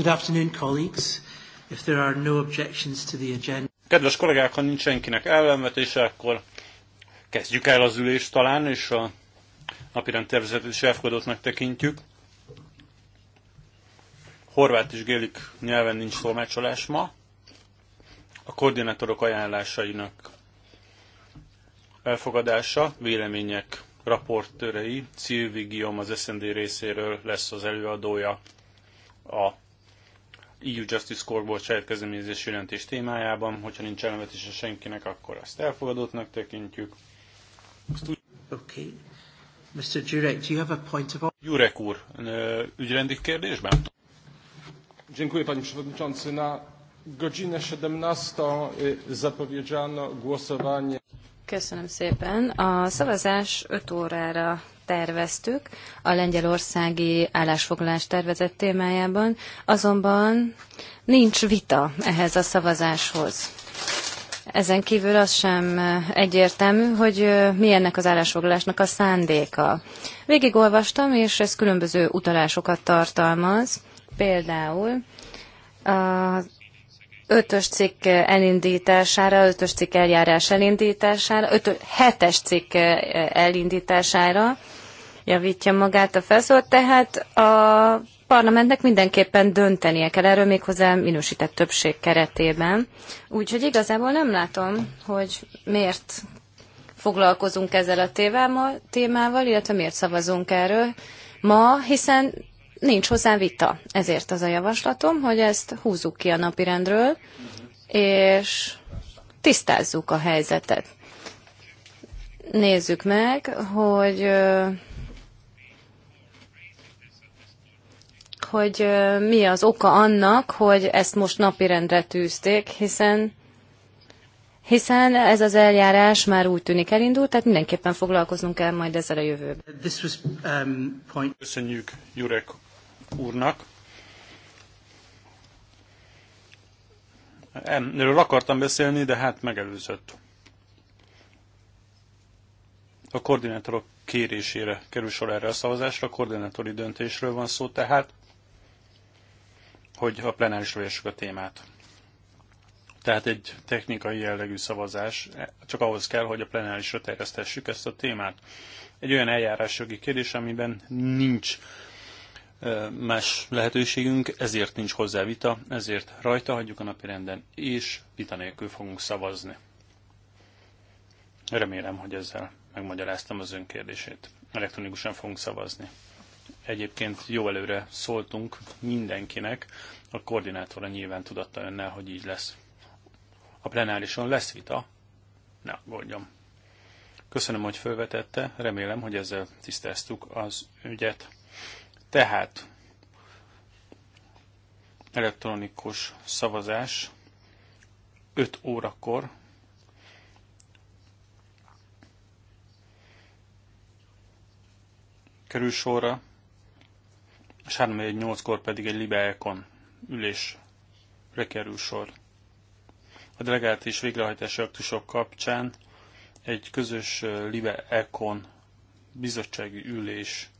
Good afternoon, colleagues. If there are no objections to the agenda. Kedves kollégák, ha nincs senkinek ellenvetése, akkor kezdjük el az ülést talán, és a napirend tervezetet is elfogadottnak tekintjük. Horvát és gélik nyelven nincs tolmácsolás ma. A koordinátorok ajánlásainak elfogadása, vélemények raportőrei, Szilvi Guillaume az SND részéről lesz az előadója a EU Justice Scoreboard saját kezdeményezés jelentés témájában. Hogyha nincs a senkinek, akkor azt elfogadottnak tekintjük. Okay. Mr. Jurek, do you have a point of... Jurek úr, ügyrendi kérdésben? Dziękuję panie przewodniczący. Na godzinę 17 zapowiedziano głosowanie. Köszönöm szépen. A szavazás 5 órára terveztük a lengyelországi állásfoglalás tervezett témájában, azonban nincs vita ehhez a szavazáshoz. Ezen kívül az sem egyértelmű, hogy mi ennek az állásfoglalásnak a szándéka. Végigolvastam, és ez különböző utalásokat tartalmaz, például az ötös cikk elindítására, ötös cikk eljárás elindítására, ötös, hetes cikk elindítására javítja magát a felszólt, tehát a parlamentnek mindenképpen döntenie kell erről méghozzá minősített többség keretében. Úgyhogy igazából nem látom, hogy miért foglalkozunk ezzel a témával, illetve miért szavazunk erről ma, hiszen nincs hozzá vita. Ezért az a javaslatom, hogy ezt húzzuk ki a napirendről, és tisztázzuk a helyzetet. Nézzük meg, hogy hogy mi az oka annak, hogy ezt most napirendre tűzték, hiszen hiszen ez az eljárás már úgy tűnik elindult, tehát mindenképpen foglalkoznunk kell majd ezzel a jövőben. Um, Köszönjük Jurek úrnak. Erről akartam beszélni, de hát megelőzött. A koordinátorok kérésére kerül sor erre a szavazásra, a koordinátori döntésről van szó, tehát, hogy a plenárisra vessük a témát. Tehát egy technikai jellegű szavazás, csak ahhoz kell, hogy a plenárisra terjesztessük ezt a témát. Egy olyan eljárásjogi kérdés, amiben nincs más lehetőségünk, ezért nincs hozzá vita, ezért rajta hagyjuk a napi renden, és vita nélkül fogunk szavazni. Remélem, hogy ezzel megmagyaráztam az önkérdését. Elektronikusan fogunk szavazni. Egyébként jó előre szóltunk mindenkinek, a koordinátora nyilván tudatta önnel, hogy így lesz. A plenárison lesz vita? Ne aggódjon. Köszönöm, hogy felvetette, remélem, hogy ezzel tisztáztuk az ügyet. Tehát elektronikus szavazás 5 órakor kerül sorra, és 3-8-kor pedig egy libelkon ülésre kerül sor. A delegált és végrehajtási aktusok kapcsán egy közös Libe bizottsági ülés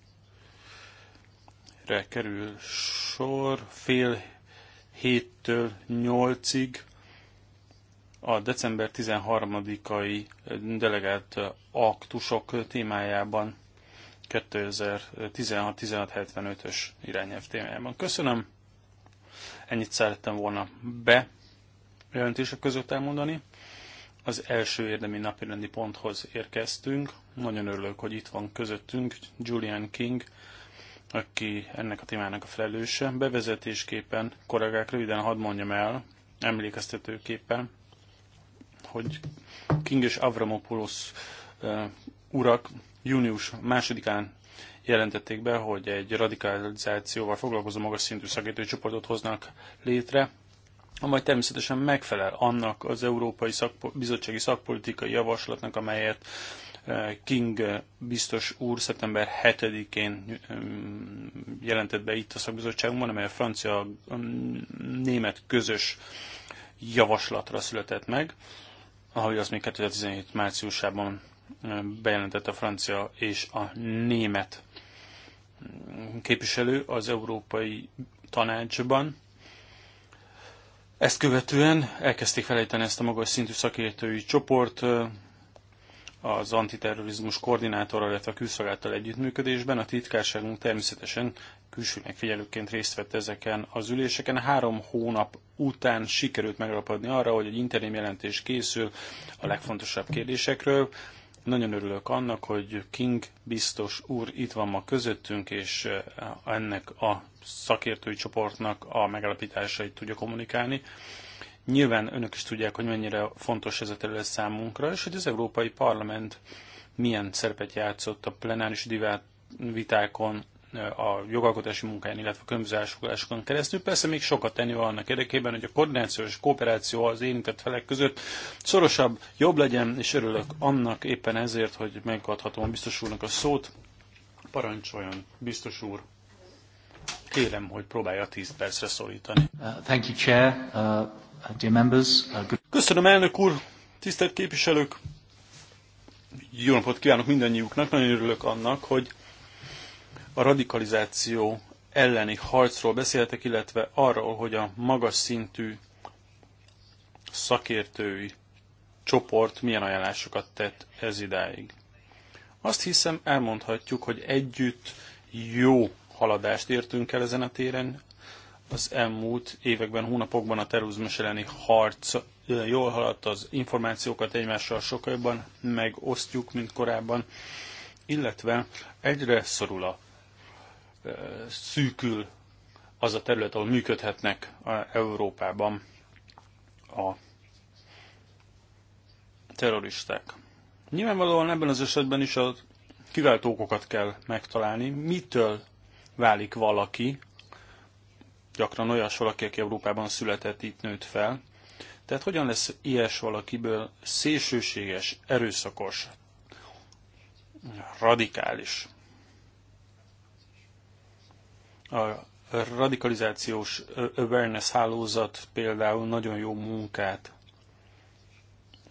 hétre kerül sor fél héttől nyolcig a december 13-ai delegált aktusok témájában 2016-1675-ös irányelv témájában. Köszönöm, ennyit szerettem volna be jelentések között elmondani. Az első érdemi napirendi ponthoz érkeztünk. Nagyon örülök, hogy itt van közöttünk Julian King, aki ennek a témának a felelőse. Bevezetésképpen, kollégák, röviden hadd mondjam el, emlékeztetőképpen, hogy King és Avramopoulos urak június másodikán jelentették be, hogy egy radikalizációval foglalkozó magas szintű szakértői csoportot hoznak létre, amely természetesen megfelel annak az Európai Szakpo- Bizottsági Szakpolitikai Javaslatnak, amelyet Eh, King biztos úr szeptember 7-én jelentett be itt a szakbizottságunkban, amely a francia-német közös javaslatra született meg, ahogy az még 2017 márciusában bejelentett a francia és a német képviselő az Európai Tanácsban. Ezt követően elkezdték felejteni ezt a magas szintű szakértői csoport, az antiterrorizmus koordinátorral, illetve a külszolgáltal együttműködésben. A titkárságunk természetesen külső megfigyelőként részt vett ezeken az üléseken. Három hónap után sikerült megalapodni arra, hogy egy interim jelentés készül a legfontosabb kérdésekről. Nagyon örülök annak, hogy King biztos úr itt van ma közöttünk, és eh, ennek a szakértői csoportnak a megalapításait tudja kommunikálni. Nyilván önök is tudják, hogy mennyire fontos ez a terület számunkra, és hogy az Európai Parlament milyen szerepet játszott a plenáris vitákon, a jogalkotási munkáján, illetve a különböző keresztül. Persze még sokat tenni van annak érdekében, hogy a koordináció és kooperáció az érintett felek között szorosabb, jobb legyen, és örülök annak éppen ezért, hogy megadhatom a biztos úrnak a szót. Parancsoljon, biztos úr! Kérem, hogy próbálja 10 percre szólítani. Uh, thank you, Chair. Uh... Uh, dear members, uh, good... Köszönöm, elnök úr, tisztelt képviselők! Jó napot kívánok mindannyiuknak, nagyon örülök annak, hogy a radikalizáció elleni harcról beszéltek, illetve arról, hogy a magas szintű szakértői csoport milyen ajánlásokat tett ez idáig. Azt hiszem elmondhatjuk, hogy együtt jó haladást értünk el ezen a téren, az elmúlt években, hónapokban a terrorizmus elleni harc jól haladt, az információkat egymással sokkal jobban megosztjuk, mint korábban, illetve egyre szorul a szűkül az a terület, ahol működhetnek a Európában a terroristák. Nyilvánvalóan ebben az esetben is a kiváltókokat kell megtalálni, mitől válik valaki gyakran olyas valaki, aki Európában született, itt nőtt fel. Tehát hogyan lesz ilyes valakiből szélsőséges, erőszakos, radikális? A radikalizációs awareness hálózat például nagyon jó munkát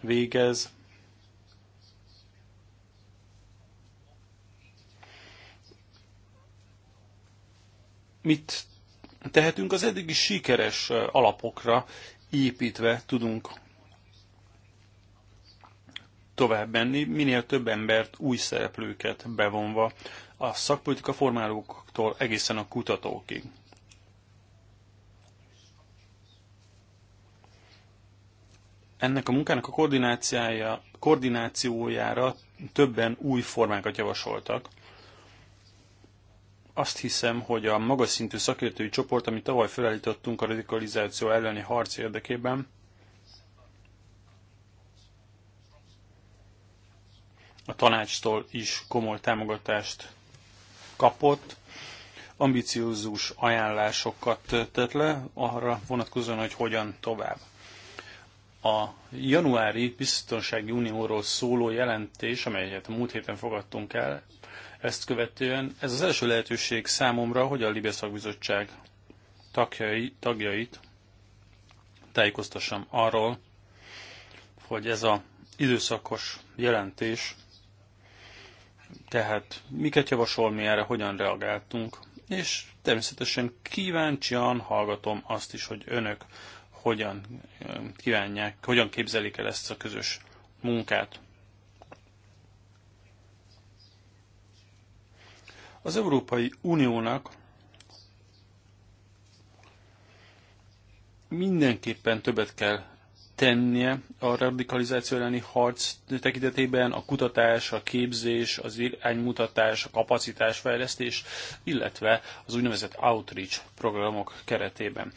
végez, mit tehetünk, az eddigi sikeres alapokra építve tudunk tovább menni, minél több embert, új szereplőket bevonva, a szakpolitika formálóktól egészen a kutatókig. Ennek a munkának a koordinációjára többen új formákat javasoltak azt hiszem, hogy a magas szintű szakértői csoport, amit tavaly felállítottunk a radikalizáció elleni harc érdekében, a tanácstól is komoly támogatást kapott, ambiciózus ajánlásokat tett le arra vonatkozóan, hogy hogyan tovább. A januári biztonsági unióról szóló jelentés, amelyet a múlt héten fogadtunk el, ezt követően ez az első lehetőség számomra, hogy a Libia Szakbizottság tagjai, tagjait tájékoztassam arról, hogy ez az időszakos jelentés, tehát miket javasol mi erre, hogyan reagáltunk, és természetesen kíváncsian hallgatom azt is, hogy önök hogyan kívánják, hogyan képzelik el ezt a közös munkát. Az Európai Uniónak mindenképpen többet kell tennie a radikalizáció elleni harc tekintetében a kutatás, a képzés, az iránymutatás, a kapacitásfejlesztés, illetve az úgynevezett outreach programok keretében.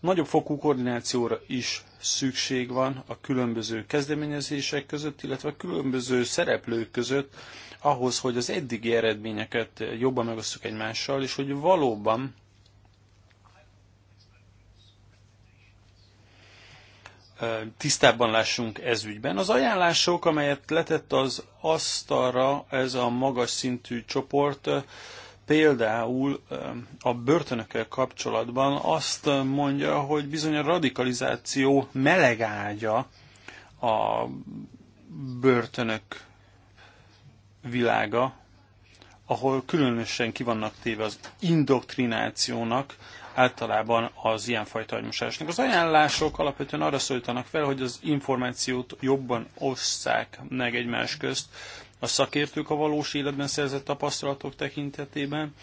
Nagyobb fokú koordinációra is szükség van a különböző kezdeményezések között, illetve a különböző szereplők között, ahhoz, hogy az eddigi eredményeket jobban megosztjuk egymással, és hogy valóban tisztábban lássunk ez ügyben. Az ajánlások, amelyet letett az asztalra ez a magas szintű csoport, például a börtönökkel kapcsolatban azt mondja, hogy bizony a radikalizáció melegágya a börtönök világa, ahol különösen ki vannak téve az indoktrinációnak, általában az ilyenfajta agymosásnak. Az ajánlások alapvetően arra szólítanak fel, hogy az információt jobban osszák meg egymás közt a szakértők a valós életben szerzett tapasztalatok tekintetében,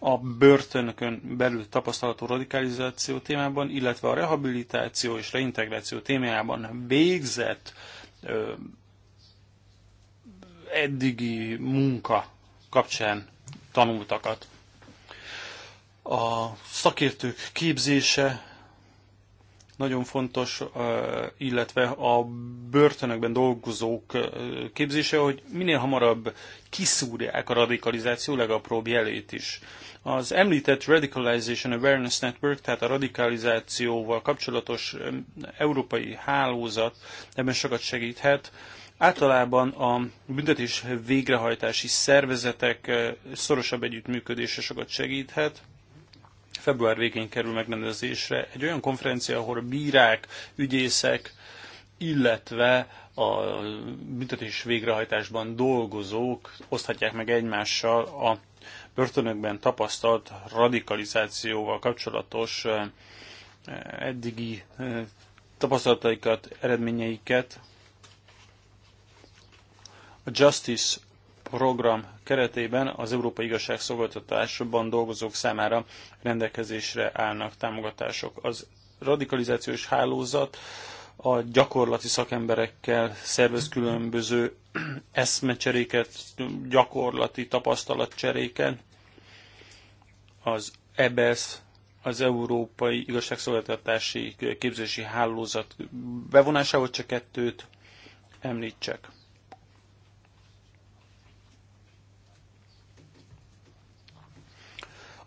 a börtönökön belül tapasztalatú radikalizáció témában, illetve a rehabilitáció és reintegráció témájában végzett ö, eddigi munka kapcsán tanultakat. A szakértők képzése nagyon fontos, illetve a börtönökben dolgozók képzése, hogy minél hamarabb kiszúrják a radikalizáció legapróbb jelét is. Az említett Radicalization Awareness Network, tehát a radikalizációval kapcsolatos európai hálózat ebben sokat segíthet. Általában a büntetés végrehajtási szervezetek szorosabb együttműködése sokat segíthet február végén kerül megrendezésre egy olyan konferencia, ahol a bírák, ügyészek, illetve a büntetés végrehajtásban dolgozók oszthatják meg egymással a börtönökben tapasztalt radikalizációval kapcsolatos eddigi tapasztalataikat, eredményeiket. A Justice program keretében az Európai Igazságszolgáltatásban dolgozók számára rendelkezésre állnak támogatások. Az radikalizációs hálózat a gyakorlati szakemberekkel szervez különböző eszmecseréket, gyakorlati tapasztalatcseréket. Az EBS, e az Európai Igazságszolgáltatási Képzési Hálózat bevonásával csak kettőt említsek.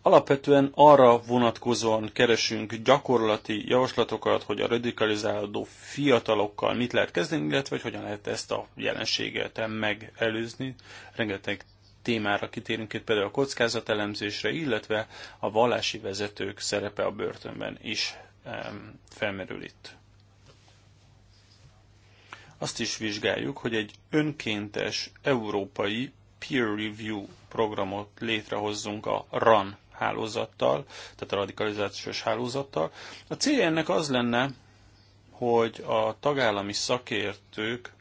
Alapvetően arra vonatkozóan keresünk gyakorlati javaslatokat, hogy a radikalizálódó fiatalokkal mit lehet kezdeni, illetve hogy hogyan lehet ezt a jelenséget megelőzni. Rengeteg témára kitérünk itt például a kockázatelemzésre, illetve a vallási vezetők szerepe a börtönben is felmerül itt. Azt is vizsgáljuk, hogy egy önkéntes európai peer review programot létrehozzunk a RAN hálózattal, tehát a radikalizációs hálózattal. A célja ennek az lenne, hogy a tagállami szakértők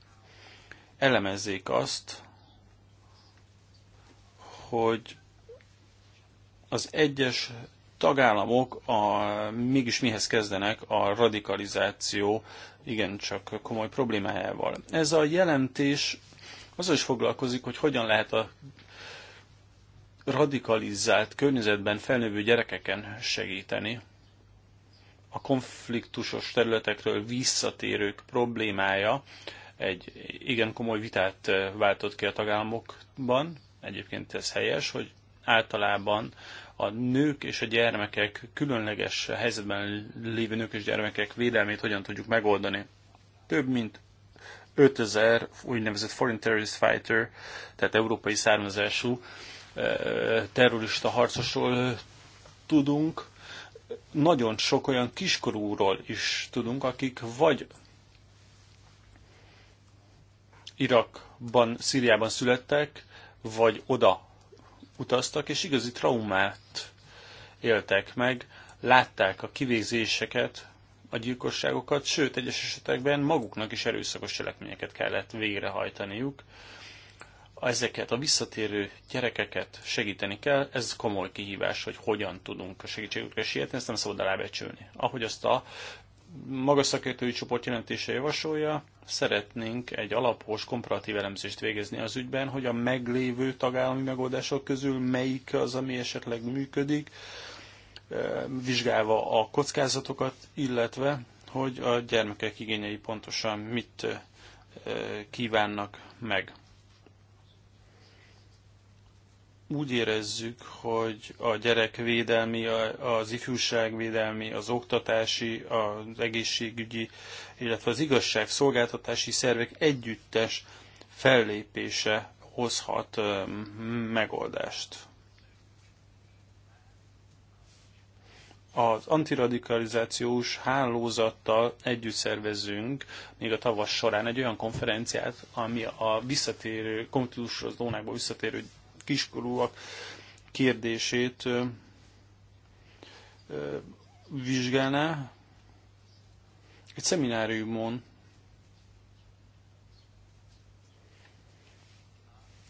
elemezzék azt, hogy az egyes tagállamok a, mégis mihez kezdenek a radikalizáció igencsak komoly problémájával. Ez a jelentés azzal is foglalkozik, hogy hogyan lehet a radikalizált környezetben felnövő gyerekeken segíteni. A konfliktusos területekről visszatérők problémája egy igen komoly vitát eh, váltott ki a tagállamokban. Egyébként ez helyes, hogy általában a nők és a gyermekek, különleges helyzetben lévő nők és gyermekek védelmét hogyan tudjuk megoldani. Több mint 5000 úgynevezett foreign terrorist fighter, tehát európai származású terrorista harcosról tudunk, nagyon sok olyan kiskorúról is tudunk, akik vagy Irakban, Szíriában születtek, vagy oda utaztak, és igazi traumát éltek meg, látták a kivégzéseket, a gyilkosságokat, sőt, egyes esetekben maguknak is erőszakos cselekményeket kellett végrehajtaniuk ezeket a visszatérő gyerekeket segíteni kell, ez komoly kihívás, hogy hogyan tudunk a segítségükre sietni, ezt nem szabad alábecsülni. Ahogy azt a magas szakértői csoport jelentése javasolja, szeretnénk egy alapos komparatív elemzést végezni az ügyben, hogy a meglévő tagállami megoldások közül melyik az, ami esetleg működik, vizsgálva a kockázatokat, illetve hogy a gyermekek igényei pontosan mit kívánnak meg. úgy érezzük, hogy a gyerekvédelmi, az ifjúságvédelmi, az oktatási, az egészségügyi, illetve az igazságszolgáltatási szervek együttes fellépése hozhat megoldást. Az antiradikalizációs hálózattal együtt szervezünk még a tavasz során egy olyan konferenciát, ami a visszatérő, konfliktusos zónákból visszatérő kiskorúak kérdését vizsgálná. Egy szemináriumon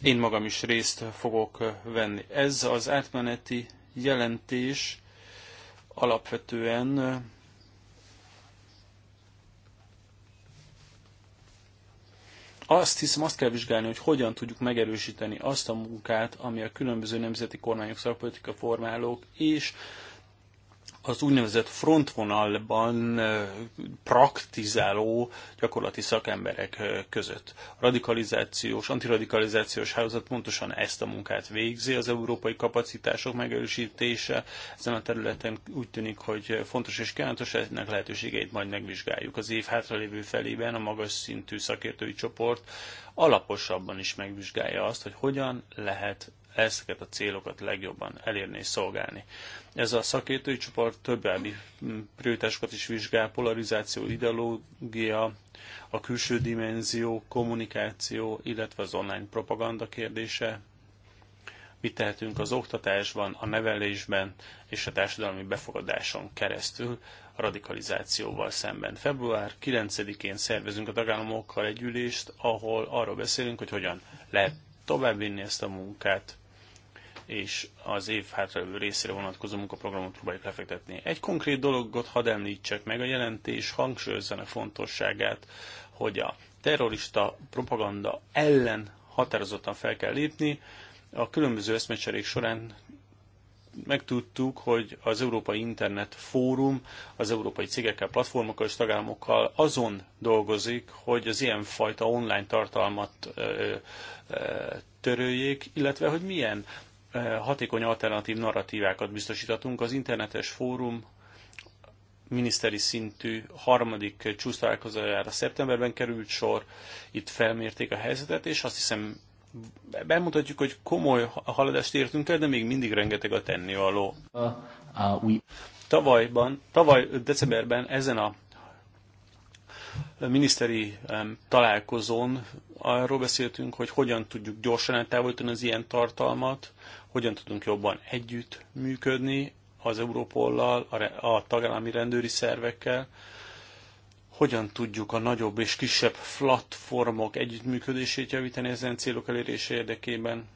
én magam is részt fogok venni. Ez az átmeneti jelentés alapvetően azt hiszem, azt kell vizsgálni, hogy hogyan tudjuk megerősíteni azt a munkát, ami a különböző nemzeti kormányok, szakpolitika formálók és az úgynevezett frontvonalban praktizáló gyakorlati szakemberek között. A radikalizációs, antiradikalizációs hálózat pontosan ezt a munkát végzi, az európai kapacitások megerősítése ezen a területen úgy tűnik, hogy fontos és kívánatos, ennek lehetőségeit majd megvizsgáljuk. Az év hátralévő felében a magas szintű szakértői csoport alaposabban is megvizsgálja azt, hogy hogyan lehet ezeket a célokat legjobban elérni és szolgálni. Ez a szakértői csoport többi prioritásokat is vizsgál, polarizáció, ideológia, a külső dimenzió, kommunikáció, illetve az online propaganda kérdése, mit tehetünk az oktatásban, a nevelésben és a társadalmi befogadáson keresztül a radikalizációval szemben. Február 9-én szervezünk a tagállamokkal egy ülést, ahol arról beszélünk, hogy hogyan lehet továbbvinni ezt a munkát, és az év hátralévő részére vonatkozó munkaprogramot próbáljuk lefektetni. Egy konkrét dologot hadd említsek meg, a jelentés a fontosságát, hogy a terrorista propaganda ellen határozottan fel kell lépni. A különböző eszmecserék során megtudtuk, hogy az Európai Internet Fórum az európai cégekkel, platformokkal és tagállamokkal azon dolgozik, hogy az ilyenfajta online tartalmat ö, ö, töröljék, illetve hogy milyen hatékony alternatív narratívákat biztosítatunk. Az internetes fórum miniszteri szintű harmadik csúsztalálkozójára szeptemberben került sor, itt felmérték a helyzetet, és azt hiszem bemutatjuk, hogy komoly haladást értünk el, de még mindig rengeteg a tennivaló. Uh, uh, Tavalyban, tavaly decemberben ezen a miniszteri találkozón arról beszéltünk, hogy hogyan tudjuk gyorsan eltávolítani az ilyen tartalmat, hogyan tudunk jobban együtt működni az Európollal, a tagállami rendőri szervekkel, hogyan tudjuk a nagyobb és kisebb platformok együttműködését javítani ezen célok elérése érdekében,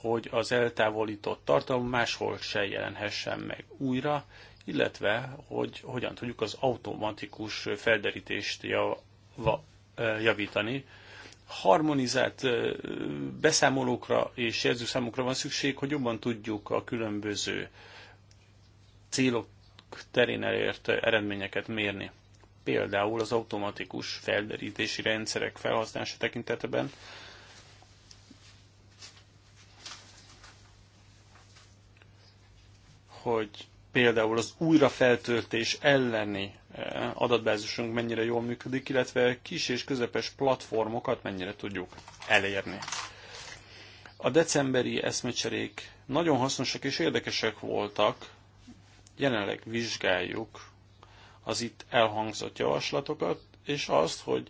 hogy az eltávolított tartalom máshol se jelenhessen meg újra, illetve hogy hogyan tudjuk az automatikus felderítést eh, javítani, harmonizált beszámolókra és jelzőszámokra van szükség, hogy jobban tudjuk a különböző célok terén elért eredményeket mérni. Például az automatikus felderítési rendszerek felhasználása tekintetében hogy például az újrafeltöltés elleni adatbázisunk mennyire jól működik, illetve kis és közepes platformokat mennyire tudjuk elérni. A decemberi eszmecserék nagyon hasznosak és érdekesek voltak. Jelenleg vizsgáljuk az itt elhangzott javaslatokat, és azt, hogy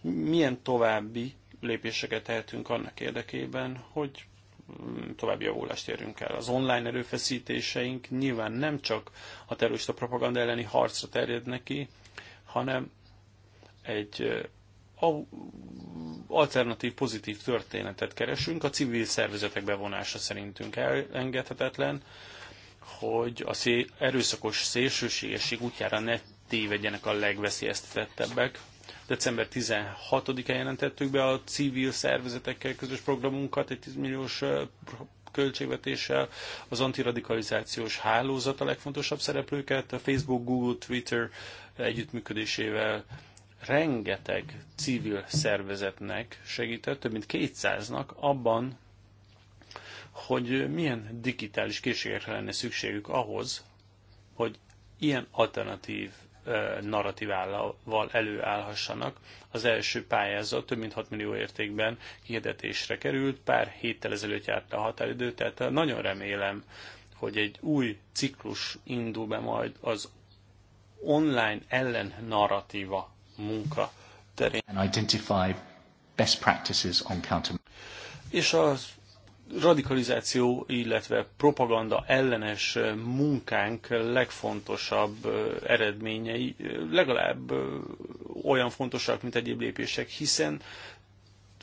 milyen további lépéseket tehetünk annak érdekében, hogy további javulást érünk el. Az online erőfeszítéseink nyilván nem csak a terrorista propaganda elleni harcra terjednek ki, hanem egy alternatív, pozitív történetet keresünk. A civil szervezetek bevonása szerintünk elengedhetetlen, hogy az erőszakos szélsőségesség útjára ne tévedjenek a legveszélyeztetettebbek, December 16-án jelentettük be a civil szervezetekkel közös programunkat, egy 10 milliós költségvetéssel, az antiradikalizációs hálózat a legfontosabb szereplőket, a Facebook, Google, Twitter együttműködésével rengeteg civil szervezetnek segített, több mint 200-nak abban, hogy milyen digitális készségekre lenne szükségük ahhoz, hogy ilyen alternatív narratívával előállhassanak. Az első pályázat több mint 6 millió értékben kihirdetésre került, pár héttel ezelőtt járt a határidő, tehát nagyon remélem, hogy egy új ciklus indul be majd az online ellen narratíva munka terén. And identify best practices on counter- és az radikalizáció, illetve propaganda ellenes munkánk legfontosabb eredményei legalább olyan fontosak, mint egyéb lépések, hiszen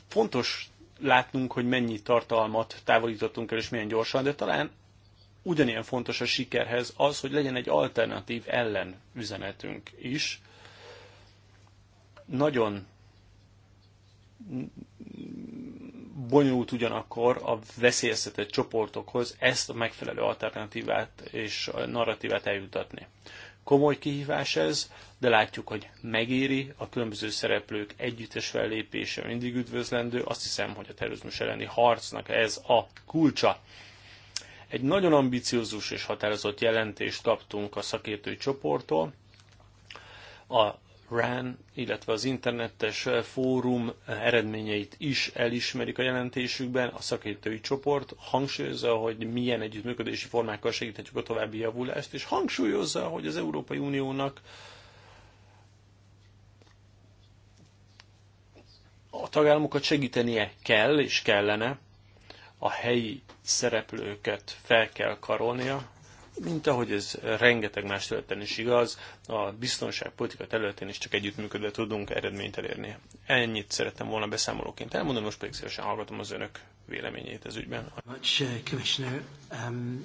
fontos látnunk, hogy mennyi tartalmat távolítottunk el, és milyen gyorsan, de talán ugyanilyen fontos a sikerhez az, hogy legyen egy alternatív ellenüzenetünk is. Nagyon bonyolult ugyanakkor a veszélyeztetett csoportokhoz ezt a megfelelő alternatívát és a narratívát eljutatni. Komoly kihívás ez, de látjuk, hogy megéri, a különböző szereplők együttes fellépése mindig üdvözlendő, azt hiszem, hogy a terrorizmus elleni harcnak ez a kulcsa. Egy nagyon ambiciózus és határozott jelentést kaptunk a szakértői csoporttól, a RAN, illetve az internetes fórum eredményeit is elismerik a jelentésükben. A szakértői csoport hangsúlyozza, hogy milyen együttműködési formákkal segíthetjük a további javulást, és hangsúlyozza, hogy az Európai Uniónak a tagállamokat segítenie kell és kellene, a helyi szereplőket fel kell karolnia, mint ahogy ez rengeteg más területen is igaz, a biztonságpolitika területén is csak együttműködve tudunk eredményt elérni. Ennyit szerettem volna beszámolóként elmondani, most pedig szívesen hallgatom az önök véleményét ez ügyben. Uh, um,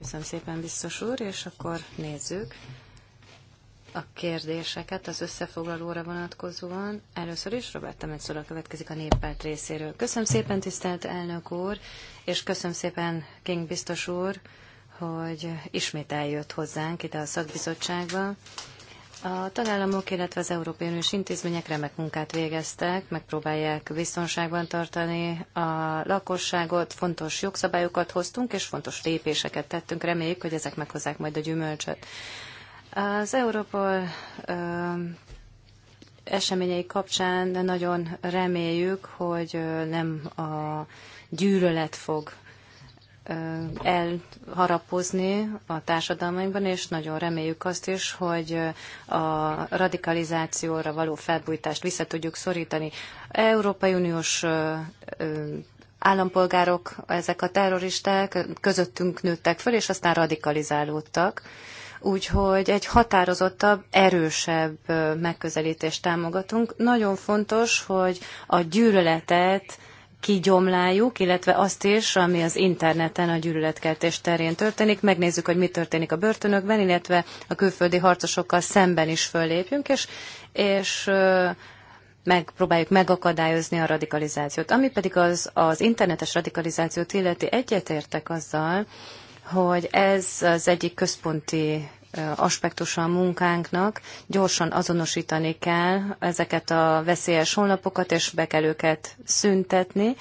Köszönöm szépen, biztos úr, és akkor nézzük a kérdéseket az összefoglalóra vonatkozóan. Először is Roberta Metzola következik a néppárt részéről. Köszönöm szépen, tisztelt elnök úr, és köszönöm szépen, King biztos úr, hogy ismét eljött hozzánk ide a szakbizottságba. A tagállamok, illetve az Európai Uniós intézmények remek munkát végeztek, megpróbálják biztonságban tartani a lakosságot, fontos jogszabályokat hoztunk, és fontos lépéseket tettünk. Reméljük, hogy ezek meghozzák majd a gyümölcsöt. Az Europol eseményei kapcsán nagyon reméljük, hogy nem a gyűlölet fog elharapozni a társadalmainkban, és nagyon reméljük azt is, hogy a radikalizációra való felbújtást vissza tudjuk szorítani. Európai Uniós állampolgárok, ezek a terroristák közöttünk nőttek föl, és aztán radikalizálódtak úgyhogy egy határozottabb, erősebb megközelítést támogatunk. Nagyon fontos, hogy a gyűlöletet kigyomláljuk, illetve azt is, ami az interneten a gyűlöletkeltés terén történik. Megnézzük, hogy mi történik a börtönökben, illetve a külföldi harcosokkal szemben is föllépjünk, és, és megpróbáljuk megakadályozni a radikalizációt. Ami pedig az, az internetes radikalizációt illeti, egyetértek azzal, hogy ez az egyik központi aspektusa a munkánknak. Gyorsan azonosítani kell ezeket a veszélyes honlapokat, és be kell őket szüntetni,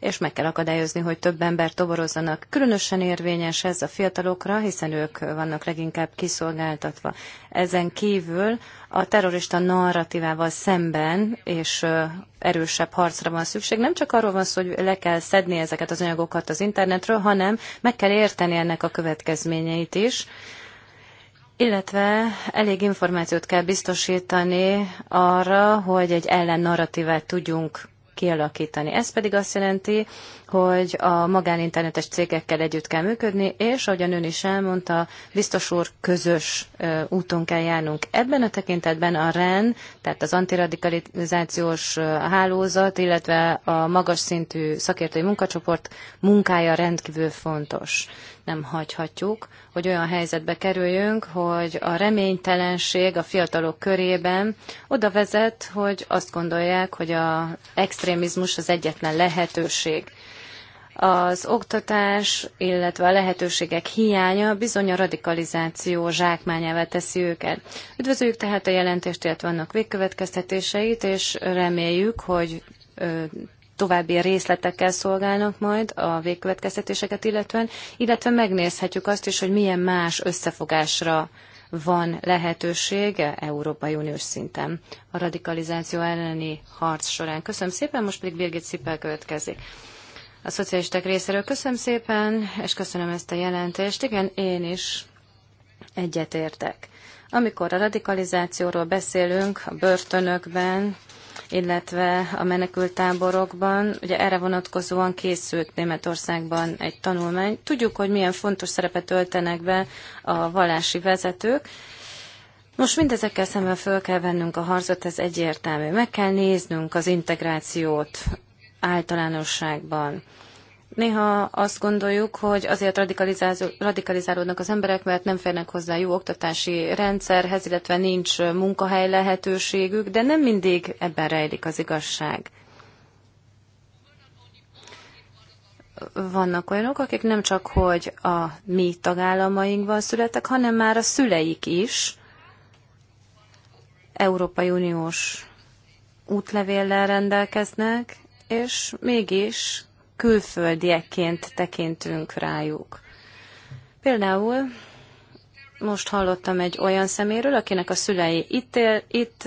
és meg kell akadályozni, hogy több ember toborozzanak. Különösen érvényes ez a fiatalokra, hiszen ők vannak leginkább kiszolgáltatva. Ezen kívül a terrorista narratívával szemben és erősebb harcra van szükség. Nem csak arról van szó, hogy le kell szedni ezeket az anyagokat az internetről, hanem meg kell érteni ennek a következményeit is illetve elég információt kell biztosítani arra, hogy egy ellennarratívát tudjunk kialakítani. Ez pedig azt jelenti, hogy a magáninternetes cégekkel együtt kell működni, és ahogyan ön is elmondta, biztos úr közös úton kell járnunk. Ebben a tekintetben a REN, tehát az antiradikalizációs hálózat, illetve a magas szintű szakértői munkacsoport munkája rendkívül fontos nem hagyhatjuk, hogy olyan helyzetbe kerüljünk, hogy a reménytelenség a fiatalok körében oda vezet, hogy azt gondolják, hogy a extrémizmus az egyetlen lehetőség. Az oktatás, illetve a lehetőségek hiánya bizony a radikalizáció zsákmányává teszi őket. Üdvözöljük tehát a jelentést, illetve vannak végkövetkeztetéseit, és reméljük, hogy további részletekkel szolgálnak majd a végkövetkeztetéseket illetően, illetve megnézhetjük azt is, hogy milyen más összefogásra van lehetőség Európai Uniós szinten a radikalizáció elleni harc során. Köszönöm szépen, most pedig Birgit Szippel következik. A szocialisták részéről köszönöm szépen, és köszönöm ezt a jelentést. Igen, én is egyetértek. Amikor a radikalizációról beszélünk a börtönökben, illetve a menekültáborokban. Ugye erre vonatkozóan készült Németországban egy tanulmány. Tudjuk, hogy milyen fontos szerepet töltenek be a vallási vezetők. Most mindezekkel szemben föl kell vennünk a harcot, ez egyértelmű. Meg kell néznünk az integrációt általánosságban. Néha azt gondoljuk, hogy azért radikalizálódnak az emberek, mert nem férnek hozzá jó oktatási rendszerhez, illetve nincs munkahely lehetőségük, de nem mindig ebben rejlik az igazság. Vannak olyanok, akik nem csak hogy a mi tagállamainkban születtek, hanem már a szüleik is Európai Uniós útlevéllel rendelkeznek, és mégis külföldiekként tekintünk rájuk. Például most hallottam egy olyan szeméről, akinek a szülei itt, él, itt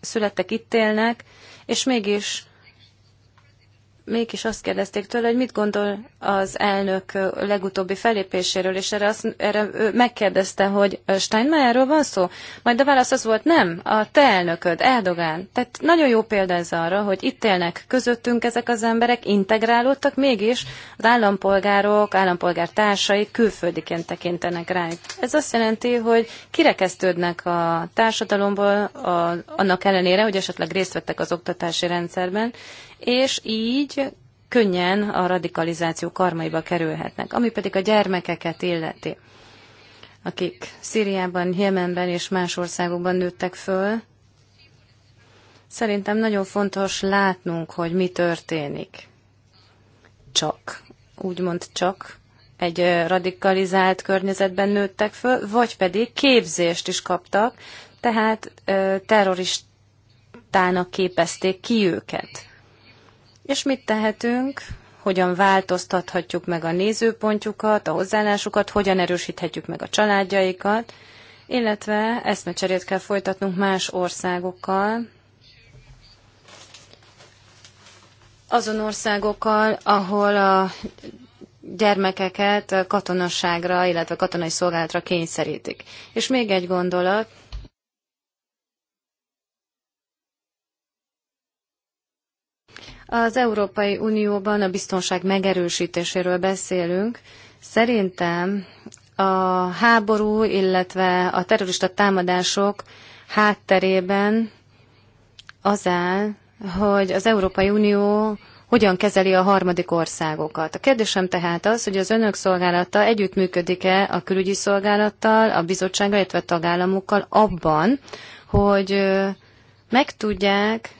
születtek, itt élnek, és mégis mégis azt kérdezték tőle, hogy mit gondol az elnök legutóbbi felépéséről, és erre, azt, erre ő megkérdezte, hogy Steinmeierről van szó? Majd a válasz az volt, nem, a te elnököd, Erdogán. Tehát nagyon jó példa ez arra, hogy itt élnek közöttünk ezek az emberek, integrálódtak, mégis az állampolgárok, állampolgártársai külföldiként tekintenek rájuk. Ez azt jelenti, hogy kirekesztődnek a társadalomból a, annak ellenére, hogy esetleg részt vettek az oktatási rendszerben, és így könnyen a radikalizáció karmaiba kerülhetnek, ami pedig a gyermekeket illeti, akik Szíriában, Jemenben és más országokban nőttek föl. Szerintem nagyon fontos látnunk, hogy mi történik. Csak, úgymond csak, egy radikalizált környezetben nőttek föl, vagy pedig képzést is kaptak, tehát terroristának képezték ki őket. És mit tehetünk? Hogyan változtathatjuk meg a nézőpontjukat, a hozzáállásukat, hogyan erősíthetjük meg a családjaikat, illetve eszmecserét kell folytatnunk más országokkal, azon országokkal, ahol a gyermekeket katonasságra, illetve katonai szolgálatra kényszerítik. És még egy gondolat, Az Európai Unióban a biztonság megerősítéséről beszélünk. Szerintem a háború, illetve a terrorista támadások hátterében az áll, hogy az Európai Unió hogyan kezeli a harmadik országokat. A kérdésem tehát az, hogy az önök szolgálata együttműködik-e a külügyi szolgálattal, a bizottsággal, illetve a tagállamokkal abban, hogy meg tudják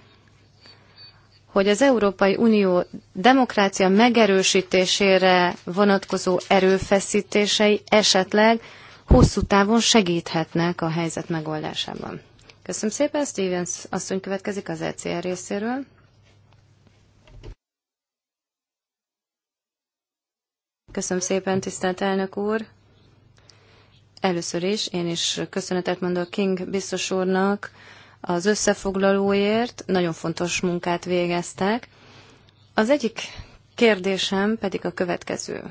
hogy az Európai Unió demokrácia megerősítésére vonatkozó erőfeszítései esetleg hosszú távon segíthetnek a helyzet megoldásában. Köszönöm szépen, Stevens asszony következik az ECR részéről. Köszönöm szépen, tisztelt elnök úr! Először is én is köszönetet mondok King biztos úrnak az összefoglalóért, nagyon fontos munkát végeztek. Az egyik kérdésem pedig a következő.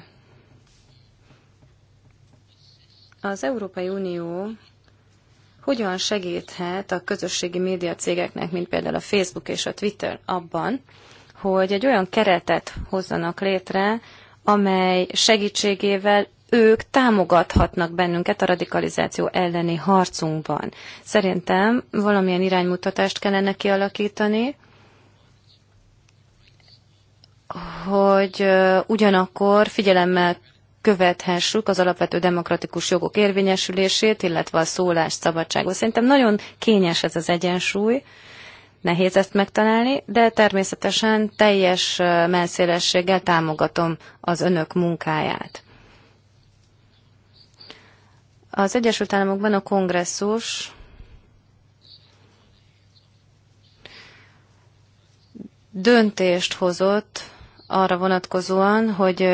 Az Európai Unió hogyan segíthet a közösségi média cégeknek, mint például a Facebook és a Twitter abban, hogy egy olyan keretet hozzanak létre, amely segítségével ők támogathatnak bennünket a radikalizáció elleni harcunkban. Szerintem valamilyen iránymutatást kellene kialakítani, hogy ugyanakkor figyelemmel követhessük az alapvető demokratikus jogok érvényesülését, illetve a szólás szabadságot. Szerintem nagyon kényes ez az egyensúly, nehéz ezt megtalálni, de természetesen teljes melszélességgel támogatom az önök munkáját. Az Egyesült Államokban a kongresszus döntést hozott arra vonatkozóan, hogy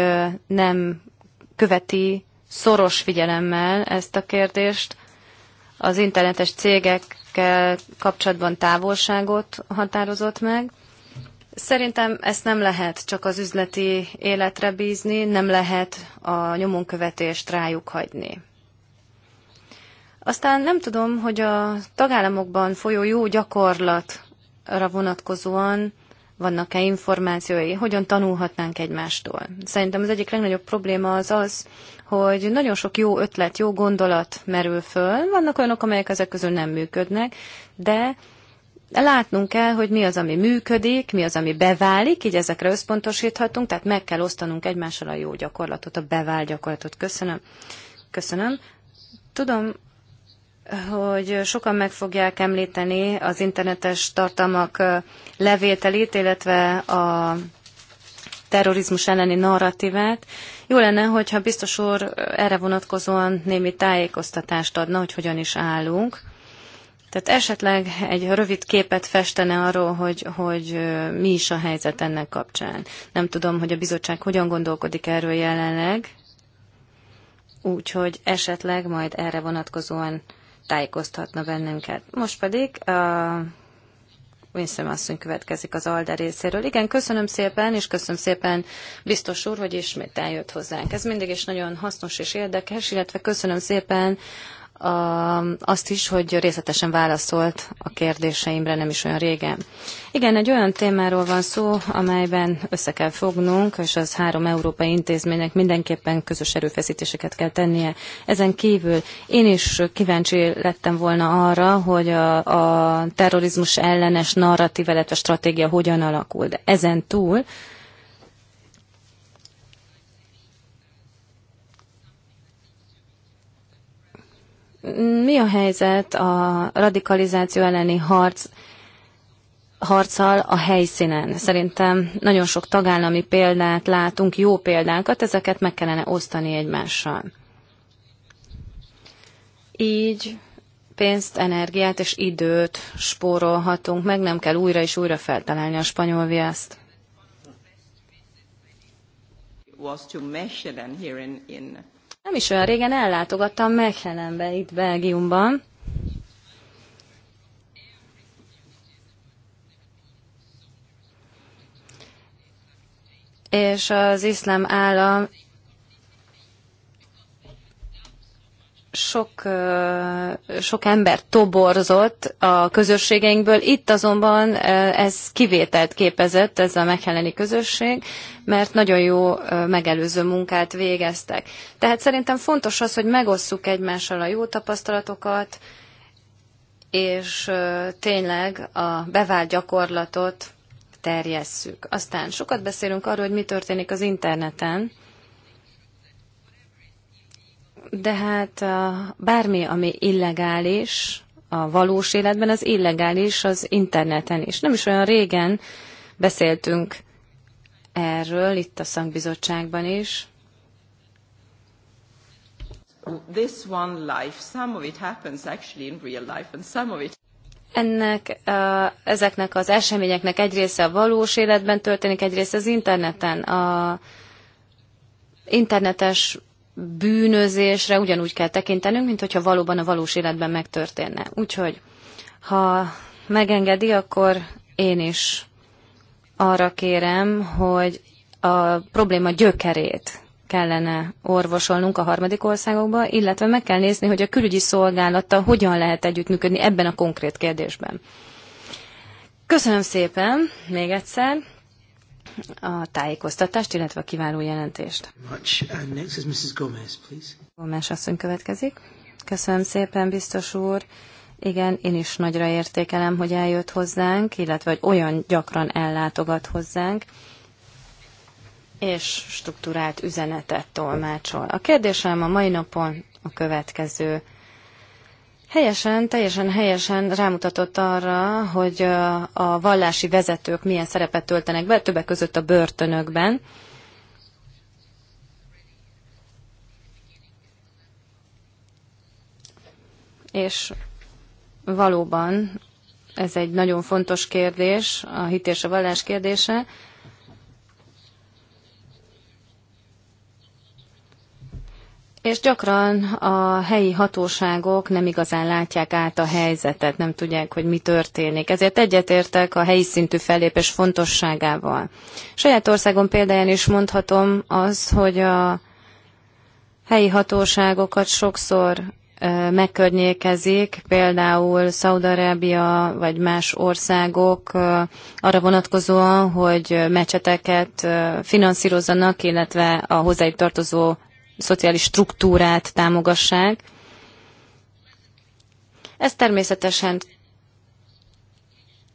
nem követi szoros figyelemmel ezt a kérdést, az internetes cégekkel kapcsolatban távolságot határozott meg. Szerintem ezt nem lehet csak az üzleti életre bízni, nem lehet a nyomonkövetést rájuk hagyni. Aztán nem tudom, hogy a tagállamokban folyó jó gyakorlatra vonatkozóan vannak-e információi, hogyan tanulhatnánk egymástól. Szerintem az egyik legnagyobb probléma az az, hogy nagyon sok jó ötlet, jó gondolat merül föl. Vannak olyanok, amelyek ezek közül nem működnek, de látnunk kell, hogy mi az, ami működik, mi az, ami beválik, így ezekre összpontosíthatunk, tehát meg kell osztanunk egymással a jó gyakorlatot, a bevált gyakorlatot. Köszönöm. Köszönöm. Tudom, hogy sokan meg fogják említeni az internetes tartalmak levételét, illetve a terrorizmus elleni narratívát. Jó lenne, hogyha biztos úr erre vonatkozóan némi tájékoztatást adna, hogy hogyan is állunk. Tehát esetleg egy rövid képet festene arról, hogy, hogy mi is a helyzet ennek kapcsán. Nem tudom, hogy a bizottság hogyan gondolkodik erről jelenleg, úgyhogy esetleg majd erre vonatkozóan tájékoztatna bennünket. Most pedig a uh, Winston asszony következik az Alde részéről. Igen, köszönöm szépen, és köszönöm szépen biztos úr, hogy ismét eljött hozzánk. Ez mindig is nagyon hasznos és érdekes, illetve köszönöm szépen azt is, hogy részletesen válaszolt a kérdéseimre nem is olyan régen. Igen, egy olyan témáról van szó, amelyben össze kell fognunk, és az három európai intézménynek mindenképpen közös erőfeszítéseket kell tennie. Ezen kívül én is kíváncsi lettem volna arra, hogy a, a terrorizmus ellenes narratív, illetve stratégia hogyan alakul. De ezen túl Mi a helyzet a radikalizáció elleni harc, harccal a helyszínen? Szerintem nagyon sok tagállami példát látunk, jó példákat, ezeket meg kellene osztani egymással. Így pénzt, energiát és időt spórolhatunk, meg nem kell újra és újra feltalálni a spanyol viaszt. was to measure then here in, in nem is olyan régen ellátogattam Mechelenbe, itt Belgiumban. És az iszlám állam sok, sok ember toborzott a közösségeinkből. Itt azonban ez kivételt képezett, ez a megheleni közösség, mert nagyon jó megelőző munkát végeztek. Tehát szerintem fontos az, hogy megosszuk egymással a jó tapasztalatokat, és tényleg a bevált gyakorlatot terjesszük. Aztán sokat beszélünk arról, hogy mi történik az interneten, de hát bármi, ami illegális a valós életben, az illegális az interneten is. Nem is olyan régen beszéltünk erről itt a szakbizottságban is. This one life, some of it happens actually in real life, and some of it ennek, ezeknek az eseményeknek egy része a valós életben történik, egy része az interneten. A internetes bűnözésre ugyanúgy kell tekintenünk, mint hogyha valóban a valós életben megtörténne. Úgyhogy, ha megengedi, akkor én is arra kérem, hogy a probléma gyökerét kellene orvosolnunk a harmadik országokba, illetve meg kell nézni, hogy a külügyi szolgálata hogyan lehet együttműködni ebben a konkrét kérdésben. Köszönöm szépen még egyszer a tájékoztatást, illetve a kiváló jelentést. Uh, Gomez, asszony következik. Köszönöm szépen, biztos úr. Igen, én is nagyra értékelem, hogy eljött hozzánk, illetve hogy olyan gyakran ellátogat hozzánk, és struktúrált üzenetet tolmácsol. A kérdésem a mai napon a következő. Helyesen, teljesen helyesen rámutatott arra, hogy a vallási vezetők milyen szerepet töltenek be, többek között a börtönökben. És valóban ez egy nagyon fontos kérdés, a hit és a vallás kérdése. és gyakran a helyi hatóságok nem igazán látják át a helyzetet, nem tudják, hogy mi történik. Ezért egyetértek a helyi szintű fellépés fontosságával. Saját országom példáján is mondhatom az, hogy a helyi hatóságokat sokszor megkörnyékezik, például Szaudarábia vagy más országok arra vonatkozóan, hogy mecseteket finanszírozzanak, illetve a hozzájuk tartozó szociális struktúrát támogassák. Ez természetesen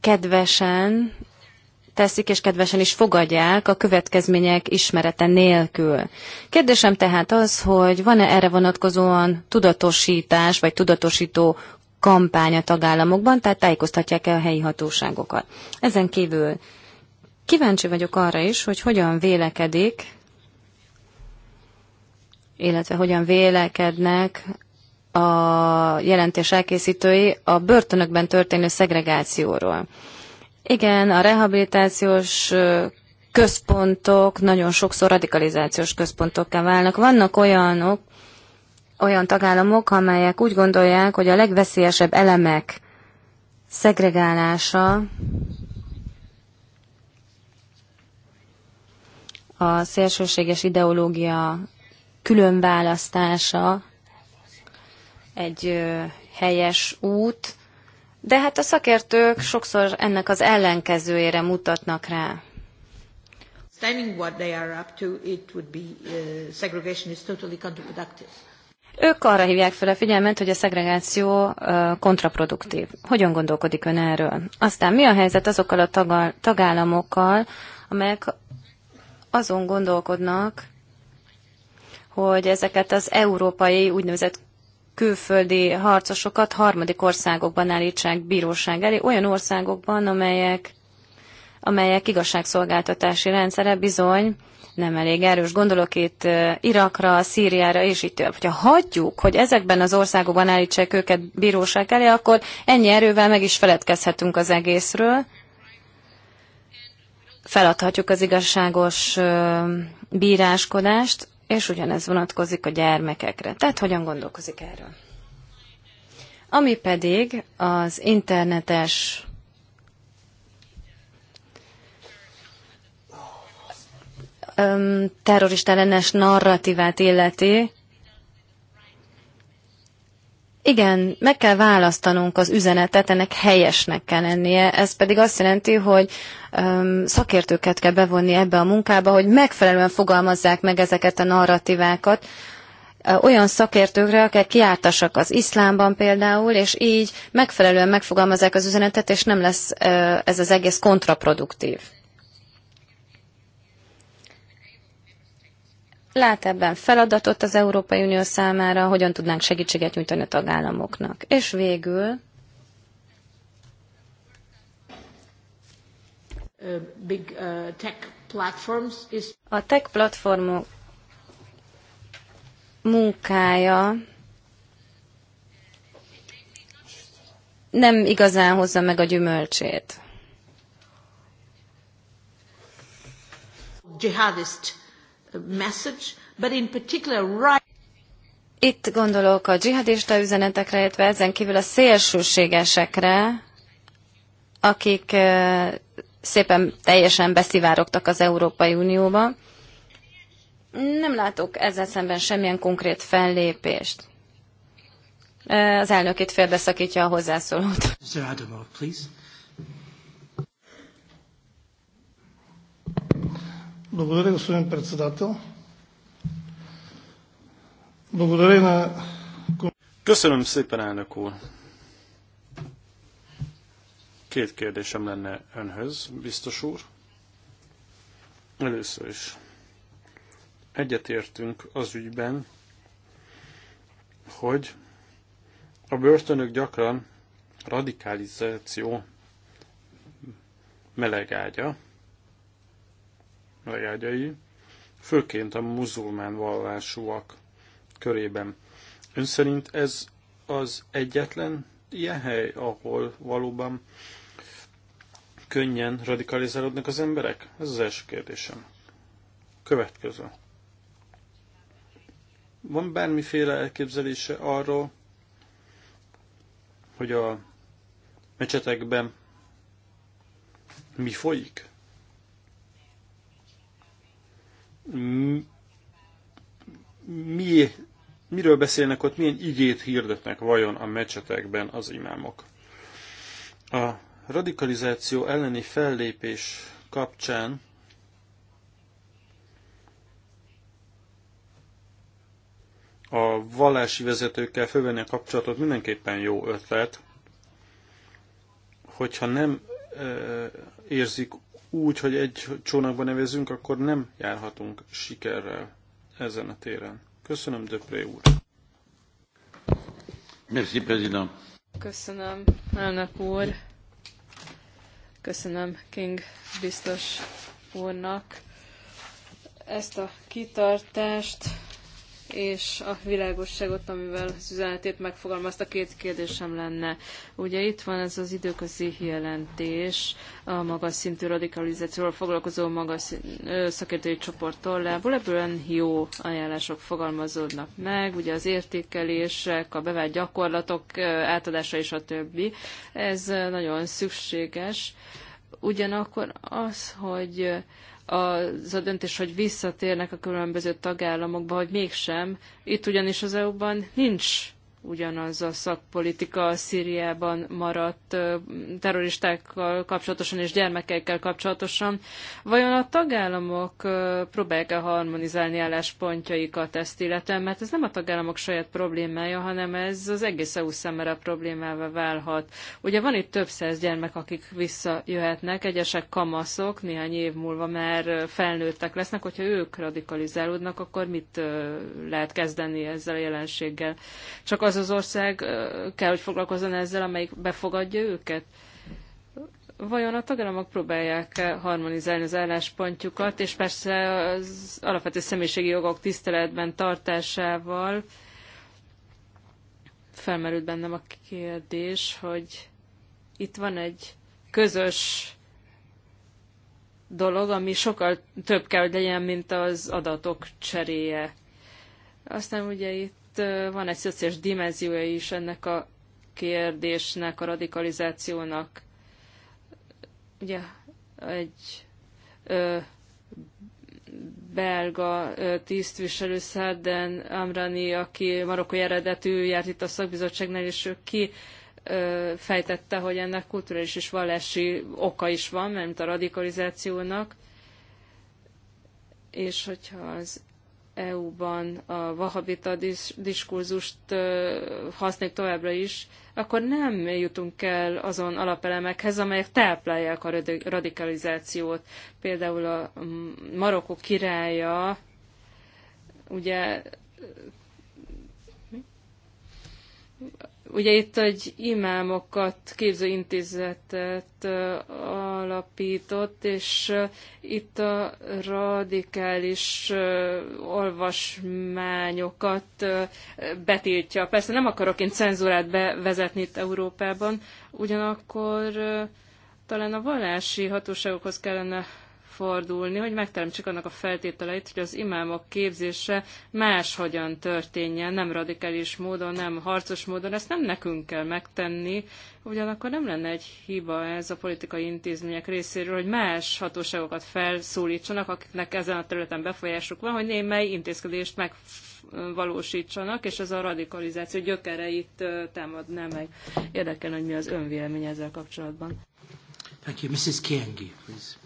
kedvesen teszik és kedvesen is fogadják a következmények ismerete nélkül. Kérdésem tehát az, hogy van-e erre vonatkozóan tudatosítás vagy tudatosító kampány a tagállamokban, tehát tájékoztatják-e a helyi hatóságokat. Ezen kívül kíváncsi vagyok arra is, hogy hogyan vélekedik illetve hogyan vélekednek a jelentés elkészítői a börtönökben történő szegregációról. Igen, a rehabilitációs központok nagyon sokszor radikalizációs központokká válnak. Vannak olyanok, olyan tagállamok, amelyek úgy gondolják, hogy a legveszélyesebb elemek szegregálása a szélsőséges ideológia különválasztása egy helyes út, de hát a szakértők sokszor ennek az ellenkezőjére mutatnak rá. Uh, Ők arra hívják fel a figyelmet, hogy a szegregáció kontraproduktív. Hogyan gondolkodik ön erről? Aztán mi a helyzet azokkal a tagállamokkal, amelyek azon gondolkodnak, hogy ezeket az európai úgynevezett külföldi harcosokat harmadik országokban állítsák bíróság elé, olyan országokban, amelyek, amelyek igazságszolgáltatási rendszere bizony nem elég erős. Gondolok itt Irakra, Szíriára és így több. Ha hagyjuk, hogy ezekben az országokban állítsák őket bíróság elé, akkor ennyi erővel meg is feledkezhetünk az egészről. Feladhatjuk az igazságos bíráskodást, és ugyanez vonatkozik a gyermekekre. Tehát hogyan gondolkozik erről? Ami pedig az internetes terrorista ellenes narratívát illeti, igen, meg kell választanunk az üzenetet, ennek helyesnek kell lennie. Ez pedig azt jelenti, hogy öm, szakértőket kell bevonni ebbe a munkába, hogy megfelelően fogalmazzák meg ezeket a narratívákat, olyan szakértőkre, akik kiártasak az iszlámban például, és így megfelelően megfogalmazzák az üzenetet, és nem lesz ez az egész kontraproduktív. lát ebben feladatot az Európai Unió számára, hogyan tudnánk segítséget nyújtani a tagállamoknak. És végül uh, uh, A tech platformok munkája nem igazán hozza meg a gyümölcsét. Jihadist message, but in particular right itt gondolok a dzsihadista üzenetekre, illetve ezen kívül a szélsőségesekre, akik szépen teljesen beszivárogtak az Európai Unióba. Nem látok ezzel szemben semmilyen konkrét fellépést. Az elnök itt félbeszakítja a hozzászólót. Mr. Adamov, please. Благодаря, господин председател. Благодаря на... Köszönöm szépen, elnök úr. Két kérdésem lenne önhöz, biztos úr. Először is. Egyetértünk az ügyben, hogy a börtönök gyakran radikalizáció melegágya, legágyai, főként a muzulmán vallásúak körében. Ön szerint ez az egyetlen ilyen hely, ahol valóban könnyen radikalizálódnak az emberek? Ez az első kérdésem. Következő. Van bármiféle elképzelése arról, hogy a mecsetekben mi folyik? mi, miről beszélnek ott, milyen igét hirdetnek vajon a mecsetekben az imámok. A radikalizáció elleni fellépés kapcsán a vallási vezetőkkel fölvenni a kapcsolatot mindenképpen jó ötlet, hogyha nem érzik úgy, hogy egy csónakban nevezünk, akkor nem járhatunk sikerrel ezen a téren. Köszönöm, Döpré úr. Merci, président. Köszönöm, elnök úr. Köszönöm King biztos úrnak ezt a kitartást, és a világosságot, amivel az üzenetét megfogalmazta, két kérdésem lenne. Ugye itt van ez az időközi jelentés a magas szintű radikalizációval foglalkozó magas szakértői csoport lából ebből jó ajánlások fogalmazódnak meg, ugye az értékelések, a bevált gyakorlatok átadása és a többi. Ez nagyon szükséges. Ugyanakkor az, hogy az a döntés, hogy visszatérnek a különböző tagállamokba, hogy mégsem. Itt ugyanis az EU-ban nincs ugyanaz a szakpolitika a Szíriában maradt terroristákkal kapcsolatosan és gyermekekkel kapcsolatosan. Vajon a tagállamok próbálják-e harmonizálni álláspontjaikat ezt illetően, mert ez nem a tagállamok saját problémája, hanem ez az egész EU számára problémává válhat. Ugye van itt több száz gyermek, akik visszajöhetnek, egyesek kamaszok, néhány év múlva már felnőttek lesznek, hogyha ők radikalizálódnak, akkor mit lehet kezdeni ezzel a jelenséggel? Csak az az az ország kell, hogy foglalkozzon ezzel, amelyik befogadja őket? Vajon a tagállamok próbálják harmonizálni az álláspontjukat, és persze az alapvető személyiségi jogok tiszteletben tartásával felmerült bennem a kérdés, hogy itt van egy közös dolog, ami sokkal több kell, hogy legyen, mint az adatok cseréje. Aztán ugye itt mert van egy szociális dimenziója is ennek a kérdésnek, a radikalizációnak. Ugye egy ö, belga ö, tisztviselő Szerden Amrani, aki marokkai eredetű, járt itt a szakbizottságnál, és ő ki ö, fejtette, hogy ennek kulturális és vallási oka is van, mert a radikalizációnak és hogyha az EU-ban a vahabita diskurzust használjuk továbbra is, akkor nem jutunk el azon alapelemekhez, amelyek táplálják a radikalizációt. Például a Marokkó királya, ugye Ugye itt egy imámokat képző intézetet alapított, és itt a radikális olvasmányokat betiltja. Persze nem akarok én cenzúrát bevezetni itt Európában, ugyanakkor talán a vallási hatóságokhoz kellene fordulni, hogy megteremtsük annak a feltételeit, hogy az imámok képzése máshogyan történjen, nem radikális módon, nem harcos módon, ezt nem nekünk kell megtenni, ugyanakkor nem lenne egy hiba ez a politikai intézmények részéről, hogy más hatóságokat felszólítsanak, akiknek ezen a területen befolyásuk van, hogy némely intézkedést meg valósítsanak, és ez a radikalizáció gyökereit támadná meg. Érdekel, hogy mi az önvélemény ezzel kapcsolatban. Thank you. Mrs. Kiengi, please.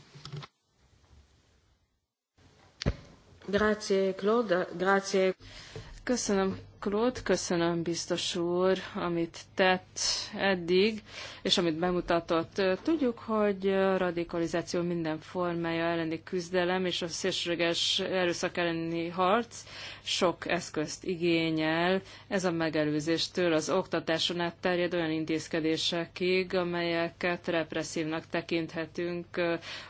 Grazie, Claude. Grazie. Köszönöm, Claude, köszönöm biztos úr, amit tett eddig, és amit bemutatott. Tudjuk, hogy a radikalizáció minden formája elleni küzdelem és a szélsőséges erőszak elleni harc sok eszközt igényel. Ez a megelőzéstől az oktatáson át terjed olyan intézkedésekig, amelyeket represszívnak tekinthetünk,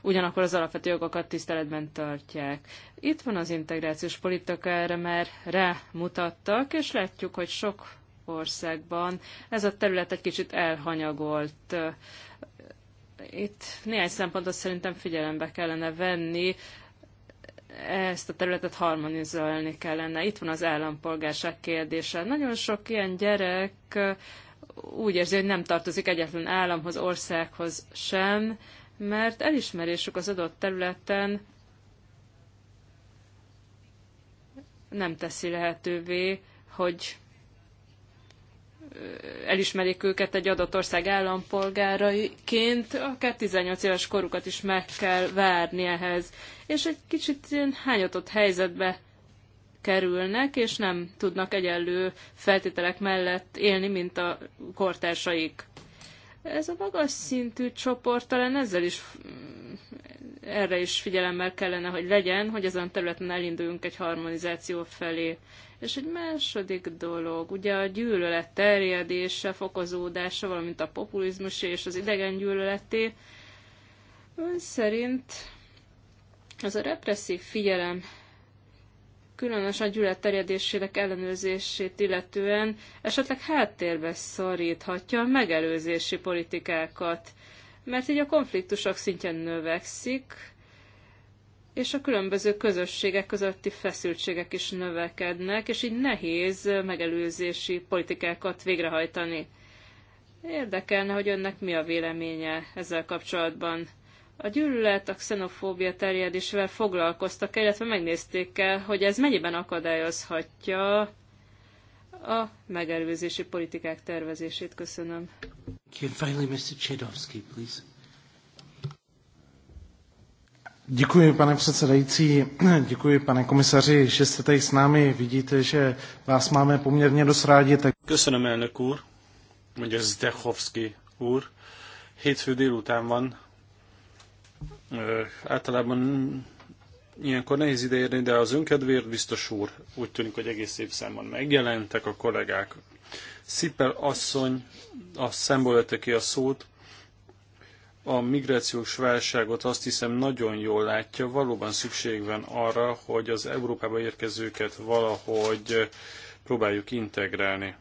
ugyanakkor az alapvető jogokat tiszteletben tartják. Itt van az integrációs politika erre már rámutattak, és látjuk, hogy sok országban ez a terület egy kicsit elhanyagolt. Itt néhány szempontot szerintem figyelembe kellene venni, ezt a területet harmonizálni kellene. Itt van az állampolgárság kérdése. Nagyon sok ilyen gyerek úgy érzi, hogy nem tartozik egyetlen államhoz, országhoz sem, mert elismerésük az adott területen nem teszi lehetővé, hogy elismerik őket egy adott ország állampolgáraiként, akár 18 éves korukat is meg kell várni ehhez. És egy kicsit ilyen hányatott helyzetbe kerülnek, és nem tudnak egyenlő feltételek mellett élni, mint a kortársaik. Ez a magas szintű csoport talán ezzel is erre is figyelemmel kellene, hogy legyen, hogy ezen a területen elinduljunk egy harmonizáció felé. És egy második dolog, ugye a gyűlölet terjedése, fokozódása, valamint a populizmus és az idegen gyűlöleté, ön szerint az a represszív figyelem különösen a gyűlölet terjedésének ellenőrzését illetően esetleg háttérbe szoríthatja a megelőzési politikákat mert így a konfliktusok szintjén növekszik, és a különböző közösségek közötti feszültségek is növekednek, és így nehéz megelőzési politikákat végrehajtani. Érdekelne, hogy önnek mi a véleménye ezzel kapcsolatban. A gyűlölet, a xenofóbia terjedésével foglalkoztak -e, illetve megnézték el, hogy ez mennyiben akadályozhatja a megelőzési politikák tervezését. Köszönöm. Děkuji, pane předsedající, děkuji, pane komisaři, že jste tady s námi. Vidíte, že vás máme poměrně dost rádi. Tak... Köszönöm, elnök úr, mondja Zdechovski úr. Hétfő délután van. Ö, általában Ilyenkor nehéz ideérni, de az önkedvéért biztos úr úgy tűnik, hogy egész évszámban megjelentek a kollégák. Szipel asszony, a vette ki a szót, a migrációs válságot azt hiszem nagyon jól látja, valóban szükség van arra, hogy az Európába érkezőket valahogy próbáljuk integrálni.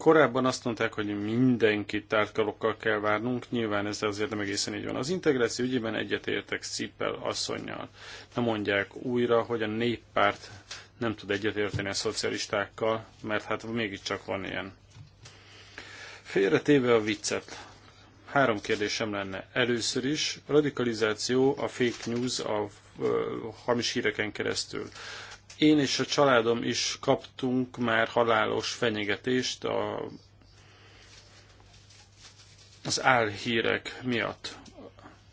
Korábban azt mondták, hogy mindenkit tárgyalókkal kell várnunk, nyilván ez azért nem egészen így van. Az integráció ügyében egyetértek Szippel asszonynal. Nem mondják újra, hogy a néppárt nem tud egyetérteni a szocialistákkal, mert hát mégiscsak van ilyen. Félretéve a viccet, három kérdésem lenne. Először is, radikalizáció, a fake news, a hamis híreken keresztül. Én és a családom is kaptunk már halálos fenyegetést a, az álhírek miatt.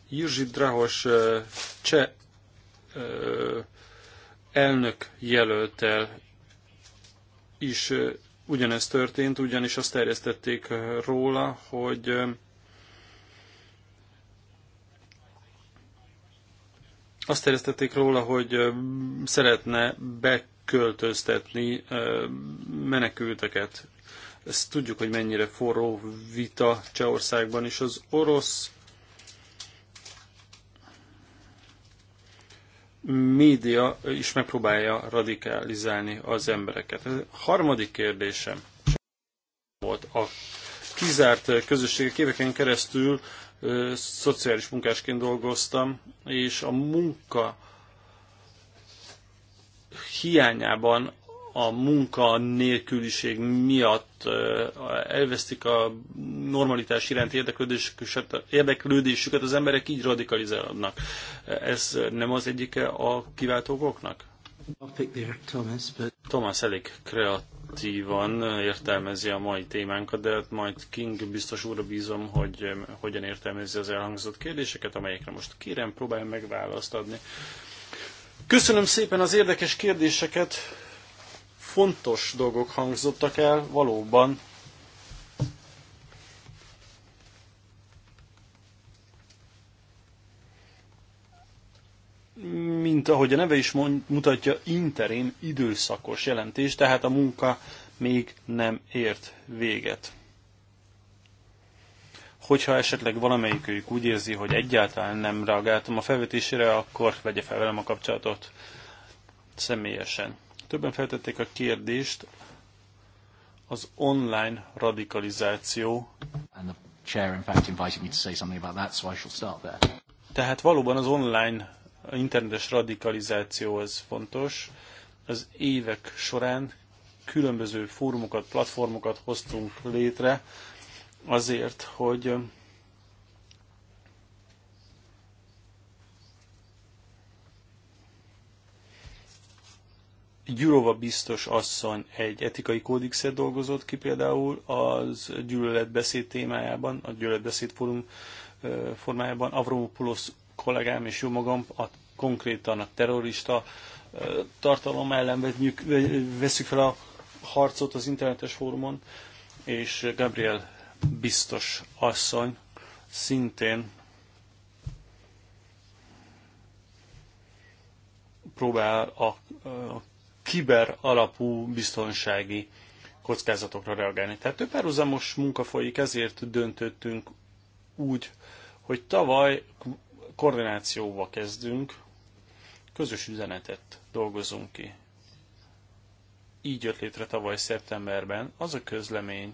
Jirzsi Drahos cseh elnök jelöltel is ugyanezt történt, ugyanis azt terjesztették róla, hogy Azt terjesztették róla, hogy szeretne beköltöztetni menekülteket. Ezt tudjuk, hogy mennyire forró vita Csehországban is. Az orosz média is megpróbálja radikalizálni az embereket. Ez a harmadik kérdésem volt a kizárt közösségek éveken keresztül szociális munkásként dolgoztam, és a munka hiányában a munka nélküliség miatt elvesztik a normalitás iránt érdeklődésüket, az emberek így radikalizálódnak. Ez nem az egyike a kiváltókoknak? Thomas, elég kreatívan értelmezi a mai témánkat, de majd King biztos úrra bízom, hogy hogyan értelmezi az elhangzott kérdéseket, amelyekre most kérem, próbálj meg választ adni. Köszönöm szépen az érdekes kérdéseket, fontos dolgok hangzottak el, valóban mint ahogy a neve is mond, mutatja, interim időszakos jelentés, tehát a munka még nem ért véget. Hogyha esetleg valamelyikőjük úgy érzi, hogy egyáltalán nem reagáltam a felvetésére, akkor vegye fel velem a kapcsolatot személyesen. Többen feltették a kérdést az online radikalizáció. And the chair in fact invited me to say something about that, so I shall start there. Tehát valóban az online a internetes radikalizáció az fontos. Az évek során különböző fórumokat, platformokat hoztunk létre azért, hogy Gyurova biztos asszony egy etikai kódixet dolgozott ki például az gyűlöletbeszéd témájában, a gyűlöletbeszéd fórum formájában. Avromopoulos kollégám és jó magam a, konkrétan a terrorista tartalom ellen vedjük, veszük fel a harcot az internetes fórumon, és Gabriel biztos asszony szintén próbál a, a kiber alapú biztonsági kockázatokra reagálni. Tehát több párhuzamos munka folyik, ezért döntöttünk úgy, hogy tavaly koordinációba kezdünk, közös üzenetet dolgozunk ki. Így jött létre tavaly szeptemberben az a közlemény,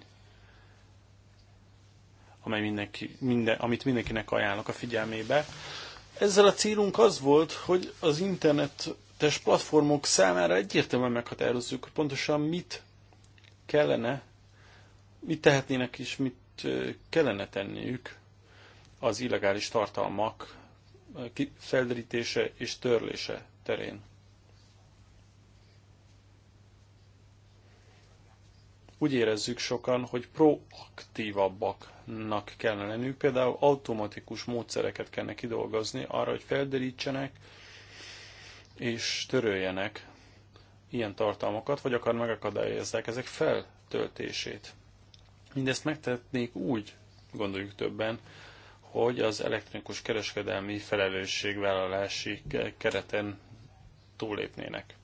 amely mindenki, minden, amit mindenkinek ajánlok a figyelmébe. Ezzel a célunk az volt, hogy az internetes platformok számára egyértelműen meghatározzuk, hogy pontosan mit kellene, mit tehetnének és mit kellene tenniük az illegális tartalmak felderítése és törlése terén. Úgy érezzük sokan, hogy proaktívabbaknak kellene lennünk, például automatikus módszereket kellene kidolgozni arra, hogy felderítsenek és töröljenek ilyen tartalmakat, vagy akár megakadályozzák ezek feltöltését. Mindezt megtetnék úgy, gondoljuk többen, hogy az elektronikus kereskedelmi felelősségvállalási kereten túlépnének.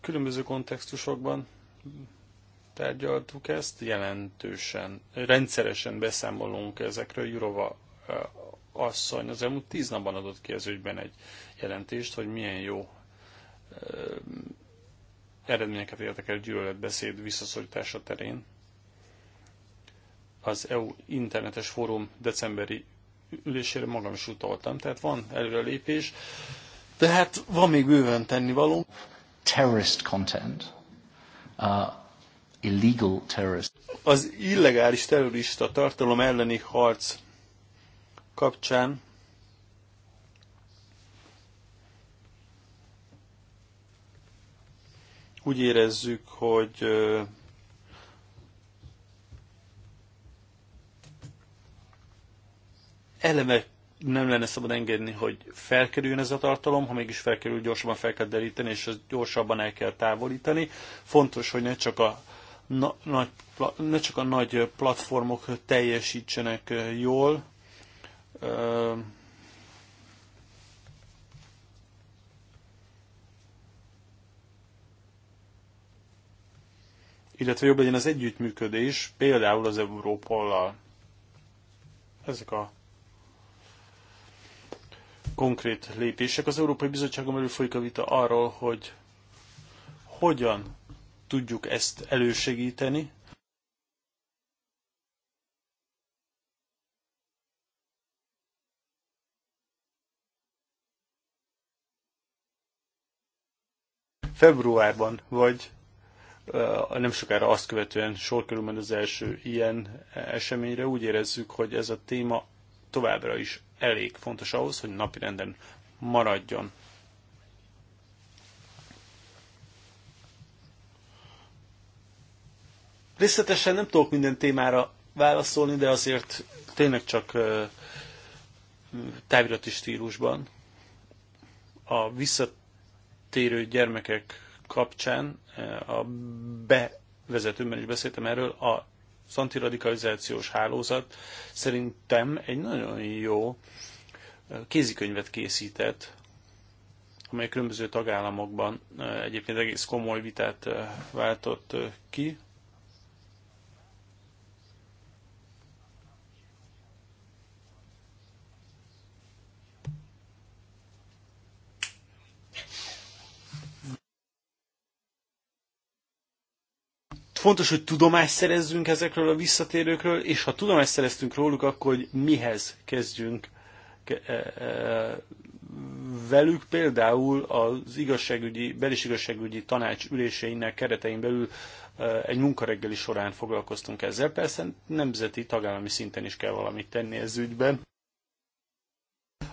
Különböző kontextusokban tárgyaltuk ezt, jelentősen, rendszeresen beszámolunk ezekről. Jurova eh, asszony az elmúlt tíz napban adott ki az ügyben egy jelentést, hogy milyen jó eh, eredményeket értek el gyűlöletbeszéd visszaszorítása terén az EU internetes fórum decemberi ülésére magam is utaltam, tehát van előrelépés, de hát van még bőven tennivaló. Terrorist content. Uh, illegal terrorist. Az illegális terrorista tartalom elleni harc kapcsán úgy érezzük, hogy eleve nem lenne szabad engedni, hogy felkerüljön ez a tartalom, ha mégis felkerül, gyorsabban fel kell deríteni, és ezt gyorsabban el kell távolítani. Fontos, hogy ne csak a na, nagy, ne csak a nagy platformok teljesítsenek jól, illetve jobb legyen az együttműködés, például az Európollal. Ezek a konkrét lépések. Az Európai Bizottságon belül folyik a vita arról, hogy hogyan tudjuk ezt elősegíteni. Februárban vagy nem sokára azt követően sor kerül majd az első ilyen eseményre. Úgy érezzük, hogy ez a téma továbbra is elég fontos ahhoz, hogy napirenden maradjon. Részletesen nem tudok minden témára válaszolni, de azért tényleg csak távirati stílusban. A visszatérő gyermekek kapcsán a bevezetőmben is beszéltem erről, a az antiradikalizációs hálózat szerintem egy nagyon jó kézikönyvet készített, amely különböző tagállamokban egyébként egész komoly vitát váltott ki. Fontos, hogy tudomást szerezzünk ezekről a visszatérőkről, és ha tudomást szereztünk róluk, akkor hogy mihez kezdjünk e, e, velük például az igazságügyi, belis igazságügyi tanács üléseinek keretein belül e, egy munkareggeli során foglalkoztunk ezzel. Persze nemzeti, tagállami szinten is kell valamit tenni ez ügyben.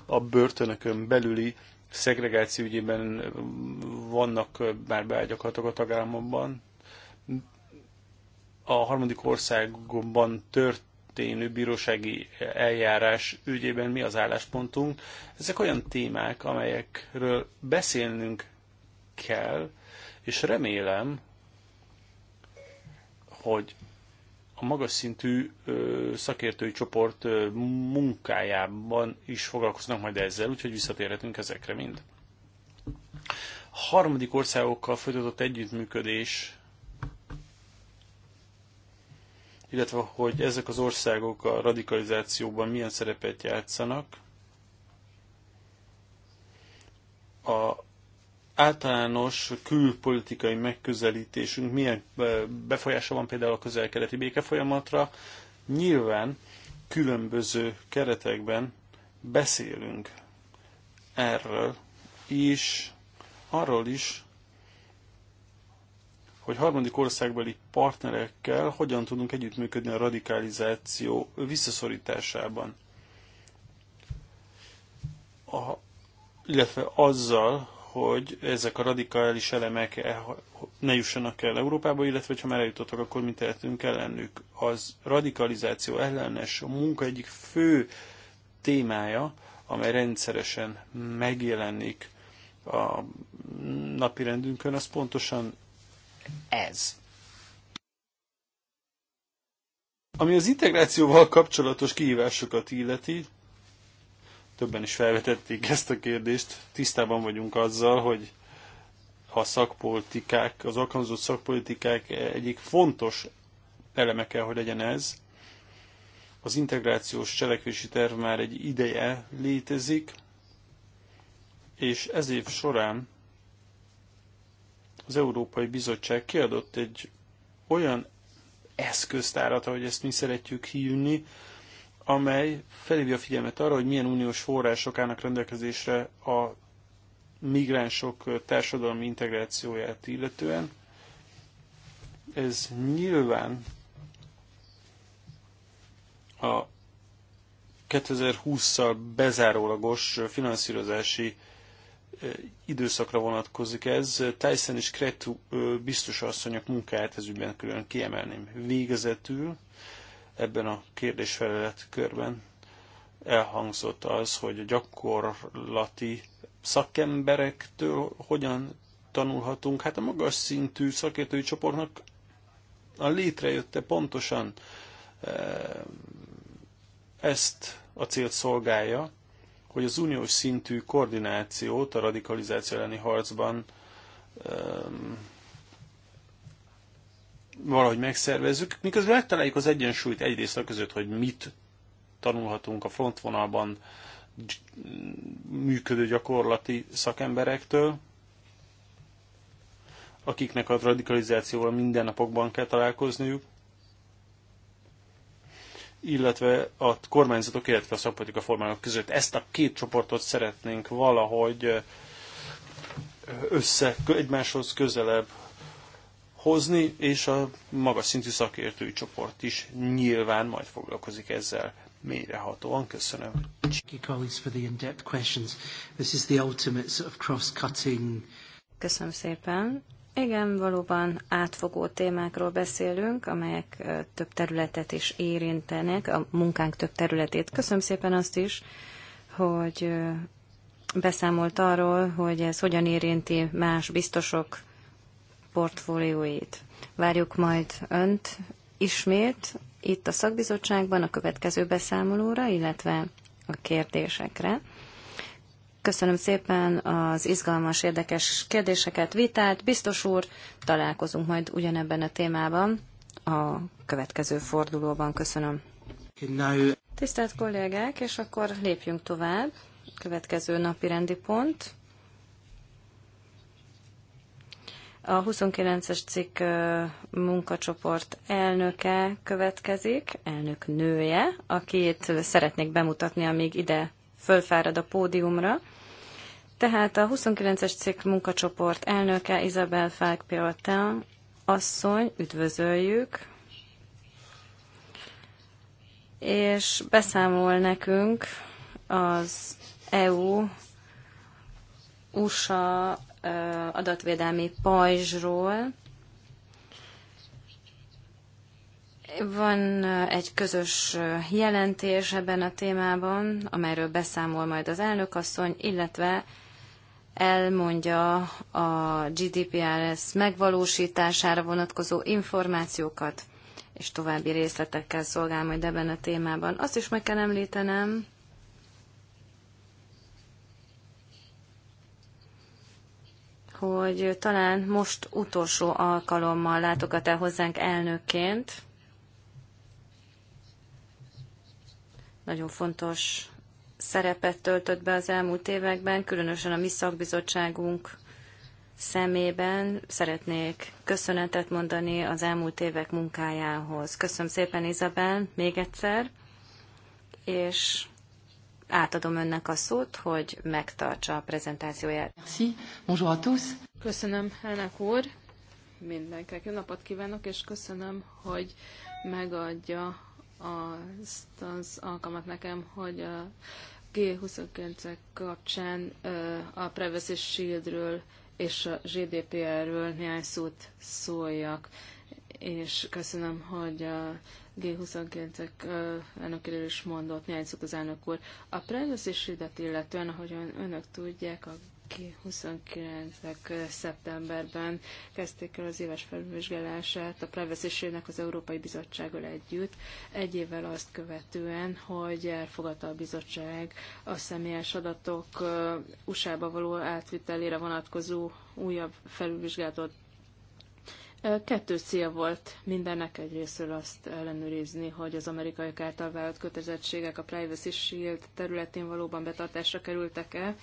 A börtönökön belüli szegregáció ügyében vannak már beágyakatok a tagállamokban a harmadik országokban történő bírósági eljárás ügyében mi az álláspontunk. Ezek olyan témák, amelyekről beszélnünk kell, és remélem, hogy a magas szintű szakértői csoport munkájában is foglalkoznak majd ezzel, úgyhogy visszatérhetünk ezekre mind. A harmadik országokkal folytatott együttműködés illetve hogy ezek az országok a radikalizációban milyen szerepet játszanak. A általános külpolitikai megközelítésünk milyen befolyása van például a közel-keleti békefolyamatra. Nyilván különböző keretekben beszélünk erről is, arról is, hogy harmadik országbeli partnerekkel hogyan tudunk együttműködni a radikalizáció visszaszorításában. A, illetve azzal, hogy ezek a radikális elemek e, ne jussanak el Európába, illetve ha már eljutottak, akkor mi tehetünk ellenük. Az radikalizáció ellenes a munka egyik fő témája, amely rendszeresen megjelenik a napirendünkön, az pontosan ez. Ami az integrációval kapcsolatos kihívásokat illeti, többen is felvetették ezt a kérdést, tisztában vagyunk azzal, hogy a szakpolitikák, az alkalmazott szakpolitikák egyik fontos eleme kell, hogy legyen ez. Az integrációs cselekvési terv már egy ideje létezik, és ez év során az Európai Bizottság kiadott egy olyan eszköztárat, ahogy ezt mi szeretjük hívni, amely felhívja a figyelmet arra, hogy milyen uniós források állnak rendelkezésre a migránsok társadalmi integrációját illetően. Ez nyilván a 2020-szal bezárólagos finanszírozási időszakra vonatkozik ez. Tyson és Kretu biztos asszonyok munkáját ez ügyben külön kiemelném. Végezetül ebben a kérdésfelelet körben elhangzott az, hogy a gyakorlati szakemberektől hogyan tanulhatunk. Hát a magas szintű szakértői csoportnak a létrejötte pontosan ezt a célt szolgálja, hogy az uniós szintű koordinációt a radikalizáció elleni harcban um, valahogy megszervezzük, miközben megtaláljuk az egyensúlyt egyrészt a között, hogy mit tanulhatunk a frontvonalban működő gyakorlati szakemberektől, akiknek a radikalizációval mindennapokban kell találkozniuk, illetve a kormányzatok, illetve a szakpolitika formálók között. Ezt a két csoportot szeretnénk valahogy össze, egymáshoz közelebb hozni, és a magas szintű szakértői csoport is nyilván majd foglalkozik ezzel mélyrehatóan. Köszönöm. Köszönöm szépen. Igen, valóban átfogó témákról beszélünk, amelyek több területet is érintenek, a munkánk több területét. Köszönöm szépen azt is, hogy beszámolt arról, hogy ez hogyan érinti más biztosok portfólióit. Várjuk majd önt ismét itt a szakbizottságban a következő beszámolóra, illetve a kérdésekre. Köszönöm szépen az izgalmas, érdekes kérdéseket, vitát. Biztos úr, találkozunk majd ugyanebben a témában a következő fordulóban. Köszönöm. Tisztelt kollégák, és akkor lépjünk tovább. Következő napi rendi pont. A 29-es cikk munkacsoport elnöke következik, elnök nője, akit szeretnék bemutatni, amíg ide fölfárad a pódiumra. Tehát a 29-es cikk munkacsoport elnöke Isabel Falkpiolta asszony, üdvözöljük, és beszámol nekünk az EU USA adatvédelmi pajzsról, Van eh, egy közös eh, jelentés ebben a témában, amelyről beszámol majd az elnökasszony, illetve elmondja a GDPRS megvalósítására vonatkozó információkat, és további részletekkel szolgál majd ebben a témában. Azt is meg kell említenem, hogy talán most utolsó alkalommal látogat el hozzánk elnökként, nagyon fontos szerepet töltött be az elmúlt években, különösen a mi szakbizottságunk szemében szeretnék köszönetet mondani az elmúlt évek munkájához. Köszönöm szépen, Izabel, még egyszer, és átadom önnek a szót, hogy megtartsa a prezentációját. Merci. Bonjour à tous. Köszönöm, elnök úr. Mindenkinek jó napot kívánok, és köszönöm, hogy megadja azt az alkalmat nekem, hogy a G29 kapcsán a Privacy Shieldről és a GDPR-ről néhány szót szóljak. És köszönöm, hogy a G29-ek elnökéről is mondott néhány szót az elnök úr. A Privacy Shield-et illetően, ahogy önök tudják, a ki 29 szeptemberben kezdték el az éves felvizsgálását a privacy-nek az Európai Bizottsággal együtt, egy évvel azt követően, hogy elfogadta a bizottság a személyes adatok USA-ba való átvitelére vonatkozó újabb felülvizsgálatot Kettő cél volt mindennek egyrésztről azt ellenőrizni, hogy az amerikai által vállalt kötelezettségek a Privacy Shield területén valóban betartásra kerültek-e,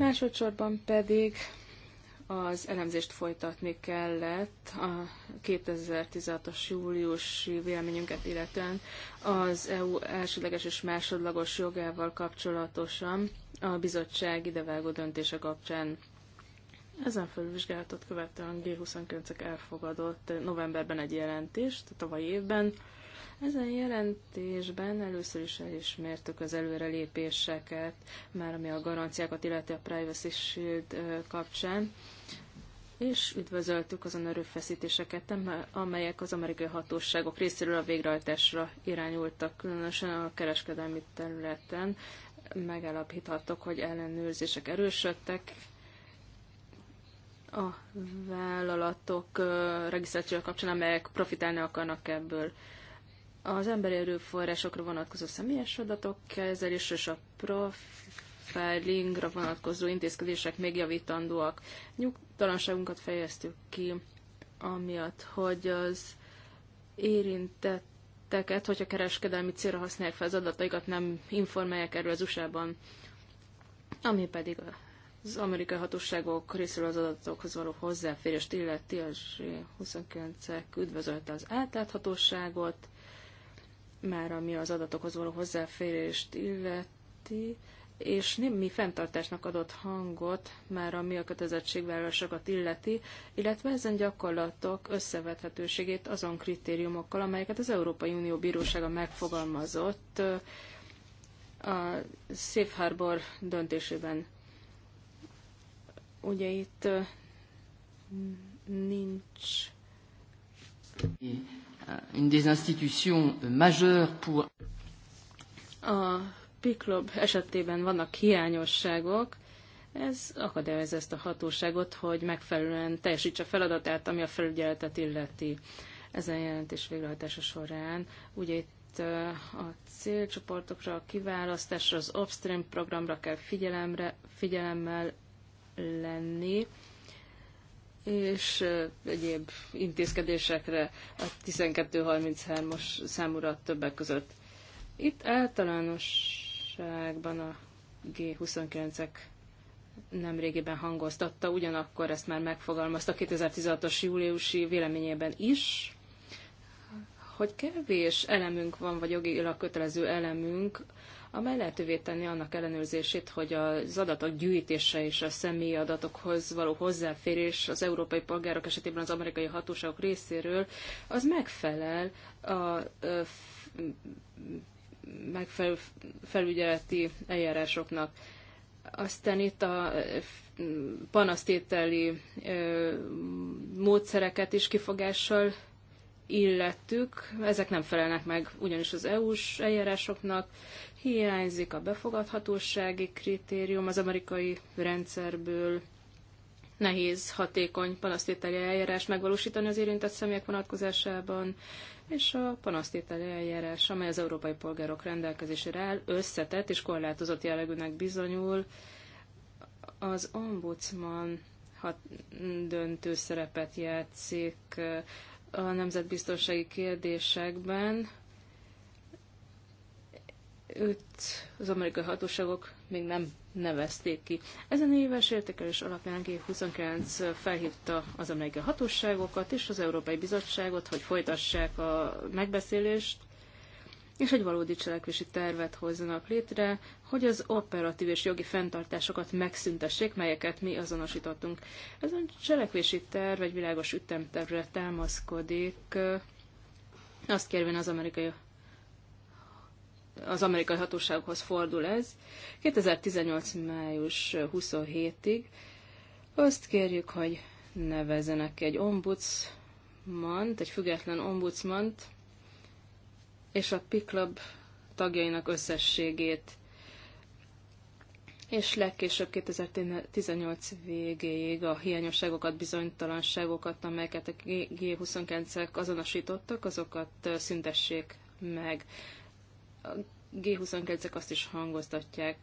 Másodszorban pedig az elemzést folytatni kellett a 2016-os júliusi véleményünket illetően az EU elsődleges és másodlagos jogával kapcsolatosan a bizottság idevágó döntése kapcsán. Ezen felülvizsgálatot követően G29-ek elfogadott novemberben egy jelentést, tavaly évben, ezen jelentésben először is elismertük az előrelépéseket, már ami a garanciákat illeti a Privacy Shield kapcsán, és üdvözöltük azon erőfeszítéseket, amelyek az amerikai hatóságok részéről a végrehajtásra irányultak, különösen a kereskedelmi területen. Megállapíthatok, hogy ellenőrzések erősödtek, a vállalatok regisztrációja kapcsán, amelyek profitálni akarnak ebből az emberi erőforrásokra vonatkozó személyes adatok kezelésre és a profilingra vonatkozó intézkedések még javítandóak. Nyugtalanságunkat fejeztük ki, amiatt, hogy az érintetteket, hogyha kereskedelmi célra használják fel az adataikat, nem informálják erről az USA-ban, ami pedig az amerikai hatóságok részéről az adatokhoz való hozzáférést illeti, az 29-ek üdvözölte az átláthatóságot, már ami az adatokhoz való hozzáférést illeti, és némi fenntartásnak adott hangot már ami a kötelezettségvállalásokat illeti, illetve ezen gyakorlatok összevethetőségét azon kritériumokkal, amelyeket az Európai Unió Bírósága megfogalmazott a Safe Harbor döntésében. Ugye itt nincs une des institutions euh, majeures pour. A Piklub esetében vannak hiányosságok, ez akadályozza ezt a hatóságot, hogy megfelelően teljesítse feladatát, ami a felügyeletet illeti. Ezen jelentés végrehajtása során ugye itt a célcsoportokra, a kiválasztásra, az upstream programra kell figyelemre, figyelemmel lenni és egyéb intézkedésekre a 1233 os számúra többek között. Itt általánosságban a G29-ek nemrégiben hangoztatta, ugyanakkor ezt már megfogalmazta 2016-os júliusi véleményében is, hogy kevés elemünk van, vagy jogilag kötelező elemünk amely lehetővé tenni annak ellenőrzését, hogy az adatok gyűjtése és a személyi adatokhoz való hozzáférés az európai polgárok esetében az amerikai hatóságok részéről, az megfelel a megfelelő felügyeleti eljárásoknak. Aztán itt a panasztételi módszereket is kifogással illettük, ezek nem felelnek meg ugyanis az EU-s eljárásoknak, hiányzik a befogadhatósági kritérium az amerikai rendszerből, nehéz, hatékony panasztételi eljárás megvalósítani az érintett személyek vonatkozásában, és a panasztételi eljárás, amely az európai polgárok rendelkezésére áll, összetett és korlátozott jellegűnek bizonyul, az ombudsman hat, döntő szerepet játszik a nemzetbiztonsági kérdésekben. Őt az amerikai hatóságok még nem nevezték ki. Ezen éves értékelés alapján G29 felhívta az amerikai hatóságokat és az Európai Bizottságot, hogy folytassák a megbeszélést, és egy valódi cselekvési tervet hozzanak létre, hogy az operatív és jogi fenntartásokat megszüntessék, melyeket mi azonosítottunk. Ez a cselekvési terv egy világos ütemtervre támaszkodik, azt kérvén az amerikai az amerikai hatósághoz fordul ez. 2018. május 27-ig azt kérjük, hogy nevezenek egy ombudsmant, egy független ombudsmant, és a piklab tagjainak összességét és legkésőbb 2018 végéig a hiányosságokat, bizonytalanságokat, amelyeket a G29-ek azonosítottak, azokat szüntessék meg. A G29-ek azt is hangoztatják,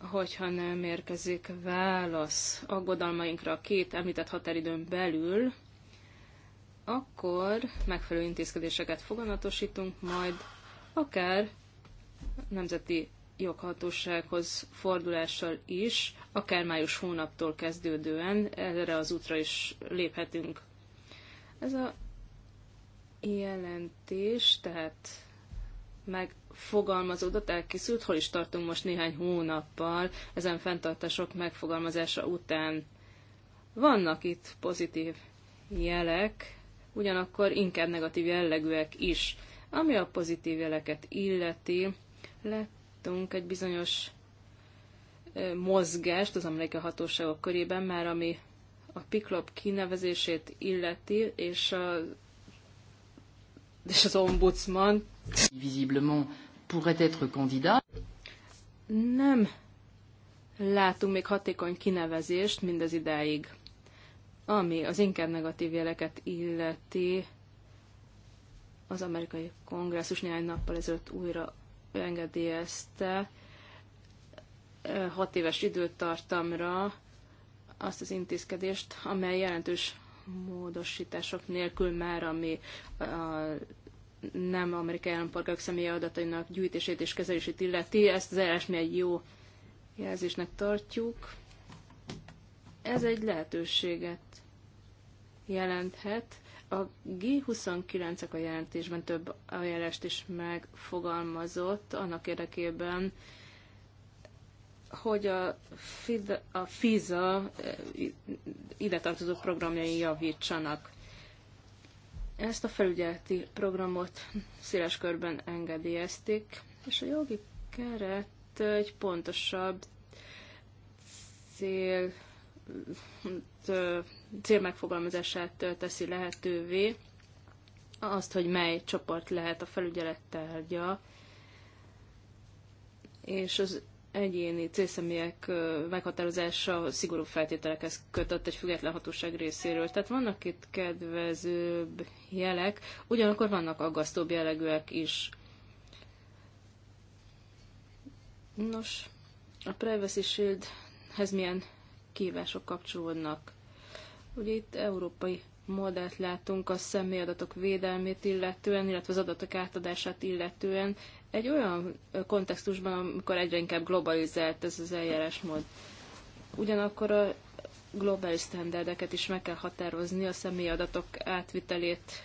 hogyha nem érkezik válasz aggodalmainkra a két említett határidőn belül, akkor megfelelő intézkedéseket foganatosítunk, majd akár nemzeti joghatósághoz fordulással is, akár május hónaptól kezdődően erre az útra is léphetünk. Ez a jelentés, tehát megfogalmazódott, elkészült, hol is tartunk most néhány hónappal ezen fenntartások megfogalmazása után. Vannak itt pozitív jelek, ugyanakkor inkább negatív jellegűek is. Ami a pozitív jeleket illeti, lett láttunk egy bizonyos mozgást az amerikai hatóságok körében, már ami a piklop kinevezését illeti, és, a, és az ombudsman visiblement pourrait être candidat. Nem látunk még hatékony kinevezést mindez idáig. Ami az inkább negatív jeleket illeti, az amerikai kongresszus néhány nappal ezelőtt újra engedélyezte hat éves időtartamra azt az intézkedést, amely jelentős módosítások nélkül már, ami a nem amerikai állampolgárok személyi adatainak gyűjtését és kezelését illeti. Ezt az eljárás mi egy jó jelzésnek tartjuk. Ez egy lehetőséget jelenthet, a G29-ek a jelentésben több ajánlást is megfogalmazott annak érdekében, hogy a, FIDA, a FISA eh, ide tartozó programjai javítsanak. Ezt a felügyeleti programot széles körben engedélyezték, és a jogi keret egy pontosabb cél célmegfogalmazását teszi lehetővé, azt, hogy mely csoport lehet a felügyelet tárgya, és az egyéni célszemélyek meghatározása szigorú feltételekhez kötött egy független hatóság részéről. Tehát vannak itt kedvezőbb jelek, ugyanakkor vannak aggasztóbb jellegűek is. Nos, a Privacy Shield-hez milyen kívások kapcsolódnak. Ugye itt európai modellt látunk a személyadatok védelmét illetően, illetve az adatok átadását illetően, egy olyan kontextusban, amikor egyre inkább globalizált ez az eljárásmód. Ugyanakkor a globális sztenderdeket is meg kell határozni a személyadatok átvitelét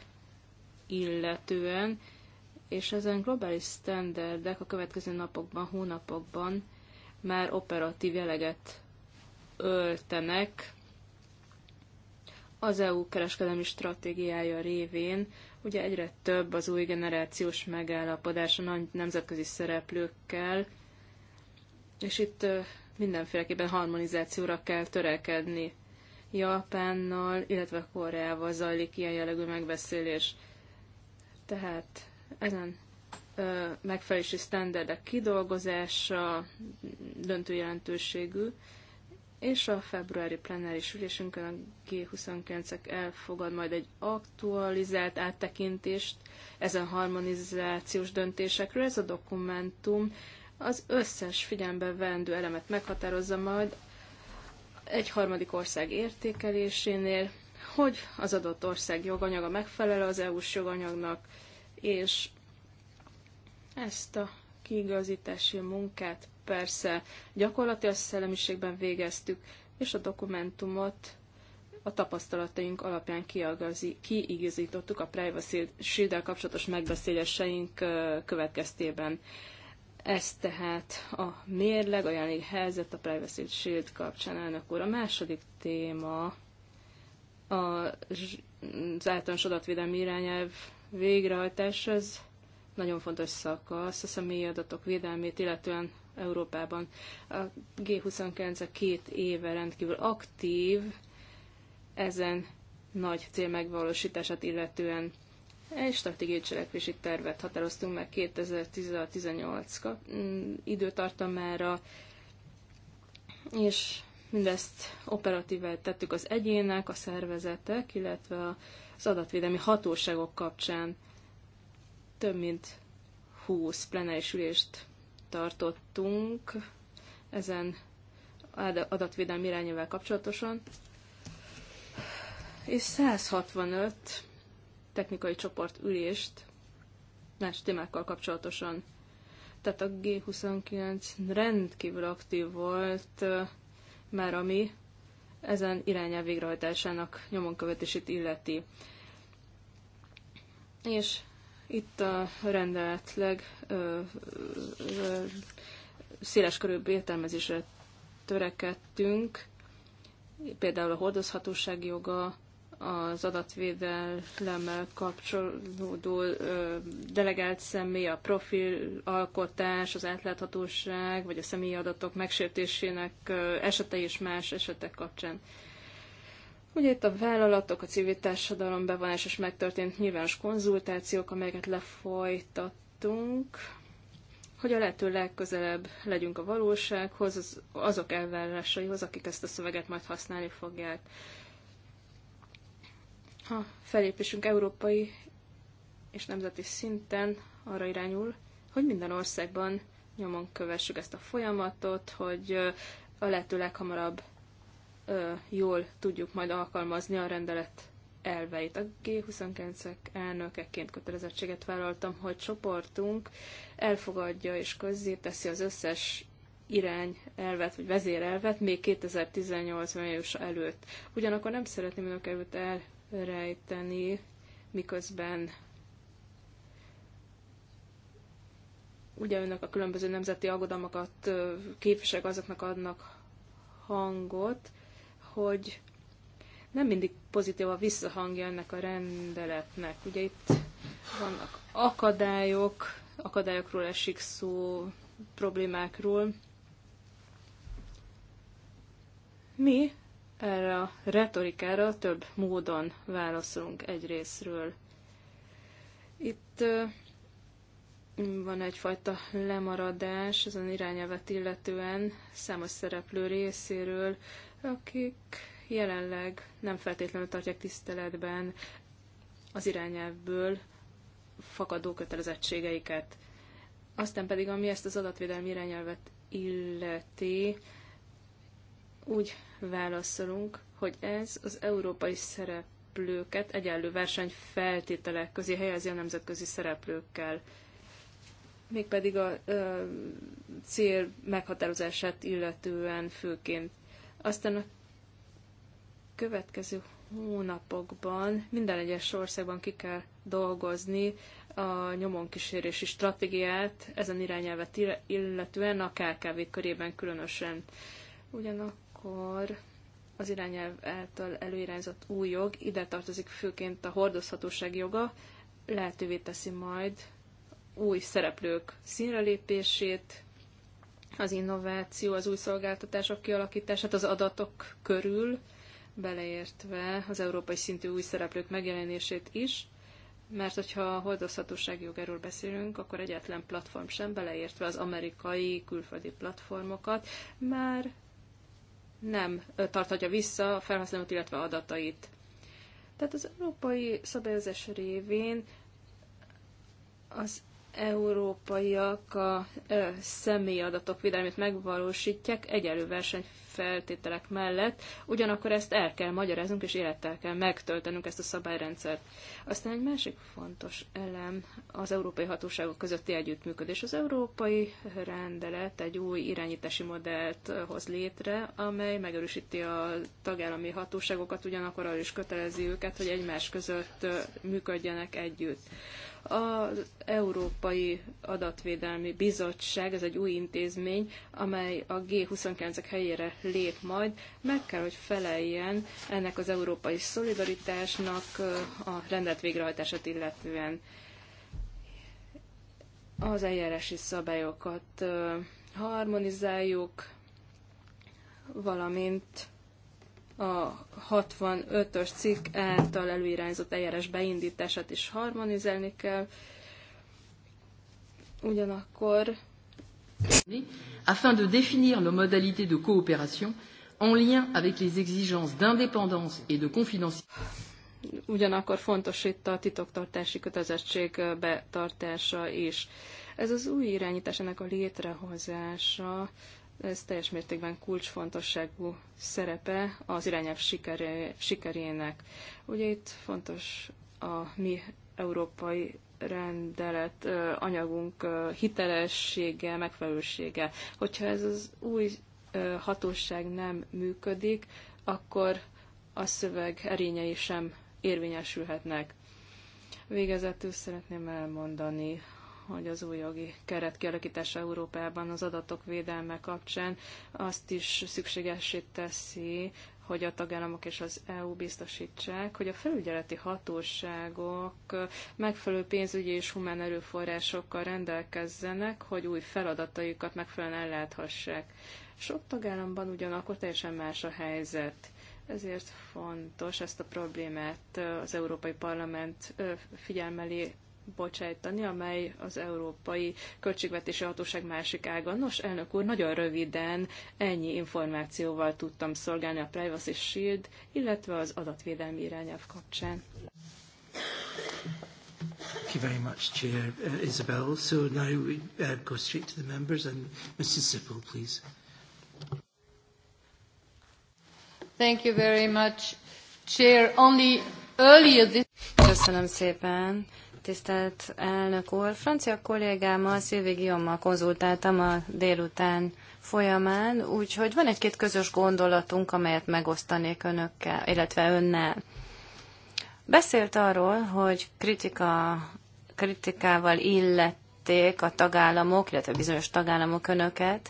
illetően, és ezen globális sztenderdek a következő napokban, hónapokban már operatív jeleget öltenek az EU kereskedelmi stratégiája révén. Ugye egyre több az új generációs megállapodás a nemzetközi szereplőkkel, és itt mindenféleképpen harmonizációra kell törekedni. Japánnal, illetve Koreával zajlik ilyen jellegű megbeszélés. Tehát ezen megfelelési sztenderdek kidolgozása döntő jelentőségű, és a februári plenáris ülésünkön a G29-ek elfogad majd egy aktualizált áttekintést ezen harmonizációs döntésekről. Ez a dokumentum az összes figyelembe vendő elemet meghatározza majd egy harmadik ország értékelésénél, hogy az adott ország joganyaga megfelel az EU-s joganyagnak, és ezt a kiigazítási munkát persze gyakorlatilag szellemiségben végeztük, és a dokumentumot a tapasztalataink alapján kiigazítottuk a Privacy shield kapcsolatos megbeszéléseink következtében. Ez tehát a mérleg, a jelenlegi helyzet a Privacy Shield kapcsán, elnök úr. A második téma a, az általános adatvédelmi irányelv végrehajtás, ez nagyon fontos szakasz a személyi adatok védelmét, illetően Európában. A G29 a két éve rendkívül aktív ezen nagy cél megvalósítását illetően egy stratégiai cselekvési tervet határoztunk meg 2016-18 mm, időtartamára, és mindezt operatívvel tettük az egyének, a szervezetek, illetve az adatvédelmi hatóságok kapcsán. Több mint 20 plenáris ülést tartottunk ezen adatvédelmi irányelvvel kapcsolatosan, és 165 technikai csoport ülést más témákkal kapcsolatosan. Tehát a G29 rendkívül aktív volt, már ami ezen irányel végrehajtásának nyomon követését illeti. És itt a rendeletleg széles körülbelül értelmezésre törekedtünk, például a hordozhatóság joga, az adatvédelemmel kapcsolódó ö, delegált személy, a profilalkotás, az átláthatóság, vagy a személyi adatok megsértésének ö, esetei és más esetek kapcsán. Ö, Ugye itt a vállalatok, a civil társadalom bevonás és megtörtént nyilvános konzultációk, amelyeket lefolytattunk, hogy a lehető legközelebb legyünk a valósághoz, az, azok elvárásaihoz, akik ezt a szöveget majd használni fogják. A felépésünk európai és nemzeti szinten arra irányul, hogy minden országban nyomon kövessük ezt a folyamatot, hogy a lehető leghamarabb jól tudjuk majd alkalmazni a rendelet elveit. A G29-ek elnökeként kötelezettséget vállaltam, hogy csoportunk elfogadja és közzé teszi az összes irány elvet, vagy vezérelvet még 2018 május előtt. Ugyanakkor nem szeretném önök előtt elrejteni, miközben ugye önök a különböző nemzeti aggodalmakat képviselők azoknak adnak hangot, hogy nem mindig pozitív a visszahangja ennek a rendeletnek. Ugye itt vannak akadályok, akadályokról esik szó, problémákról. Mi erre a retorikára több módon válaszolunk egy részről. Itt van egyfajta lemaradás ezen irányelvet illetően számos szereplő részéről, akik jelenleg nem feltétlenül tartják tiszteletben az irányelvből fakadó kötelezettségeiket. Aztán pedig, ami ezt az adatvédelmi irányelvet illeti, úgy válaszolunk, hogy ez az európai szereplőket egyenlő verseny feltételek közé helyezi a nemzetközi szereplőkkel. Mégpedig a ö, cél meghatározását illetően főként aztán a következő hónapokban minden egyes országban ki kell dolgozni a nyomonkísérési stratégiát ezen irányelvet illetően a KKV körében különösen. Ugyanakkor az irányelv által előirányzott új jog, ide tartozik főként a hordozhatóság joga, lehetővé teszi majd új szereplők színrelépését, az innováció, az új szolgáltatások kialakítását az adatok körül, beleértve az európai szintű új szereplők megjelenését is, mert hogyha a hordozhatósági jogáról beszélünk, akkor egyetlen platform sem, beleértve az amerikai külföldi platformokat, már nem tartatja vissza a felhasználót, illetve adatait. Tehát az európai szabályozás révén az európaiak a ö, személyi adatok védelmét megvalósítják egyelő versenyfeltételek mellett, ugyanakkor ezt el kell magyaráznunk és élettel kell megtöltenünk ezt a szabályrendszert. Aztán egy másik fontos elem az európai hatóságok közötti együttműködés. Az európai rendelet egy új irányítási modellt hoz létre, amely megerősíti a tagállami hatóságokat, ugyanakkor arra is kötelezi őket, hogy egymás között működjenek együtt. Az Európai Adatvédelmi Bizottság, ez egy új intézmény, amely a G29-ek helyére lép majd, meg kell, hogy feleljen ennek az európai szolidaritásnak a rendet végrehajtását illetően az eljárási szabályokat harmonizáljuk, valamint a 65-ös cikk által előirányzott eljárás beindítását is harmonizálni kell. Ugyanakkor afin de définir nos modalités de coopération en lien avec les exigences d'indépendance et de confidentialité. Ugyanakkor fontos itt a titoktartási kötelezettség betartása is. Ez az új irányítás, ennek a létrehozása ez teljes mértékben kulcsfontosságú szerepe az irányelv sikeré, sikerének. Ugye itt fontos a mi európai rendelet anyagunk hitelessége, megfelelősége. Hogyha ez az új hatóság nem működik, akkor a szöveg erényei sem érvényesülhetnek. Végezetül szeretném elmondani, hogy az új jogi keret kialakítása Európában az adatok védelme kapcsán azt is szükségessé teszi, hogy a tagállamok és az EU biztosítsák, hogy a felügyeleti hatóságok megfelelő pénzügyi és humán erőforrásokkal rendelkezzenek, hogy új feladataikat megfelelően elláthassák. Sok tagállamban ugyanakkor teljesen más a helyzet. Ezért fontos ezt a problémát az Európai Parlament figyelmelé bocsájtani, amely az Európai Költségvetési Hatóság másik ága. Nos, elnök úr, nagyon röviden ennyi információval tudtam szolgálni a Privacy Shield, illetve az adatvédelmi irányelv kapcsán. Thank you very much, Chair uh, Isabel. So now we uh, go straight to the members and Mrs. Sippel, please. Thank you very much, Chair. Only earlier this... Köszönöm szépen tisztelt elnök úr. Francia kollégámmal, Szilvi Guillaume-mal konzultáltam a délután folyamán, úgyhogy van egy-két közös gondolatunk, amelyet megosztanék önökkel, illetve önnel. Beszélt arról, hogy kritika, kritikával illették a tagállamok, illetve bizonyos tagállamok önöket,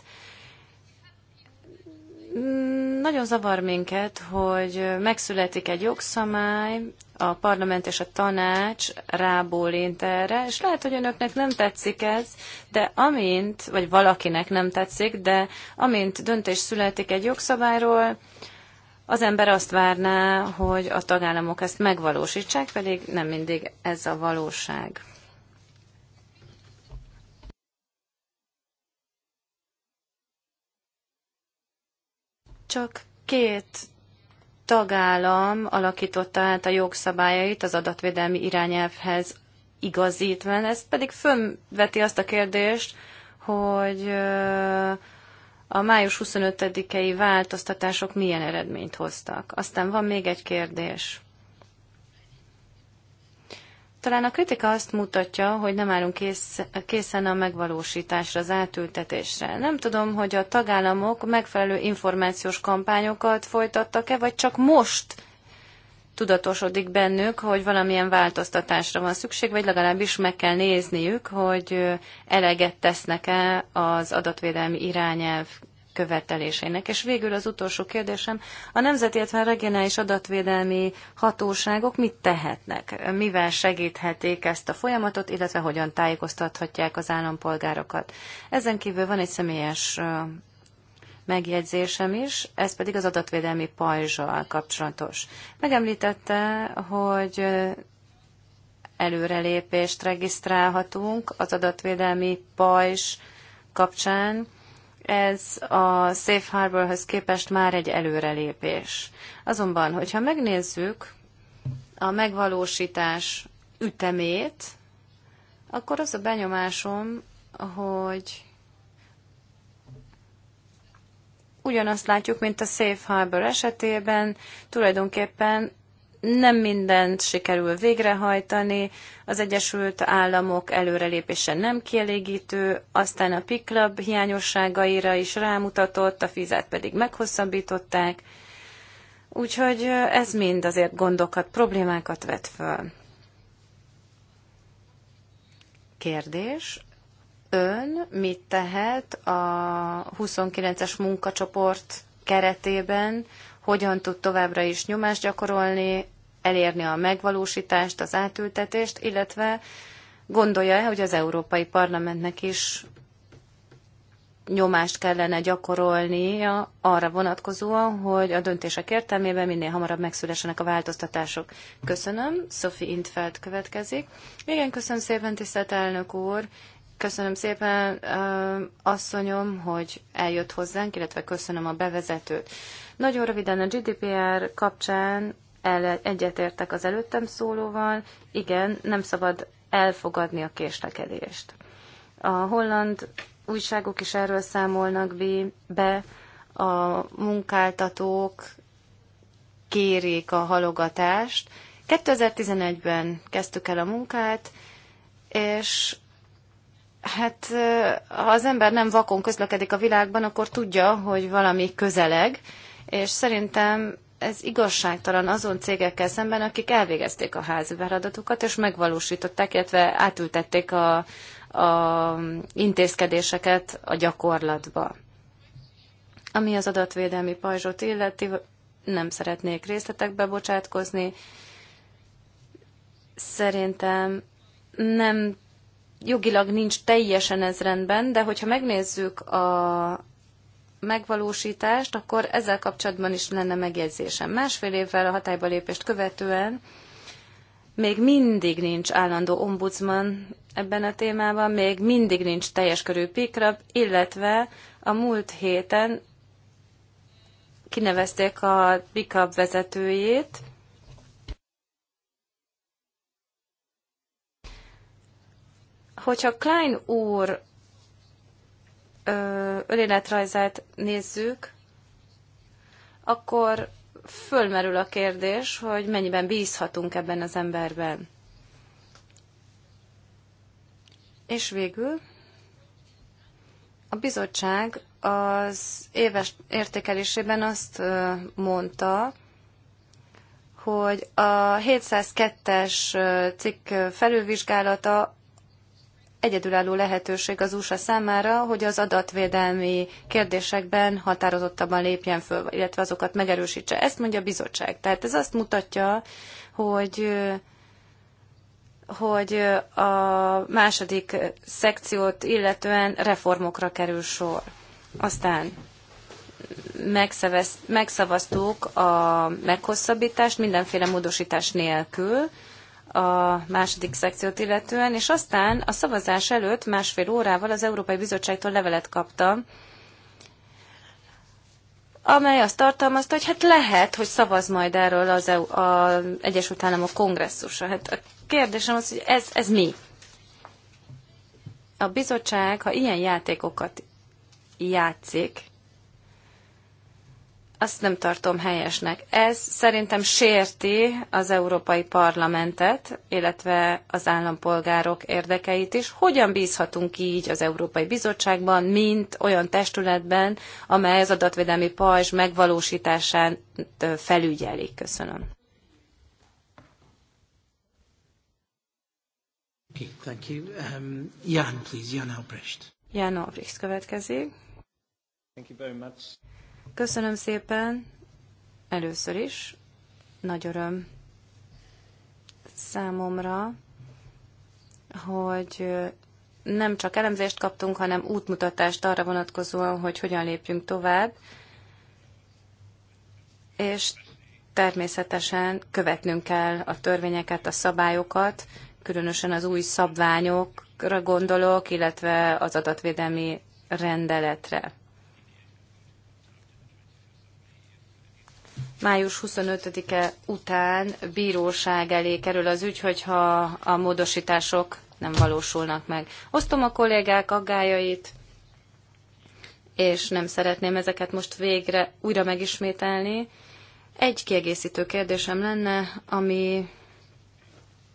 nagyon zavar minket, hogy megszületik egy jogszabály, a parlament és a tanács rábólint erre, és lehet, hogy önöknek nem tetszik ez, de amint, vagy valakinek nem tetszik, de amint döntés születik egy jogszabályról, az ember azt várná, hogy a tagállamok ezt megvalósítsák, pedig nem mindig ez a valóság. Csak két tagállam alakította át a jogszabályait az adatvédelmi irányelvhez igazítva. Ez pedig fönveti azt a kérdést, hogy a május 25-i változtatások milyen eredményt hoztak. Aztán van még egy kérdés. Talán a kritika azt mutatja, hogy nem állunk kész, készen a megvalósításra, az átültetésre. Nem tudom, hogy a tagállamok megfelelő információs kampányokat folytattak-e, vagy csak most tudatosodik bennük, hogy valamilyen változtatásra van szükség, vagy legalábbis meg kell nézniük, hogy eleget tesznek-e az adatvédelmi irányelv követeléseinek. És végül az utolsó kérdésem, a nemzeti, illetve regionális adatvédelmi hatóságok mit tehetnek? Mivel segíthetik ezt a folyamatot, illetve hogyan tájékoztathatják az állampolgárokat? Ezen kívül van egy személyes megjegyzésem is, ez pedig az adatvédelmi pajzsal kapcsolatos. Megemlítette, hogy előrelépést regisztrálhatunk az adatvédelmi pajzs kapcsán, ez a Safe Harborhoz képest már egy előrelépés. Azonban, hogyha megnézzük a megvalósítás ütemét, akkor az a benyomásom, hogy ugyanazt látjuk, mint a Safe Harbor esetében, tulajdonképpen nem mindent sikerül végrehajtani, az Egyesült Államok előrelépése nem kielégítő, aztán a PIKLAB hiányosságaira is rámutatott, a fizet pedig meghosszabbították, úgyhogy ez mind azért gondokat, problémákat vet föl. Kérdés, ön mit tehet a 29-es munkacsoport keretében, hogyan tud továbbra is nyomást gyakorolni, elérni a megvalósítást, az átültetést, illetve gondolja-e, hogy az Európai Parlamentnek is nyomást kellene gyakorolnia arra vonatkozóan, hogy a döntések értelmében minél hamarabb megszülessenek a változtatások. Köszönöm. Sophie Intfeld következik. Igen, köszönöm szépen, tisztelt elnök úr. Köszönöm szépen, asszonyom, hogy eljött hozzánk, illetve köszönöm a bevezetőt. Nagyon röviden a GDPR kapcsán el, egyetértek az előttem szólóval, igen, nem szabad elfogadni a késlekedést. A holland újságok is erről számolnak be, a munkáltatók kérik a halogatást. 2011-ben kezdtük el a munkát, és hát ha az ember nem vakon közlekedik a világban, akkor tudja, hogy valami közeleg, és szerintem ez igazságtalan azon cégekkel szemben, akik elvégezték a házi feladatukat, és megvalósították, illetve átültették a, a intézkedéseket a gyakorlatba. Ami az adatvédelmi pajzsot illeti, nem szeretnék részletekbe bocsátkozni. Szerintem nem jogilag nincs teljesen ez rendben, de hogyha megnézzük a, megvalósítást, akkor ezzel kapcsolatban is lenne megjegyzésem. Másfél évvel a hatályba lépést követően még mindig nincs állandó ombudsman ebben a témában, még mindig nincs teljes körű pikrab, illetve a múlt héten kinevezték a pikrab vezetőjét, hogyha Klein úr önéletrajzát nézzük, akkor fölmerül a kérdés, hogy mennyiben bízhatunk ebben az emberben. És végül a bizottság az éves értékelésében azt mondta, hogy a 702-es cikk felülvizsgálata egyedülálló lehetőség az USA számára, hogy az adatvédelmi kérdésekben határozottabban lépjen föl, illetve azokat megerősítse. Ezt mondja a bizottság. Tehát ez azt mutatja, hogy hogy a második szekciót illetően reformokra kerül sor. Aztán megszavaztuk a meghosszabbítást mindenféle módosítás nélkül, a második szekciót illetően, és aztán a szavazás előtt másfél órával az Európai Bizottságtól levelet kaptam, amely azt tartalmazta, hogy hát lehet, hogy szavaz majd erről az EU, a Egyesült Államok kongresszusa. Hát a kérdésem az, hogy ez, ez mi? A bizottság, ha ilyen játékokat játszik, azt nem tartom helyesnek. Ez szerintem sérti az Európai Parlamentet, illetve az állampolgárok érdekeit is. Hogyan bízhatunk így az Európai Bizottságban, mint olyan testületben, amely az adatvédelmi pajzs megvalósításán felügyeli? Köszönöm. Okay, thank you. Um, Jan, please, Jan Albrecht. Jan Albrecht következik. Thank you very much. Köszönöm szépen először is. Nagy öröm számomra, hogy nem csak elemzést kaptunk, hanem útmutatást arra vonatkozóan, hogy hogyan lépjünk tovább, és természetesen követnünk kell a törvényeket, a szabályokat, különösen az új szabványokra gondolok, illetve az adatvédelmi rendeletre. május 25-e után bíróság elé kerül az ügy, hogyha a módosítások nem valósulnak meg. Osztom a kollégák aggájait, és nem szeretném ezeket most végre újra megismételni. Egy kiegészítő kérdésem lenne, ami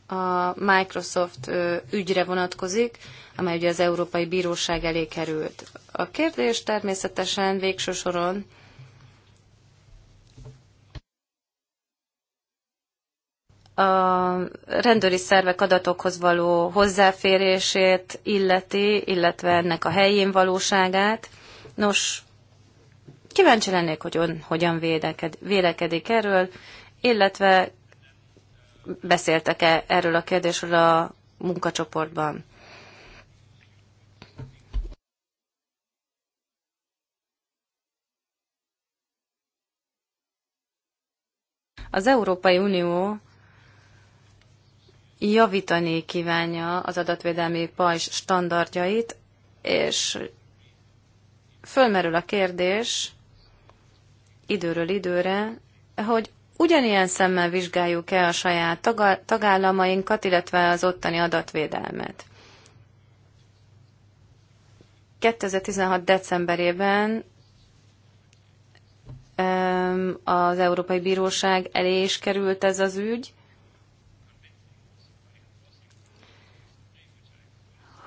a Microsoft ügyre vonatkozik, amely ugye az Európai Bíróság elé került. A kérdés természetesen végső soron a rendőri szervek adatokhoz való hozzáférését illeti, illetve ennek a helyén valóságát. Nos, kíváncsi lennék, hogy ön hogyan védeked, vélekedik erről, illetve beszéltek-e erről a kérdésről a munkacsoportban. Az Európai Unió javítani kívánja az adatvédelmi pajzs standardjait, és fölmerül a kérdés időről időre, hogy ugyanilyen szemmel vizsgáljuk-e a saját tagállamainkat, illetve az ottani adatvédelmet. 2016. decemberében az Európai Bíróság elé is került ez az ügy,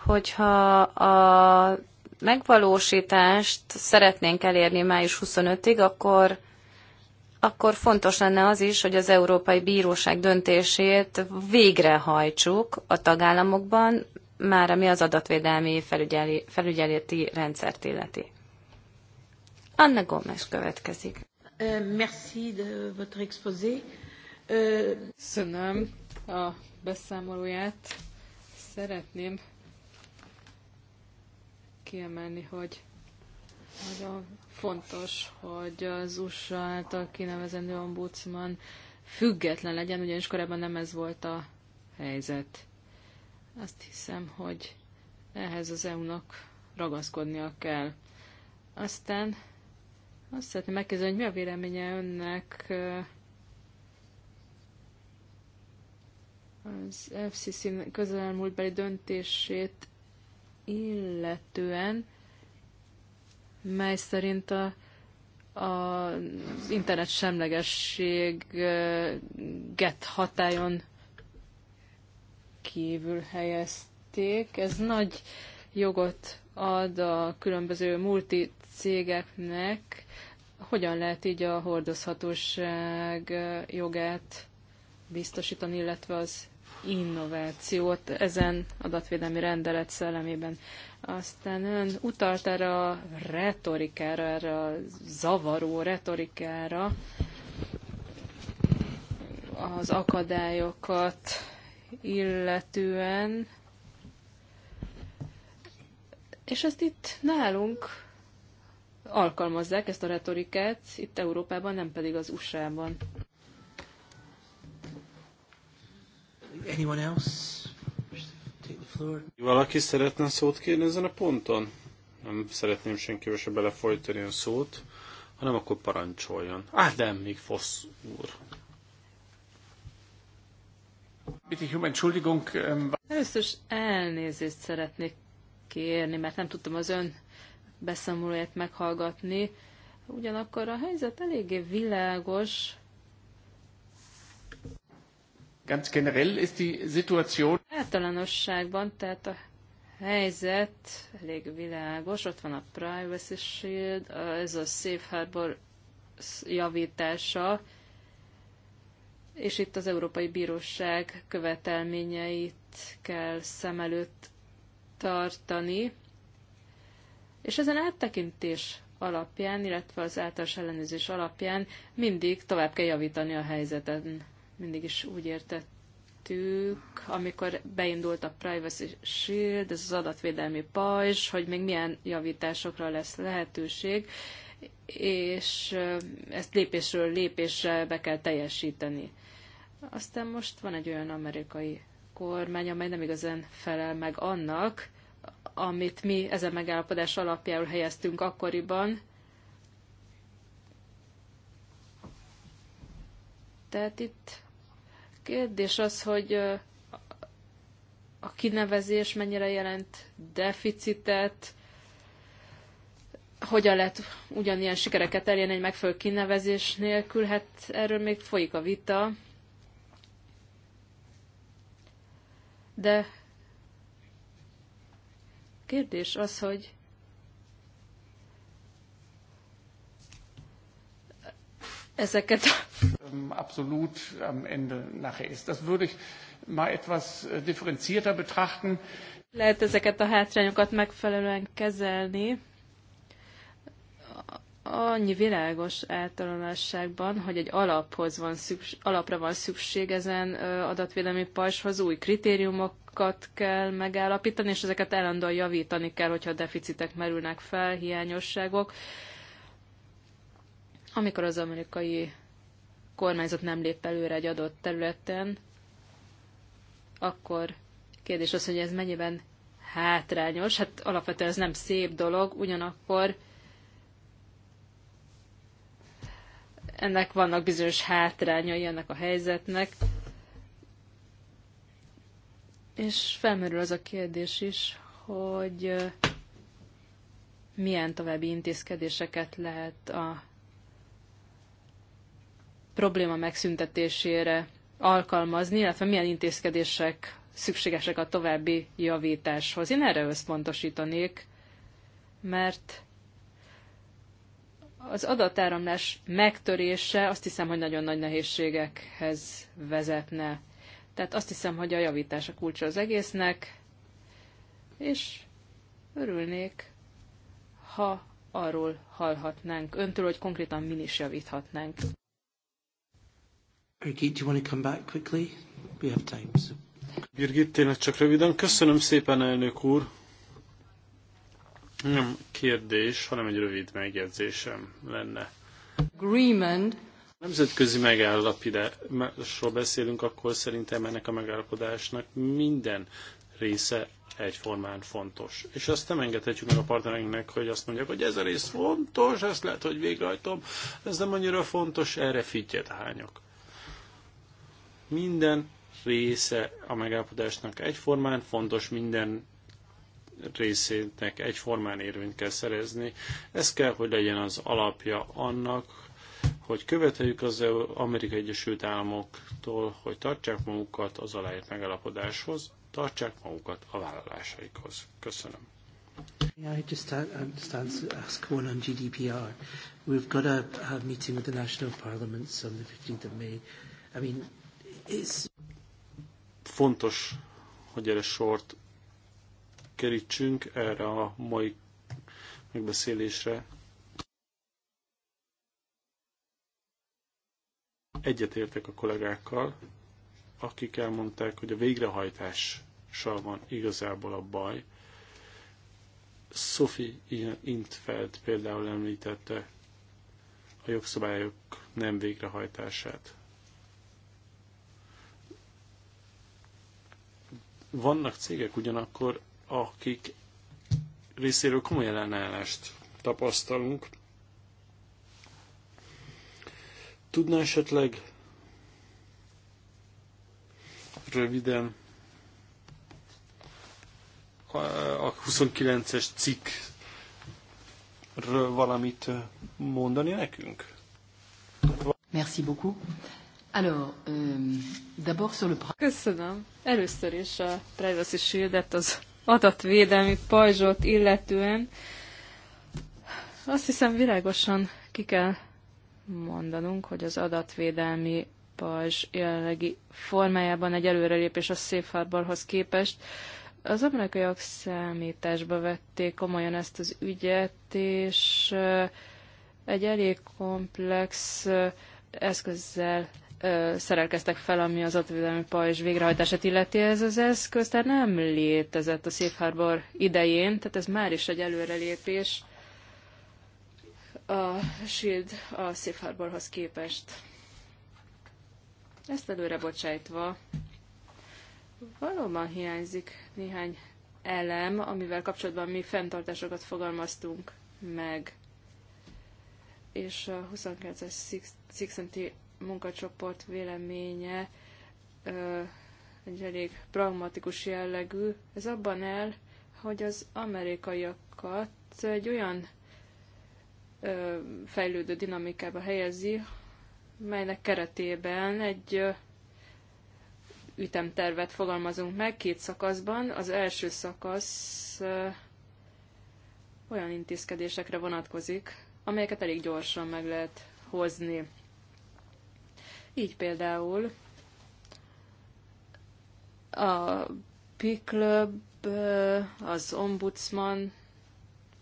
hogyha a megvalósítást szeretnénk elérni május 25-ig, akkor, akkor fontos lenne az is, hogy az Európai Bíróság döntését végrehajtsuk a tagállamokban, már ami az adatvédelmi felügyeli, felügyeleti rendszert illeti. Anna Gomes következik. Euh, merci de votre exposé. Euh, Köszönöm a beszámolóját. Szeretném kiemelni, hogy nagyon fontos, hogy az USA által kinevezendő ombudsman független legyen, ugyanis korábban nem ez volt a helyzet. Azt hiszem, hogy ehhez az EU-nak ragaszkodnia kell. Aztán azt szeretném megkérdezni, hogy mi a véleménye önnek eh, az FCC közelmúltbeli döntését illetően, mely szerint a, a, az internet semlegességet hatájon kívül helyezték. Ez nagy jogot ad a különböző multi cégeknek. Hogyan lehet így a hordozhatóság jogát biztosítani, illetve az innovációt ezen adatvédelmi rendelet szellemében. Aztán ön utalt erre a retorikára, erre a zavaró retorikára, az akadályokat illetően, és ezt itt nálunk alkalmazzák, ezt a retorikát, itt Európában, nem pedig az USA-ban. Anyone else? Take the floor. Valaki szeretne szót kérni ezen a ponton? Nem szeretném senki se belefolytani a szót, hanem akkor parancsoljon. Á, de még Fosz úr. Ähm, Először is elnézést szeretnék kérni, mert nem tudtam az ön beszámolóját meghallgatni. Ugyanakkor a helyzet eléggé világos, Ganz generell ist die Situation... Általánosságban, tehát a helyzet elég világos, ott van a Privacy Shield, ez a Safe Harbor javítása, és itt az Európai Bíróság követelményeit kell szem előtt tartani, és ezen áttekintés alapján, illetve az általános ellenőrzés alapján mindig tovább kell javítani a helyzeten mindig is úgy értettük, amikor beindult a Privacy Shield, ez az adatvédelmi pajzs, hogy még milyen javításokra lesz lehetőség, és ezt lépésről lépésre be kell teljesíteni. Aztán most van egy olyan amerikai kormány, amely nem igazán felel meg annak, amit mi ezen megállapodás alapjául helyeztünk akkoriban. Tehát itt Kérdés az, hogy a kinevezés mennyire jelent deficitet, hogyan lehet ugyanilyen sikereket elérni egy megfelelő kinevezés nélkül, hát erről még folyik a vita. De kérdés az, hogy ezeket a ähm, abszolút am Ende nachher ist. Das würde ich mal etwas äh, differenzierter betrachten. Lehet ezeket a hátrányokat megfelelően kezelni. Annyi világos általánosságban, hogy egy alaphoz van szükség, alapra van szükség ezen adatvédelmi pajzshoz, új kritériumokat kell megállapítani, és ezeket állandóan javítani kell, hogyha deficitek merülnek fel, hiányosságok amikor az amerikai kormányzat nem lép előre egy adott területen, akkor kérdés az, hogy ez mennyiben hátrányos. Hát alapvetően ez nem szép dolog, ugyanakkor ennek vannak bizonyos hátrányai ennek a helyzetnek. És felmerül az a kérdés is, hogy milyen további intézkedéseket lehet a probléma megszüntetésére alkalmazni, illetve milyen intézkedések szükségesek a további javításhoz. Én erre összpontosítanék, mert az adatáramlás megtörése azt hiszem, hogy nagyon nagy nehézségekhez vezetne. Tehát azt hiszem, hogy a javítás a kulcsa az egésznek, és örülnék, ha arról hallhatnánk öntől, hogy konkrétan min is javíthatnánk. Birgit, do you want to come back quickly? We have time. So. Birgit, tényleg csak röviden. Köszönöm szépen, elnök úr. Nem kérdés, hanem egy rövid megjegyzésem lenne. Agreement. Nemzetközi megállapodásról beszélünk, akkor szerintem ennek a megállapodásnak minden része egyformán fontos. És azt nem engedhetjük meg a partnereinknek, hogy azt mondják, hogy ez a rész fontos, ezt lehet, hogy végrehajtom, ez nem annyira fontos, erre fittyet hányok. Minden része a megállapodásnak egyformán, fontos minden részének egyformán érvényt kell szerezni. Ez kell, hogy legyen az alapja annak, hogy követeljük az e Amerikai Egyesült Államoktól, hogy tartsák magukat az aláírt megállapodáshoz, tartsák magukat a vállalásaikhoz. Köszönöm. Yeah, I just, um, just ask one on GDPR. We've got a, a meeting with the national parliaments on the 15th of May. I mean, Fontos, hogy erre sort kerítsünk erre a mai megbeszélésre. Egyetértek a kollégákkal, akik elmondták, hogy a végrehajtással van igazából a baj. Sophie Intfeld például említette a jogszabályok nem végrehajtását. Vannak cégek ugyanakkor, akik részéről komoly ellenállást tapasztalunk. Tudná esetleg röviden a 29-es cikkről valamit mondani nekünk? Merci beaucoup. Alors, euh, d'abord sur le... Köszönöm. Először is a Privacy shield az adatvédelmi pajzsot illetően azt hiszem világosan ki kell mondanunk, hogy az adatvédelmi pajzs jelenlegi formájában egy előrelépés a Safe Harborhoz képest. Az amerikaiak számításba vették komolyan ezt az ügyet, és egy elég komplex eszközzel szerelkeztek fel, ami az adatvédelmi pajzs végrehajtását illeti. Ez az eszköz, tehát nem létezett a Safe Harbor idején, tehát ez már is egy előrelépés a SHIELD a Safe Harborhoz képest. Ezt előre bocsájtva, valóban hiányzik néhány elem, amivel kapcsolatban mi fenntartásokat fogalmaztunk meg. És a 29-es munkacsoport véleménye egy elég pragmatikus jellegű. Ez abban el, hogy az amerikaiakat egy olyan ö, fejlődő dinamikába helyezi, melynek keretében egy ö, ütemtervet fogalmazunk meg két szakaszban. Az első szakasz ö, olyan intézkedésekre vonatkozik, amelyeket elég gyorsan meg lehet hozni. Így például a P-Club, az Ombudsman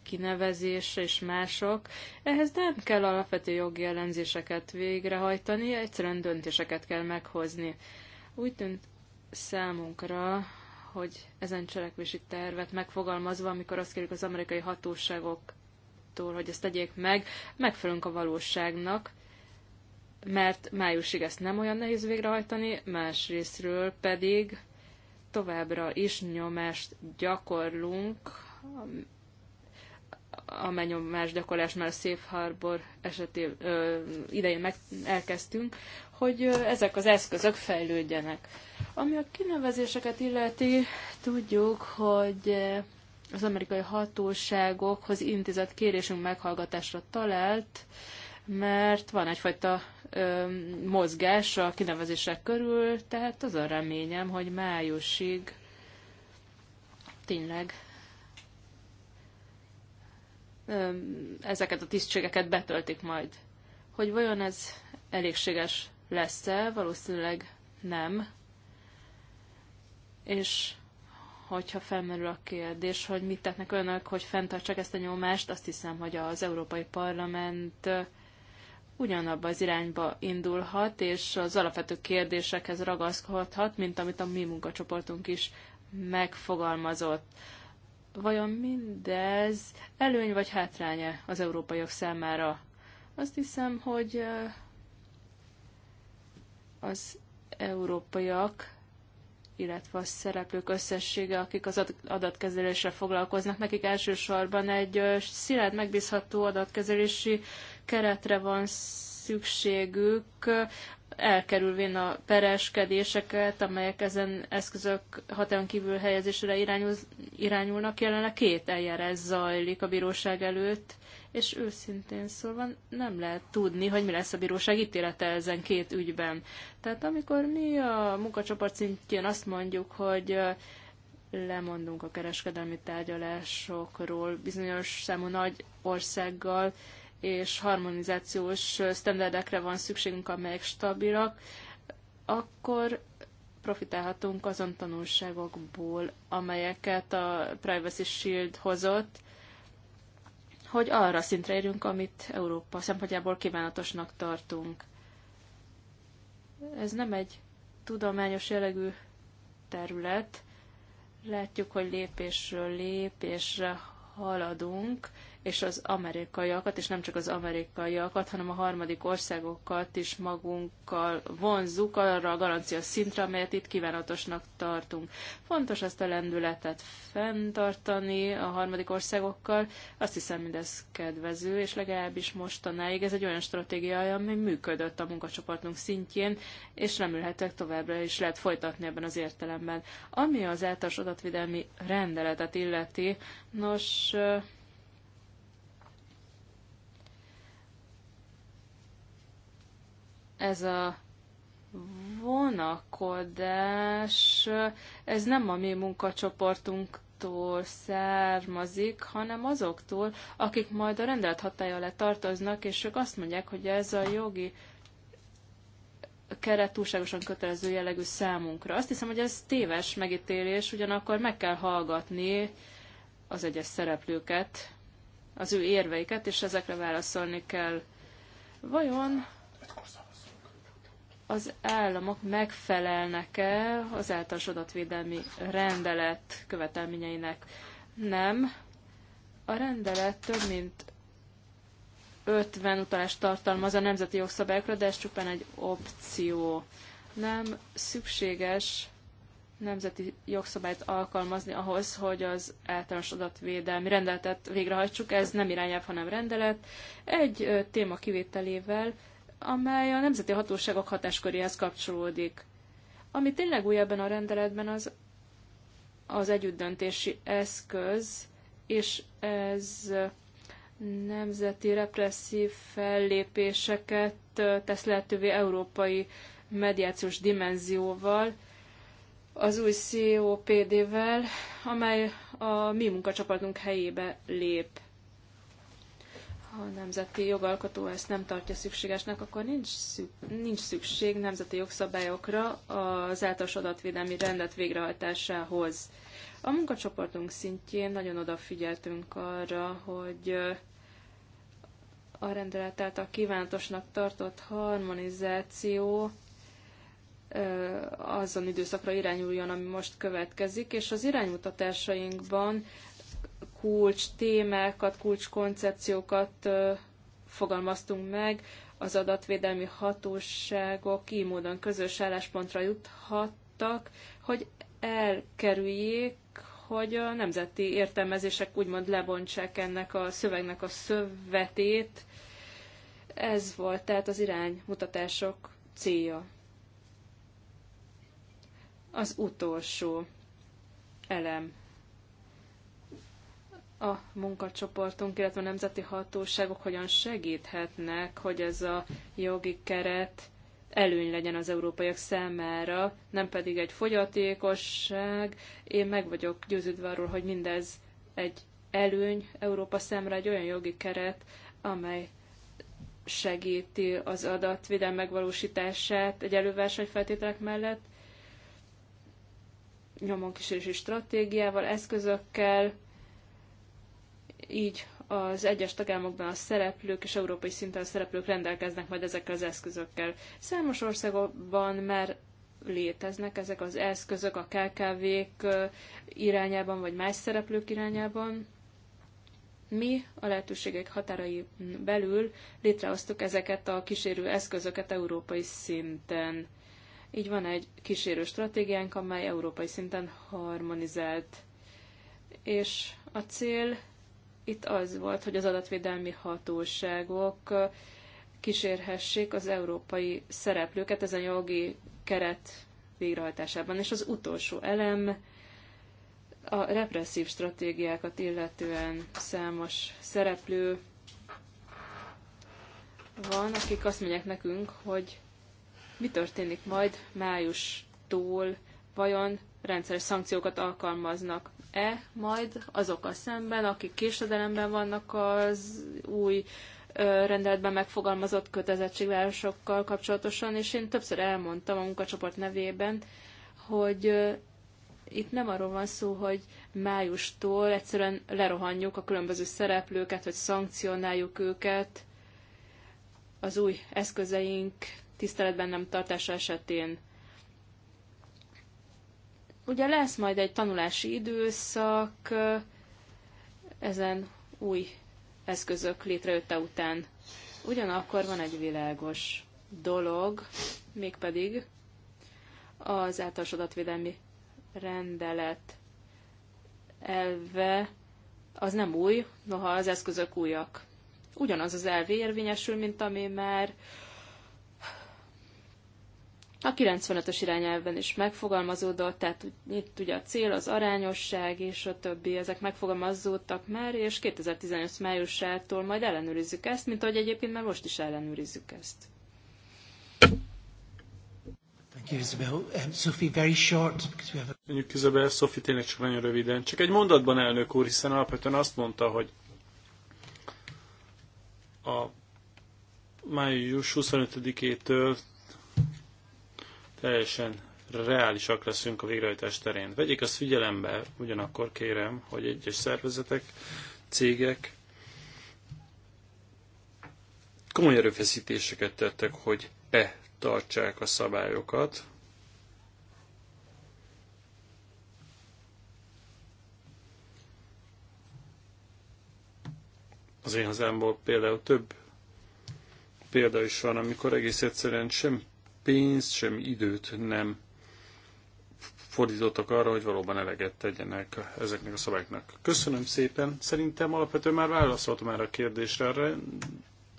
kinevezése és mások. Ehhez nem kell alapvető jogi ellenzéseket végrehajtani, egyszerűen döntéseket kell meghozni. Úgy tűnt számunkra, hogy ezen cselekvési tervet megfogalmazva, amikor azt kérjük az amerikai hatóságoktól, hogy ezt tegyék meg, megfelelünk a valóságnak, mert májusig ezt nem olyan nehéz végrehajtani, másrésztről pedig továbbra is nyomást gyakorlunk, amely nyomás gyakorlás már a Safe Harbor esetén ö, idején meg, elkezdtünk, hogy ö, ezek az eszközök fejlődjenek. Ami a kinevezéseket illeti, tudjuk, hogy az amerikai hatóságokhoz intézett kérésünk meghallgatásra talált, mert van egyfajta mozgás a kinevezések körül, tehát az a reményem, hogy májusig tényleg ezeket a tisztségeket betöltik majd. Hogy vajon ez elégséges lesz-e, valószínűleg nem. És hogyha felmerül a kérdés, hogy mit tettnek önök, hogy fenntartsák ezt a nyomást, azt hiszem, hogy az Európai Parlament ugyanabba az irányba indulhat, és az alapvető kérdésekhez ragaszkodhat, mint amit a mi munkacsoportunk is megfogalmazott. Vajon mindez előny vagy hátránya az európaiak számára? Azt hiszem, hogy az európaiak, illetve a szereplők összessége, akik az adatkezeléssel foglalkoznak, nekik elsősorban egy szilárd, megbízható adatkezelési keretre van szükségük, elkerülvén a pereskedéseket, amelyek ezen eszközök határon kívül helyezésre irányul, irányulnak. Jelenleg két eljárás zajlik a bíróság előtt, és őszintén szólva nem lehet tudni, hogy mi lesz a bíróság ítélete ezen két ügyben. Tehát amikor mi a munkacsoport szintjén azt mondjuk, hogy lemondunk a kereskedelmi tárgyalásokról bizonyos számú nagy országgal, és harmonizációs sztenderdekre van szükségünk, amelyek stabilak, akkor profitálhatunk azon tanulságokból, amelyeket a Privacy Shield hozott, hogy arra szintre érjünk, amit Európa szempontjából kívánatosnak tartunk. Ez nem egy tudományos jellegű terület. Látjuk, hogy lépésről lépésre haladunk, és az amerikaiakat, és nem csak az amerikaiakat, hanem a harmadik országokat is magunkkal vonzzuk arra a garancia szintre, amelyet itt kívánatosnak tartunk. Fontos ezt a lendületet fenntartani a harmadik országokkal. Azt hiszem, mindez kedvező, és legalábbis mostanáig ez egy olyan stratégia, ami működött a munkacsoportunk szintjén, és remélhetőleg továbbra is lehet folytatni ebben az értelemben. Ami az általános adatvédelmi rendeletet illeti, nos, ez a vonakodás, ez nem a mi munkacsoportunktól származik, hanem azoktól, akik majd a rendelt hatája alá tartoznak, és ők azt mondják, hogy ez a jogi keret túlságosan kötelező jellegű számunkra. Azt hiszem, hogy ez téves megítélés, ugyanakkor meg kell hallgatni az egyes szereplőket, az ő érveiket, és ezekre válaszolni kell. Vajon az államok megfelelnek-e az általános adatvédelmi rendelet követelményeinek. Nem. A rendelet több mint 50 utalást tartalmaz a nemzeti jogszabályokra, de ez csupán egy opció. Nem szükséges nemzeti jogszabályt alkalmazni ahhoz, hogy az általános adatvédelmi rendeletet végrehajtsuk. Ez nem irányelv, hanem rendelet. Egy téma kivételével amely a nemzeti hatóságok hatásköréhez kapcsolódik. Ami tényleg új ebben a rendeletben az, az együttdöntési eszköz, és ez nemzeti represszív fellépéseket tesz lehetővé európai mediációs dimenzióval, az új COPD-vel, amely a mi munkacsapatunk helyébe lép a nemzeti jogalkotó ezt nem tartja szükségesnek, akkor nincs, szük, nincs szükség nemzeti jogszabályokra az általános adatvédelmi rendet végrehajtásához. A munkacsoportunk szintjén nagyon odafigyeltünk arra, hogy a rendelet által kívánatosnak tartott harmonizáció azon időszakra irányuljon, ami most következik, és az iránymutatásainkban kulcs témákat, kulcs koncepciókat fogalmaztunk meg, az adatvédelmi hatóságok így módon közös álláspontra juthattak, hogy elkerüljék, hogy a nemzeti értelmezések úgymond lebontsák ennek a szövegnek a szövetét. Ez volt tehát az iránymutatások célja. Az utolsó elem a munkacsoportunk, illetve a nemzeti hatóságok hogyan segíthetnek, hogy ez a jogi keret előny legyen az európaiak számára, nem pedig egy fogyatékosság. Én meg vagyok győződve arról, hogy mindez egy előny Európa számára, egy olyan jogi keret, amely segíti az adatvédelem megvalósítását egy előversenyfeltételek mellett, nyomon kísérési stratégiával, eszközökkel, így az egyes tagállamokban a szereplők és európai szinten a szereplők rendelkeznek majd ezekkel az eszközökkel. Számos országokban már léteznek ezek az eszközök a KKV-k irányában, vagy más szereplők irányában. Mi a lehetőségek határai belül létrehoztuk ezeket a kísérő eszközöket európai szinten. Így van egy kísérő stratégiánk, amely európai szinten harmonizált. És a cél itt az volt, hogy az adatvédelmi hatóságok kísérhessék az európai szereplőket ezen jogi keret végrehajtásában. És az utolsó elem a represszív stratégiákat illetően számos szereplő van, akik azt mondják nekünk, hogy mi történik majd májustól, vajon rendszeres szankciókat alkalmaznak e majd a szemben, akik késedelemben vannak az új rendeletben megfogalmazott kötelezettségvárosokkal kapcsolatosan, és én többször elmondtam a munkacsoport nevében, hogy itt nem arról van szó, hogy májustól egyszerűen lerohanjuk a különböző szereplőket, hogy szankcionáljuk őket az új eszközeink tiszteletben nem tartása esetén. Ugye lesz majd egy tanulási időszak ezen új eszközök létrejötte után. Ugyanakkor van egy világos dolog, mégpedig az általános adatvédelmi rendelet elve az nem új, noha az eszközök újak. Ugyanaz az elv érvényesül, mint ami már a 95-ös irányelvben is megfogalmazódott, tehát itt ugye a cél, az arányosság és a többi, ezek megfogalmazódtak már, és 2018 májusától majd ellenőrizzük ezt, mint ahogy egyébként már most is ellenőrizzük ezt. Um, Köszönjük, Isabel. Sophie, tényleg csak nagyon röviden. Csak egy mondatban, elnök úr, hiszen alapvetően azt mondta, hogy a május 25-től teljesen reálisak leszünk a végrehajtás terén. Vegyék azt figyelembe, ugyanakkor kérem, hogy egyes szervezetek, cégek komoly erőfeszítéseket tettek, hogy betartsák a szabályokat, az én hazámból például több példa is van, amikor egész egyszerűen sem pénzt, sem időt nem fordítottak arra, hogy valóban eleget tegyenek ezeknek a szabályoknak. Köszönöm szépen. Szerintem alapvetően már válaszoltam erre a kérdésre. Erre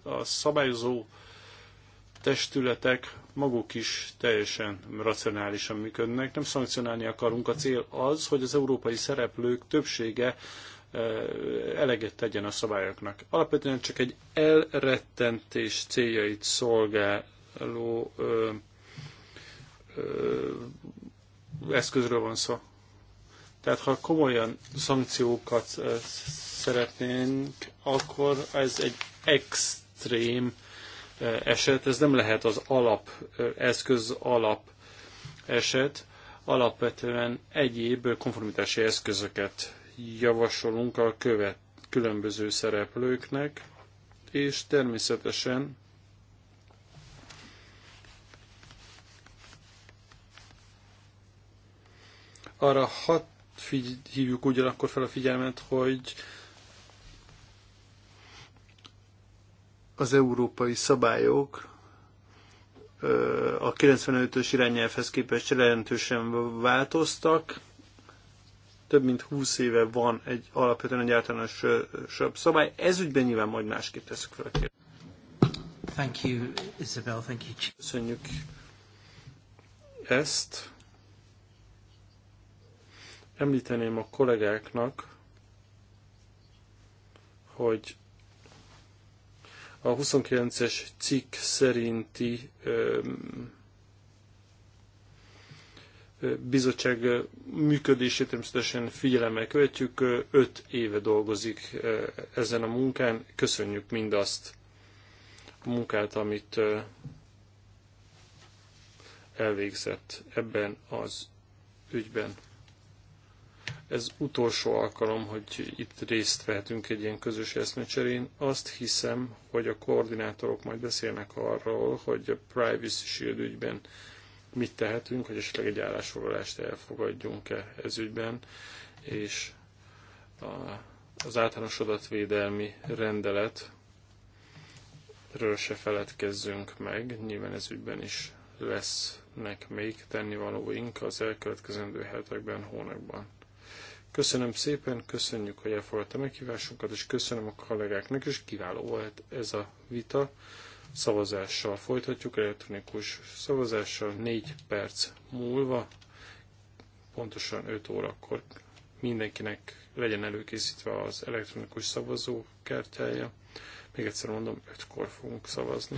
a szabályozó testületek maguk is teljesen racionálisan működnek. Nem szankcionálni akarunk. A cél az, hogy az európai szereplők többsége e, eleget tegyen a szabályoknak. Alapvetően csak egy elrettentés céljait szolgál kiváló ö, ö, eszközről van szó. Tehát ha komolyan szankciókat szeretnénk, akkor ez egy extrém eset, ez nem lehet az alap eszköz alap eset, alapvetően egyéb konformitási eszközöket javasolunk a követ különböző szereplőknek, és természetesen Arra hat figy- hívjuk ugyanakkor fel a figyelmet, hogy az európai szabályok a 95-ös irányelvhez képest jelentősen változtak. Több mint 20 éve van egy alapvetően egy általánosabb szabály. Ez ügyben nyilván majd másképp teszük fel a kérdést. Thank you, Isabel. Thank you. Köszönjük ezt. Említeném a kollégáknak, hogy a 29-es cikk szerinti bizottság működését természetesen figyelemmel követjük. Öt éve dolgozik ezen a munkán. Köszönjük mindazt a munkát, amit elvégzett ebben az ügyben. Ez utolsó alkalom, hogy itt részt vehetünk egy ilyen közös eszmecserén. Azt hiszem, hogy a koordinátorok majd beszélnek arról, hogy a Privacy Shield ügyben mit tehetünk, hogy esetleg egy állásfoglalást elfogadjunk-e ez ügyben, és a, az általános adatvédelmi rendelet se feledkezzünk meg, nyilván ez ügyben is lesznek még tennivalóink az elkövetkezendő hetekben, hónapban. Köszönöm szépen, köszönjük, hogy elfogadta meghívásunkat, és köszönöm a kollégáknak, és kiváló volt ez a vita. Szavazással folytatjuk, elektronikus szavazással, négy perc múlva, pontosan 5 órakor mindenkinek legyen előkészítve az elektronikus szavazókártyája. Még egyszer mondom, 5-kor fogunk szavazni.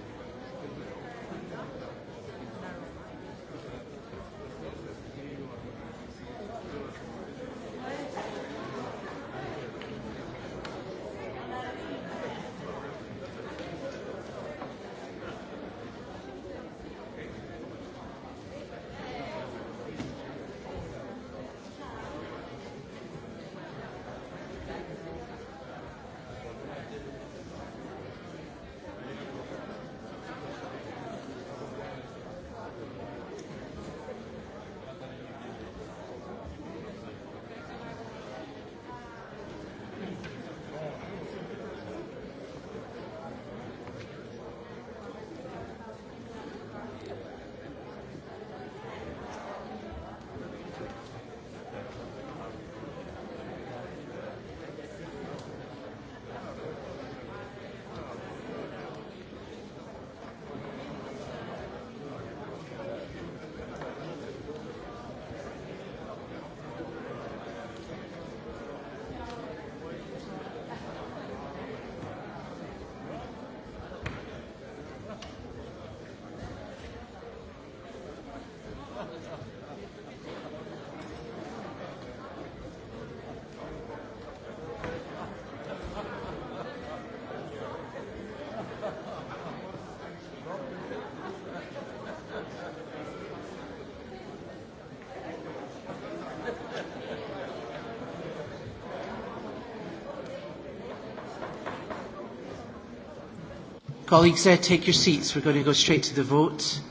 Colleagues, uh, take your seats. We're going to go straight to the vote.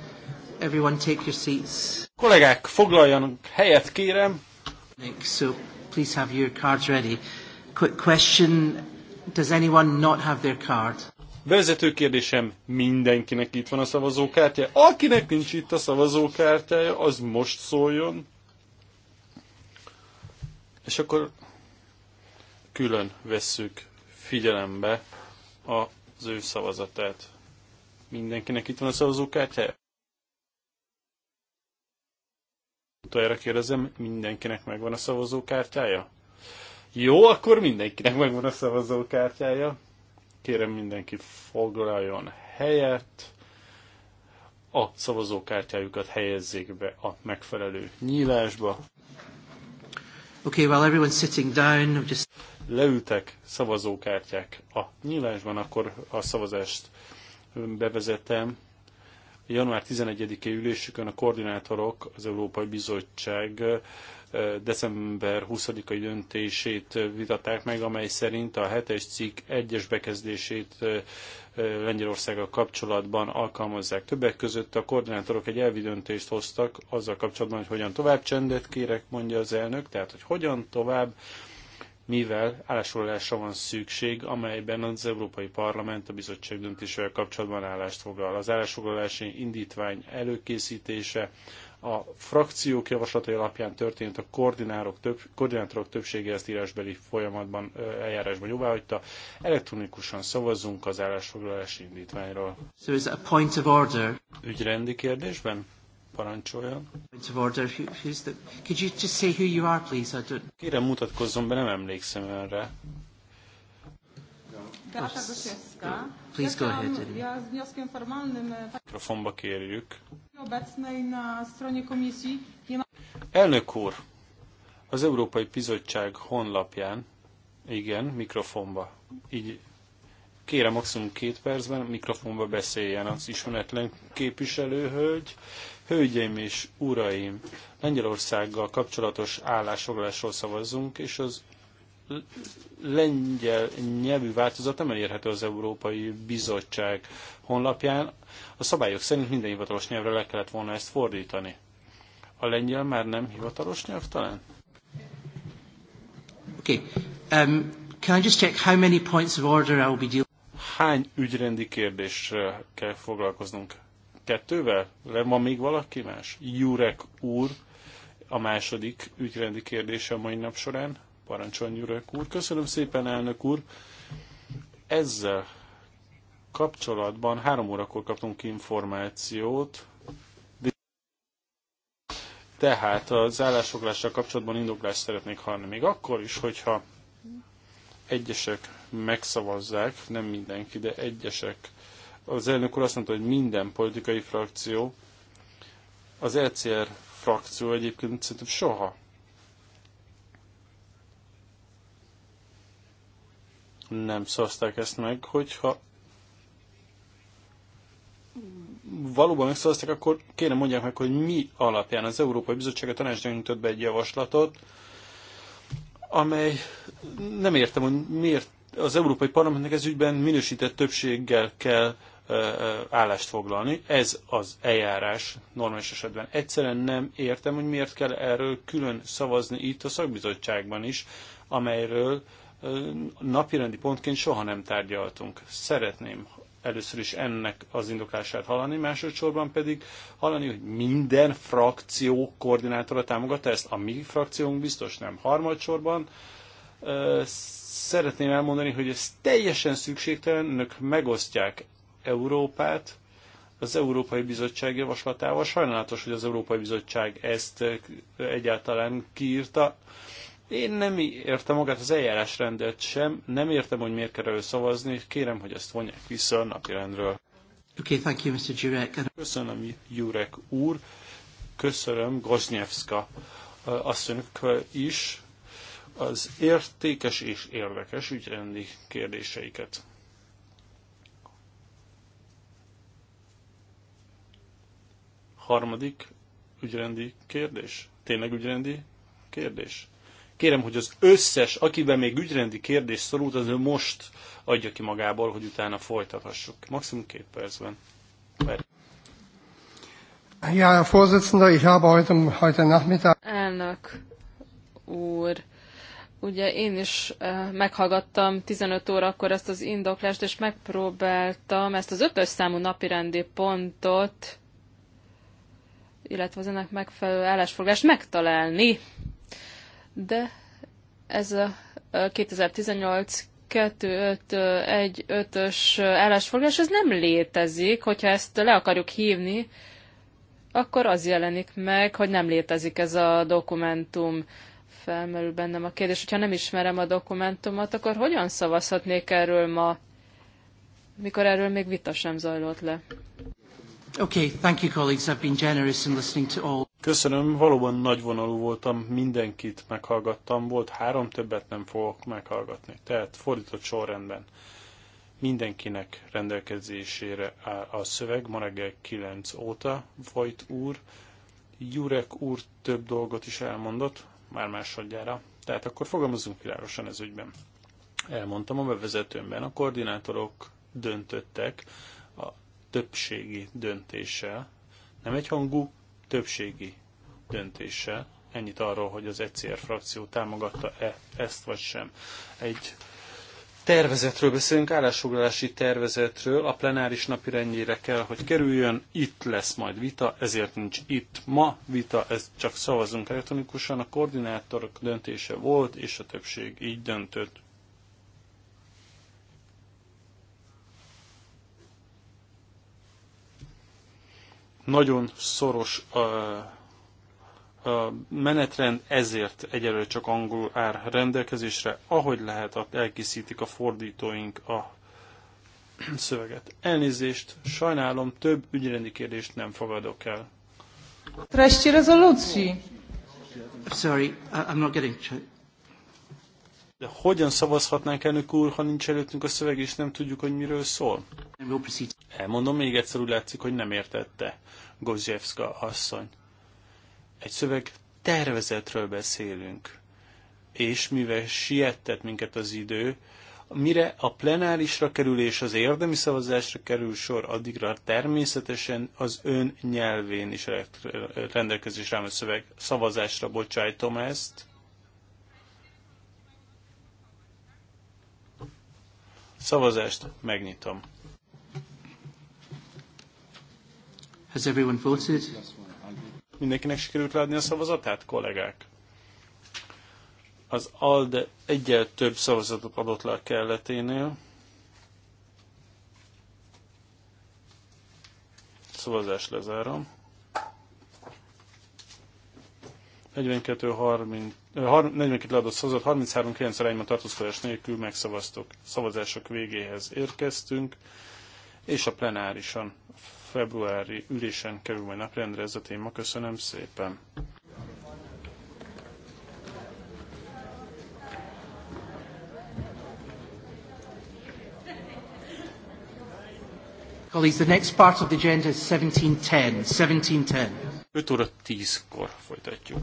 Everyone take your seats. Kollégák, foglaljanak helyet, kérem. So please have your cards ready. Quick question. Does anyone not have their card? Vezető kérdésem, mindenkinek itt van a szavazókártya. Akinek nincs itt a szavazókártyája, az most szóljon. És akkor külön vesszük figyelembe a az ő szavazatát. Mindenkinek itt van a szavazókártyája? Utoljára kérdezem, mindenkinek megvan a szavazókártyája? Jó, akkor mindenkinek megvan a szavazókártyája. Kérem mindenki foglaljon helyet. A szavazókártyájukat helyezzék be a megfelelő nyílásba. Okay, while everyone's sitting down, just leültek szavazókártyák a nyílásban, akkor a szavazást bevezetem. Január 11-i ülésükön a koordinátorok az Európai Bizottság december 20-ai döntését vitatták meg, amely szerint a hetes cikk egyes bekezdését Lengyelországgal kapcsolatban alkalmazzák. Többek között a koordinátorok egy elvi döntést hoztak azzal kapcsolatban, hogy hogyan tovább csendet kérek, mondja az elnök, tehát hogy hogyan tovább mivel állásfoglalásra van szükség, amelyben az Európai Parlament a bizottság döntésével kapcsolatban állást foglal. Az állásfoglalási indítvány előkészítése a frakciók javaslatai alapján történt a koordinátorok, koordinátorok többsége ezt írásbeli folyamatban, eljárásban jóváhagyta. Elektronikusan szavazzunk az állásfoglalási indítványról. So is a point of order? Ügyrendi kérdésben? Parancsolja. Kérem mutatkozzon be, nem emlékszem önre. Beata Gosiewska. Please go ahead. Ja z wnioskiem formalnym. E, mikrofonba kérjük. Obecnej na stronie komisji nie ma... Elnök úr, az Európai Bizottság honlapján, igen, mikrofonba, így kérem maximum két percben mikrofonba beszéljen az ismeretlen képviselőhölgy, Hölgyeim és uraim, Lengyelországgal kapcsolatos állásfoglalásról szavazzunk, és az lengyel nyelvű változat nem elérhető az Európai Bizottság honlapján. A szabályok szerint minden hivatalos nyelvre le kellett volna ezt fordítani. A lengyel már nem hivatalos nyelv talán? Okay. Um, can I just check how many points of order I will be dealing? Hány ügyrendi kérdésre kell foglalkoznunk? kettővel? Van még valaki más? Jurek úr, a második ügyrendi kérdése a mai nap során. Parancsoljon, Jurek úr. Köszönöm szépen, elnök úr. Ezzel kapcsolatban három órakor kaptunk információt, tehát az állásfoglással kapcsolatban indoklást szeretnék hallani. Még akkor is, hogyha egyesek megszavazzák, nem mindenki, de egyesek az elnök úr azt mondta, hogy minden politikai frakció, az ECR frakció egyébként szerintem soha nem szavazták ezt meg, hogyha valóban megszavazták, akkor kérem mondják meg, hogy mi alapján az Európai Bizottság a tanács nyújtott be egy javaslatot, amely nem értem, hogy miért az Európai Parlamentnek ez ügyben minősített többséggel kell állást foglalni. Ez az eljárás normális esetben. Egyszerűen nem értem, hogy miért kell erről külön szavazni itt a szakbizottságban is, amelyről napirendi pontként soha nem tárgyaltunk. Szeretném először is ennek az indoklását hallani, másodszorban pedig hallani, hogy minden frakció koordinátora támogatta ezt, a mi frakciónk biztos nem. Harmadsorban szeretném elmondani, hogy ez teljesen szükségtelen, önök megosztják Európát az Európai Bizottság javaslatával. Sajnálatos, hogy az Európai Bizottság ezt eh, egyáltalán kiírta. Én nem értem magát az eljárásrendet sem, nem értem, hogy miért kell szavazni. kérem, hogy ezt vonják vissza a napirendről. Okay, thank you, Mr. Jurek. Köszönöm, Jurek úr, köszönöm Goznyevska eh, asszonyok is az értékes és érdekes ügyrendi kérdéseiket. Harmadik ügyrendi kérdés. Tényleg ügyrendi kérdés? Kérem, hogy az összes, akiben még ügyrendi kérdés szorult, az ő most adja ki magából, hogy utána folytathassuk. Maximum két percben. Ja, Ja, Vorsitzende, ich habe heute, heute Nachmittag... Elnök úr, ugye én is eh, meghallgattam 15 órakor ezt az indoklást, és megpróbáltam ezt az ötös számú napirendi pontot illetve az ennek megfelelő állásfogást megtalálni. De ez a 2018 2-5-1-5-ös állásfoglalás, ez nem létezik, hogyha ezt le akarjuk hívni, akkor az jelenik meg, hogy nem létezik ez a dokumentum. Felmerül bennem a kérdés, hogyha nem ismerem a dokumentumot, akkor hogyan szavazhatnék erről ma, mikor erről még vita sem zajlott le? Okay, thank you colleagues. I've been generous in listening to all. Köszönöm, valóban nagyvonalú voltam, mindenkit meghallgattam, volt három, többet nem fogok meghallgatni. Tehát fordított sorrendben mindenkinek rendelkezésére áll a szöveg, ma reggel 9 óta folyt úr. Jurek úr több dolgot is elmondott, már másodjára. Tehát akkor fogalmazunk világosan ez ügyben. Elmondtam a bevezetőmben, a koordinátorok döntöttek többségi döntéssel, nem egyhangú, többségi döntéssel. Ennyit arról, hogy az ECR frakció támogatta-e ezt vagy sem. Egy tervezetről beszélünk, állásfoglalási tervezetről, a plenáris napi rendjére kell, hogy kerüljön, itt lesz majd vita, ezért nincs itt ma vita, ez csak szavazunk elektronikusan, a koordinátorok döntése volt, és a többség így döntött. nagyon szoros a, a menetrend, ezért egyelőre csak angol ár rendelkezésre, ahogy lehet, elkészítik a fordítóink a szöveget. Elnézést, sajnálom, több ügyrendi kérdést nem fogadok el. Treści rezolucji. Sorry, I'm not getting de hogyan szavazhatnánk, elnök úr, ha nincs előttünk a szöveg, és nem tudjuk, hogy miről szól? Elmondom még egyszer, úgy látszik, hogy nem értette Gozsevska asszony. Egy szöveg tervezetről beszélünk. És mivel siettet minket az idő, mire a plenárisra kerül és az érdemi szavazásra kerül sor, addigra természetesen az ön nyelvén is rendelkezésre áll a szöveg. Szavazásra bocsájtom ezt Szavazást megnyitom. Has everyone voted? Mindenkinek sikerült leadni a szavazatát, kollégák? Az ALDE egyel több szavazatot adott le a kelleténél. Szavazás lezárom. 42-30 42 leadott szavazat, 33 9 arányban tartózkodás nélkül megszavaztok. Szavazások végéhez érkeztünk, és a plenárisan februári ülésen kerül majd naprendre ez a téma. Köszönöm szépen! Colleagues, the next part of the agenda is 17.10. 17.10. 5 óra 10-kor folytatjuk.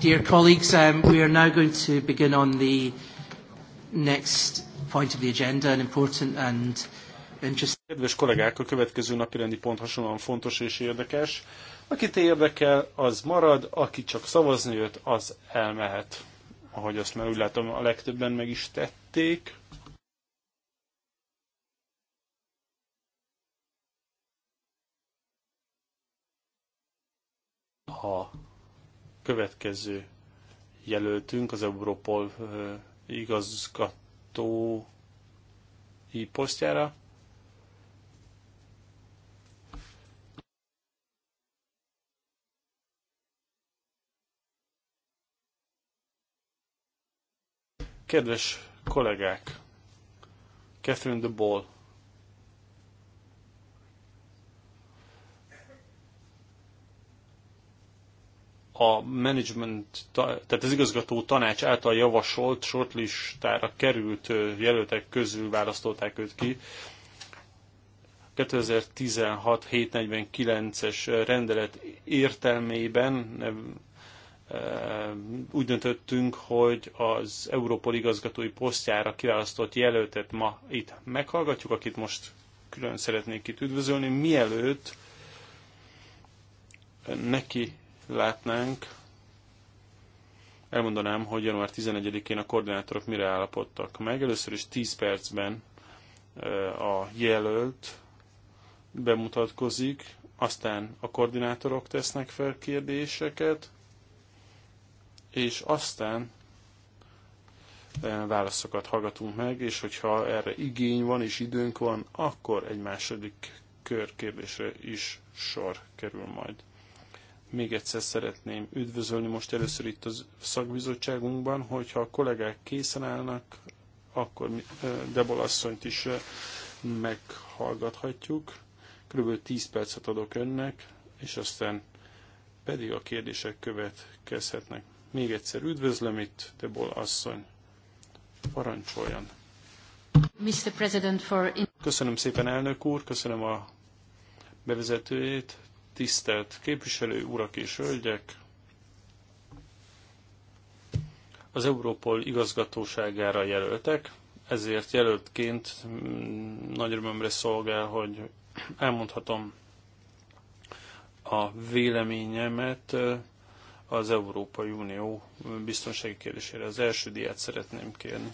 Dear colleagues, um, we are now going to begin on the next point of the agenda, an important and interesting... Kedves kollégák, a következő napi rendi pont hasonlóan fontos és érdekes. Akit érdekel, az marad, aki csak szavazni jött, az elmehet. Ahogy azt már úgy látom, a legtöbben meg is tették. következő jelöltünk, az Europol igazgatói posztjára. Kedves kollégák, Catherine de Ball a management, tehát az igazgató tanács által javasolt shortlistára került jelöltek közül választották őt ki. 2016-749-es rendelet értelmében úgy döntöttünk, hogy az Európol igazgatói posztjára kiválasztott jelöltet ma itt meghallgatjuk, akit most külön szeretnék itt üdvözölni, mielőtt neki látnánk, elmondanám, hogy január 11-én a koordinátorok mire állapodtak meg. Először is 10 percben eh, a jelölt bemutatkozik, aztán a koordinátorok tesznek fel kérdéseket, és aztán eh, válaszokat hallgatunk meg, és hogyha erre igény van és időnk van, akkor egy második kör kérdésre is sor kerül majd. Még egyszer szeretném üdvözölni most először itt a szakbizottságunkban, hogyha a kollégák készen állnak, akkor Debol asszonyt is meghallgathatjuk. Körülbelül 10 percet adok önnek, és aztán pedig a kérdések következhetnek. Még egyszer üdvözlöm itt, Debol asszony. Parancsoljon. Köszönöm szépen, elnök úr, köszönöm a bevezetőjét, tisztelt képviselő urak és hölgyek! Az Európol igazgatóságára jelöltek, ezért jelöltként nagy örömömre szolgál, hogy elmondhatom a véleményemet az Európai Unió biztonsági kérdésére. Az első diát szeretném kérni.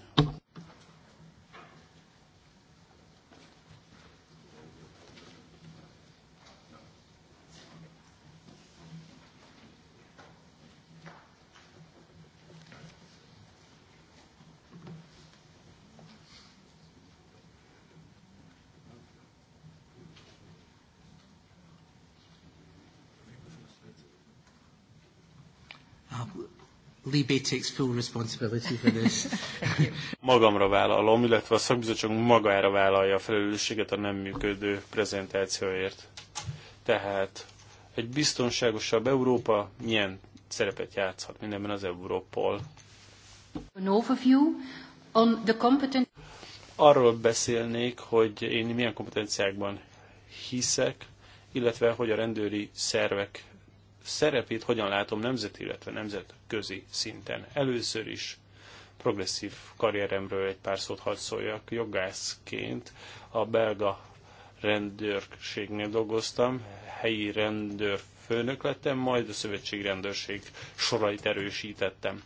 Libé takes full responsibility for this. Magamra vállalom, illetve a szakbizottság magára vállalja a felelősséget a nem működő prezentációért. Tehát egy biztonságosabb Európa milyen szerepet játszhat mindenben az Európol? An overview on the competent... Arról beszélnék, hogy én milyen kompetenciákban hiszek, illetve hogy a rendőri szervek szerepét hogyan látom nemzeti, illetve nemzetközi szinten. Először is progresszív karrieremről egy pár szót hadd szóljak. Jogászként a belga rendőrségnél dolgoztam, helyi rendőrfőnök lettem, majd a szövetségi rendőrség sorait erősítettem.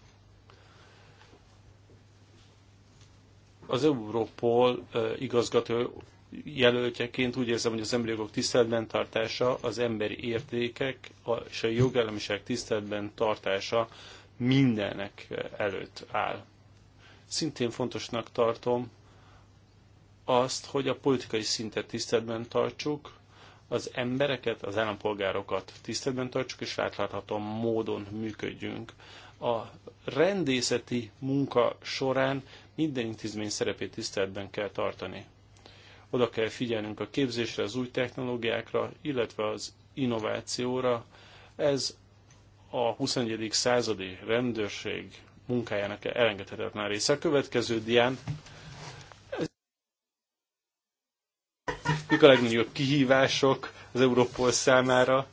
Az Europol igazgató jelöltjeként úgy érzem, hogy az emberi jogok tiszteletben tartása, az emberi értékek és a jogállamiság tiszteletben tartása mindennek előtt áll. Szintén fontosnak tartom azt, hogy a politikai szintet tiszteletben tartsuk, az embereket, az állampolgárokat tiszteletben tartsuk, és átlátható módon működjünk. A rendészeti munka során minden intézmény szerepét tiszteletben kell tartani. Oda kell figyelnünk a képzésre, az új technológiákra, illetve az innovációra. Ez a 21. századi rendőrség munkájának elengedhetetlen része. A következő dián mik a legnagyobb kihívások az Európol számára,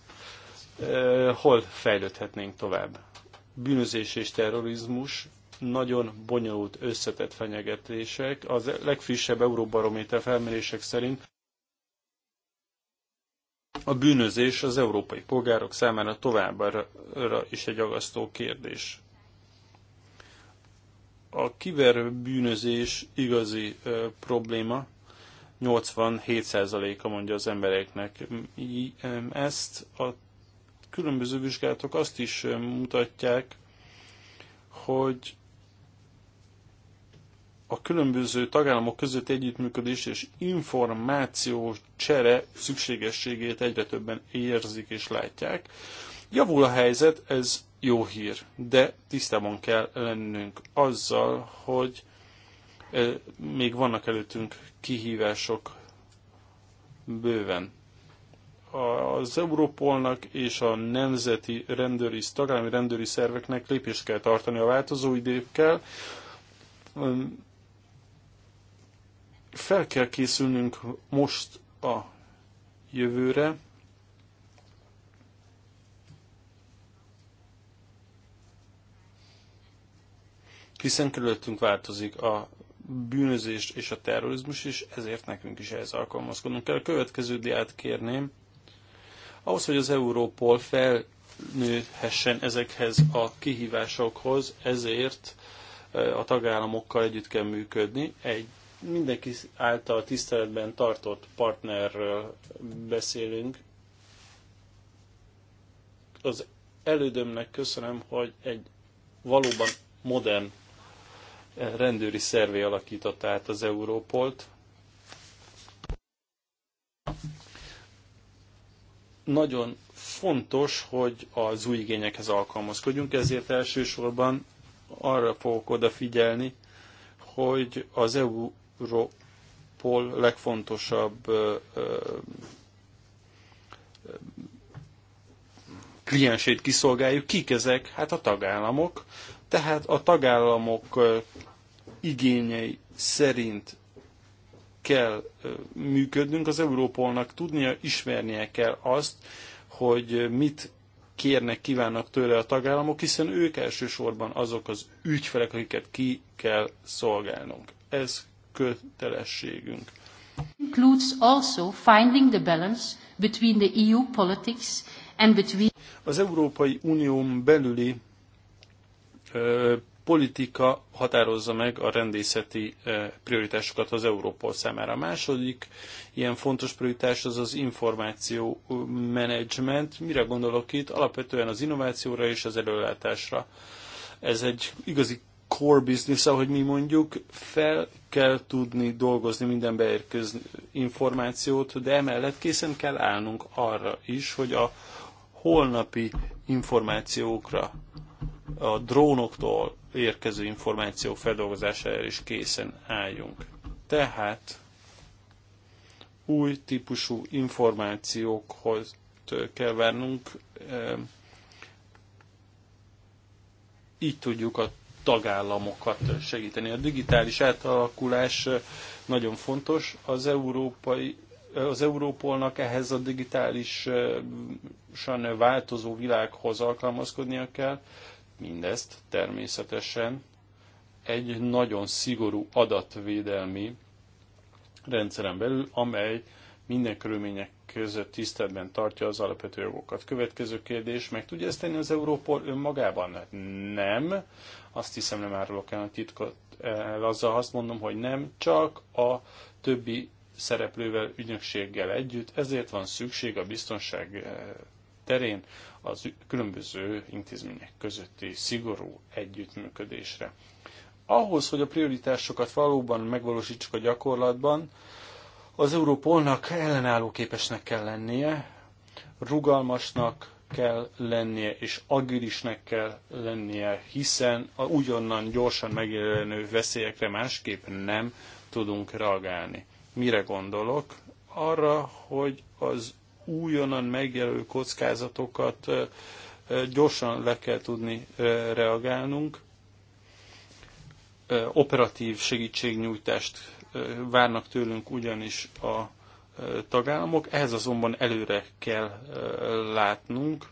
hol fejlődhetnénk tovább. Bűnözés és terrorizmus, nagyon bonyolult összetett fenyegetések. Az legfrissebb Euróbarométer felmérések szerint a bűnözés az európai polgárok számára továbbra is egy agasztó kérdés. A kiberbűnözés igazi ö, probléma, 87%-a mondja az embereknek ezt. A különböző vizsgálatok azt is mutatják, hogy a különböző tagállamok között együttműködés és információ csere szükségességét egyre többen érzik és látják. Javul a helyzet, ez jó hír, de tisztában kell lennünk azzal, hogy még vannak előttünk kihívások bőven. Az Európolnak és a nemzeti rendőri, tagállami rendőri szerveknek lépést kell tartani a változó időkkel, fel kell készülnünk most a jövőre, hiszen körülöttünk változik a bűnözés és a terrorizmus, és ezért nekünk is ehhez alkalmazkodnunk kell. A következő diát kérném. Ahhoz, hogy az Európol felnőhessen ezekhez a kihívásokhoz, ezért eh, a tagállamokkal együtt kell működni. Egy mindenki által tiszteletben tartott partnerről beszélünk. Az elődömnek köszönöm, hogy egy valóban modern rendőri szervé alakította át az Európolt. Nagyon fontos, hogy az új igényekhez alkalmazkodjunk, ezért elsősorban arra fogok odafigyelni, hogy az EU Európol legfontosabb kliensét kiszolgáljuk. Kik ezek? Hát a tagállamok. Tehát a tagállamok igényei szerint kell működnünk, az Európolnak tudnia, ismernie kell azt, hogy mit kérnek, kívánnak tőle a tagállamok, hiszen ők elsősorban azok az ügyfelek, akiket ki kell szolgálnunk. Ez kötelességünk. Includes also finding the balance between the EU politics and between az Európai Unión belüli ö, politika határozza meg a rendészeti prioritásokat az Európol számára. A második ilyen fontos prioritás az az információ menedzsment. Mire gondolok itt? Alapvetően az innovációra és az előlátásra. Ez egy igazi core business, ahogy mi mondjuk, fel kell tudni dolgozni minden beérkező információt, de emellett készen kell állnunk arra is, hogy a holnapi információkra, a drónoktól érkező információk feldolgozására is készen álljunk. Tehát új típusú információkhoz kell várnunk, eh, így tudjuk a tagállamokat segíteni. A digitális átalakulás nagyon fontos. Az európai az Európolnak ehhez a digitálisan változó világhoz alkalmazkodnia kell. Mindezt természetesen egy nagyon szigorú adatvédelmi rendszeren belül, amely minden körülmények között tiszteletben tartja az alapvető jogokat. Következő kérdés, meg tudja ezt tenni az Európol önmagában? nem. Azt hiszem nem árulok el a titkot. El. Azzal azt mondom, hogy nem, csak a többi szereplővel, ügynökséggel együtt, ezért van szükség a biztonság e, terén az különböző intézmények közötti szigorú együttműködésre. Ahhoz, hogy a prioritásokat valóban megvalósítsuk a gyakorlatban, az Európolnak ellenálló képesnek kell lennie, rugalmasnak kell lennie, és agilisnek kell lennie, hiszen a ugyannan gyorsan megjelenő veszélyekre másképp nem tudunk reagálni. Mire gondolok? Arra, hogy az újonnan megjelenő kockázatokat gyorsan le kell tudni reagálnunk, operatív segítségnyújtást várnak tőlünk ugyanis a tagállamok, ehhez azonban előre kell látnunk,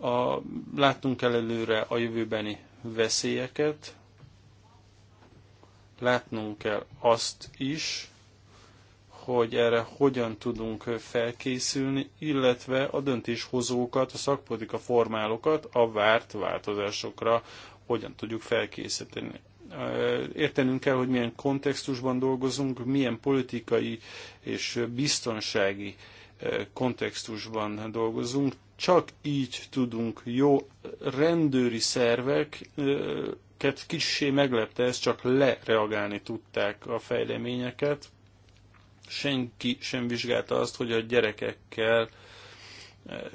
a, látnunk kell előre a jövőbeni veszélyeket, látnunk kell azt is, hogy erre hogyan tudunk felkészülni, illetve a döntéshozókat, a szakpolitika formálókat a várt változásokra hogyan tudjuk felkészíteni értenünk kell, hogy milyen kontextusban dolgozunk, milyen politikai és biztonsági kontextusban dolgozunk. Csak így tudunk jó rendőri szerveket, kicsi meglepte ez, csak lereagálni tudták a fejleményeket. Senki sem vizsgálta azt, hogy a gyerekekkel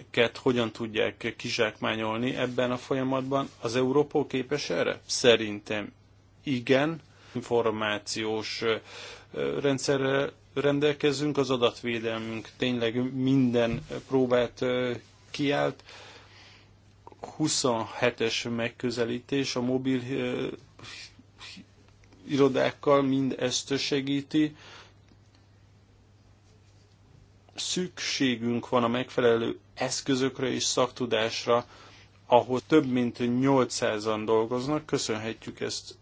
ket hogyan tudják kizsákmányolni ebben a folyamatban. Az európó képes erre? Szerintem igen, információs rendszerrel rendelkezünk, az adatvédelmünk tényleg minden próbát kiállt. 27-es megközelítés a mobil irodákkal mind ezt segíti. Szükségünk van a megfelelő eszközökre és szaktudásra, ahol több mint 800-an dolgoznak, köszönhetjük ezt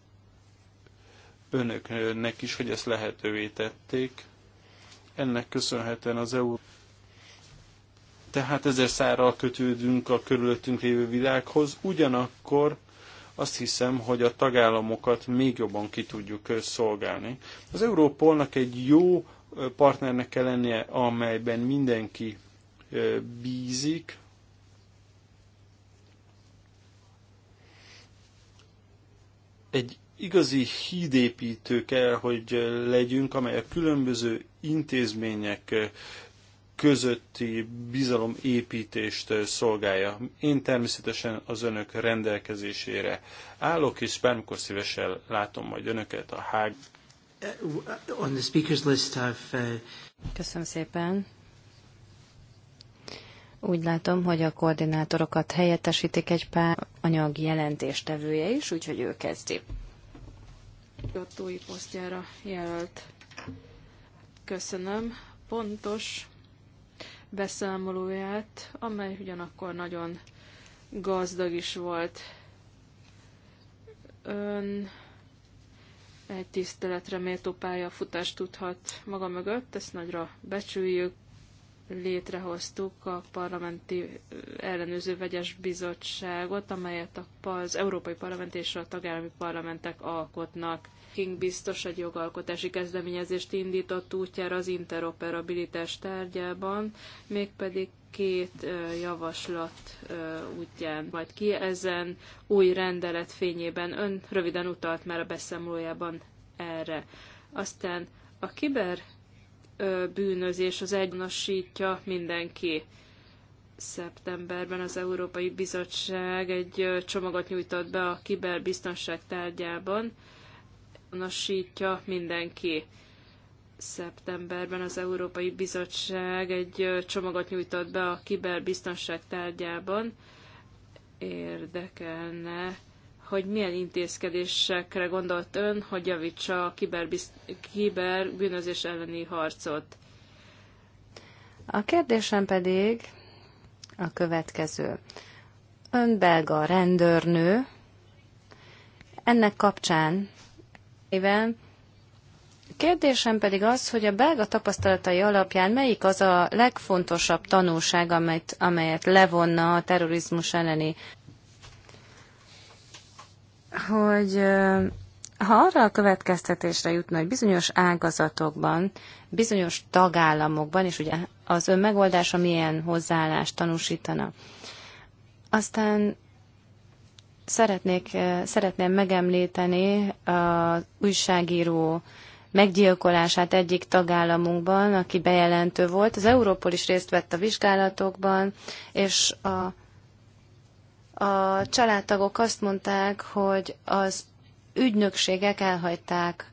önöknek is, hogy ezt lehetővé tették. Ennek köszönhetően az EU tehát ezer szárral kötődünk a körülöttünk lévő világhoz, ugyanakkor azt hiszem, hogy a tagállamokat még jobban ki tudjuk szolgálni. Az Európolnak egy jó partnernek kell lennie, amelyben mindenki bízik, egy igazi hídépítő kell, hogy legyünk, amely a különböző intézmények közötti bizalomépítést szolgálja. Én természetesen az önök rendelkezésére állok, és bármikor szívesen látom majd önöket a hág. Uh, on the speakers list I've, uh, Köszönöm szépen. Úgy látom, hogy a koordinátorokat helyettesítik egy pár anyag jelentéstevője is, úgyhogy ő kezdi igazgatói posztjára jelölt. Köszönöm pontos beszámolóját, amely ugyanakkor nagyon gazdag is volt. Ön egy tiszteletre méltó pályafutást tudhat maga mögött, ezt nagyra becsüljük létrehoztuk a parlamenti ellenőző vegyes bizottságot, amelyet az Európai Parlament és a tagállami parlamentek alkotnak. King biztos egy jogalkotási kezdeményezést indított útjára az interoperabilitás tárgyában, mégpedig két javaslat útján majd ki. Ezen új rendelet fényében ön röviden utalt már a beszámolójában erre. Aztán a kiber bűnözés az egynosítja mindenki. Szeptemberben az Európai Bizottság egy csomagot nyújtott be a kiberbiztonság tárgyában. Azonosítja mindenki. Szeptemberben az Európai Bizottság egy csomagot nyújtott be a kiberbiztonság tárgyában. Érdekelne hogy milyen intézkedésekre gondolt ön, hogy javítsa a kiberbűnözés elleni harcot. A kérdésem pedig a következő. Ön belga rendőrnő, ennek kapcsán éven Kérdésem pedig az, hogy a belga tapasztalatai alapján melyik az a legfontosabb tanulság, amelyet, amelyet levonna a terrorizmus elleni hogy ha arra a következtetésre jutna, hogy bizonyos ágazatokban, bizonyos tagállamokban, és ugye az ön megoldása milyen hozzáállást tanúsítana. Aztán szeretnék, szeretném megemlíteni az újságíró meggyilkolását egyik tagállamunkban, aki bejelentő volt. Az Európol is részt vett a vizsgálatokban, és a a családtagok azt mondták, hogy az ügynökségek elhagyták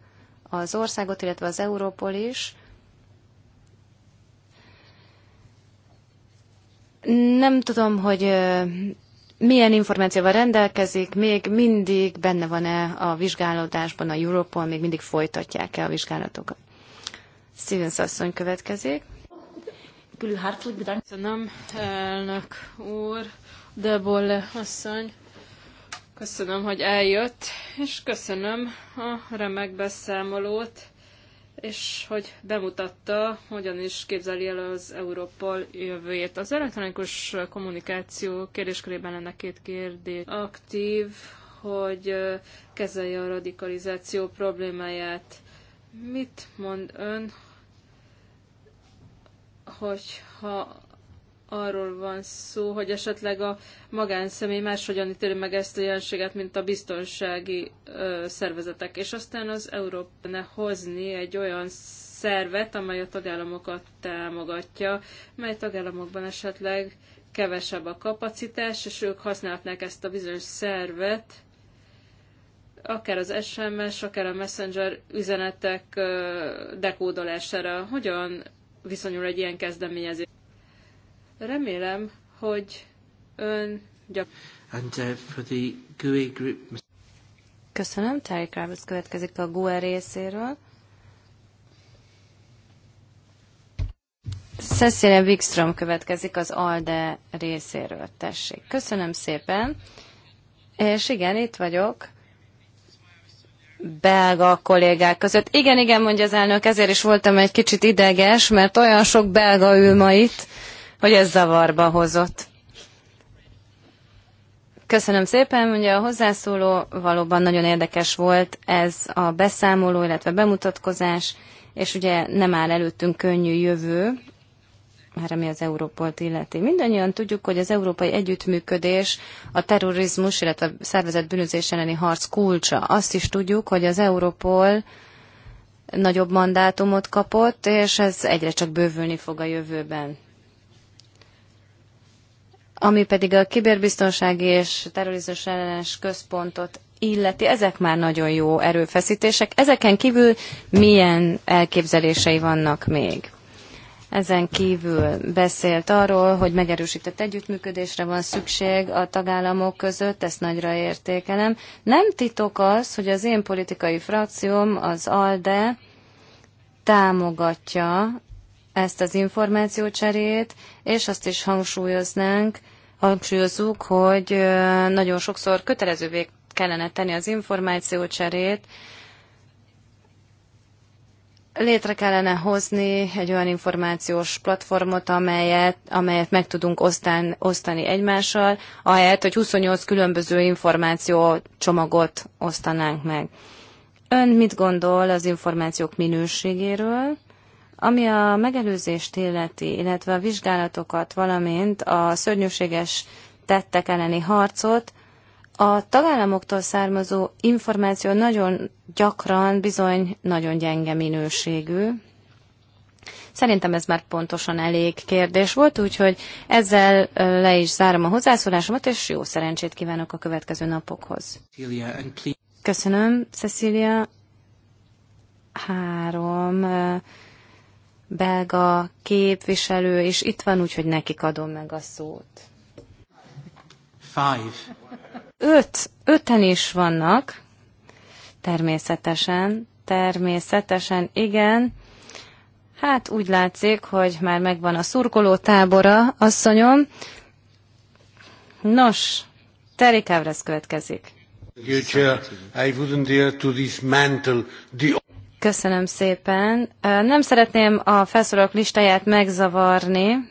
az országot, illetve az Európol is. Nem tudom, hogy milyen információval rendelkezik, még mindig benne van-e a vizsgálódásban a Europol, még mindig folytatják-e a vizsgálatokat. Stevens asszony következik. Köszönöm, elnök úr de Bolle asszony. Köszönöm, hogy eljött, és köszönöm a remek beszámolót, és hogy bemutatta, hogyan is képzeli el az Európol jövőjét. Az elektronikus kommunikáció kérdéskörében lenne két kérdés. Aktív, hogy kezelje a radikalizáció problémáját. Mit mond ön, hogyha arról van szó, hogy esetleg a magánszemély máshogyan ítéli meg ezt a jelenséget, mint a biztonsági ö, szervezetek. És aztán az ne hozni egy olyan szervet, amely a tagállamokat támogatja, mely tagállamokban esetleg kevesebb a kapacitás, és ők használhatnák ezt a bizonyos szervet, akár az SMS, akár a Messenger üzenetek dekódolására. Hogyan viszonyul egy ilyen kezdeményezés? Remélem, hogy ön gyak... And, uh, for the GUI e group... Köszönöm, Terry Roberts következik a GUE részéről. Cecilia Wikström következik az ALDE részéről, tessék. Köszönöm szépen, és igen, itt vagyok belga kollégák között. Igen, igen, mondja az elnök, ezért is voltam egy kicsit ideges, mert olyan sok belga ül ma itt, hogy ez zavarba hozott. Köszönöm szépen, ugye a hozzászóló, valóban nagyon érdekes volt ez a beszámoló, illetve bemutatkozás, és ugye nem áll előttünk könnyű jövő, már ami az Európolt illeti. Mindannyian tudjuk, hogy az európai együttműködés a terrorizmus, illetve a szervezett bűnözés elleni harc kulcsa. Azt is tudjuk, hogy az Európol nagyobb mandátumot kapott, és ez egyre csak bővülni fog a jövőben. Ami pedig a kiberbiztonsági és terrorizmus ellenes központot illeti, ezek már nagyon jó erőfeszítések. Ezeken kívül milyen elképzelései vannak még? Ezen kívül beszélt arról, hogy megerősített együttműködésre van szükség a tagállamok között, ezt nagyra értékelem. Nem titok az, hogy az én politikai frakcióm, az ALDE támogatja ezt az információcserét, és azt is hangsúlyoznánk, hangsúlyozzuk, hogy nagyon sokszor kötelezővé kellene tenni az információcserét, létre kellene hozni egy olyan információs platformot, amelyet, amelyet meg tudunk osztán, osztani egymással, ahelyett, hogy 28 különböző információ csomagot osztanánk meg. Ön mit gondol az információk minőségéről? Ami a megelőzést illeti, illetve a vizsgálatokat, valamint a szörnyűséges tettek elleni harcot, a tagállamoktól származó információ nagyon gyakran bizony nagyon gyenge minőségű. Szerintem ez már pontosan elég kérdés volt, úgyhogy ezzel le is zárom a hozzászólásomat, és jó szerencsét kívánok a következő napokhoz. Köszönöm, Cecilia. Három belga képviselő, és itt van, úgy, hogy nekik adom meg a szót. Five. Öt, öten is vannak, természetesen, természetesen, igen. Hát úgy látszik, hogy már megvan a szurkoló tábora, asszonyom. Nos, Terry Kávresz következik. Future, I wouldn't dare to dismantle the Köszönöm szépen. Nem szeretném a felszólalók listáját megzavarni.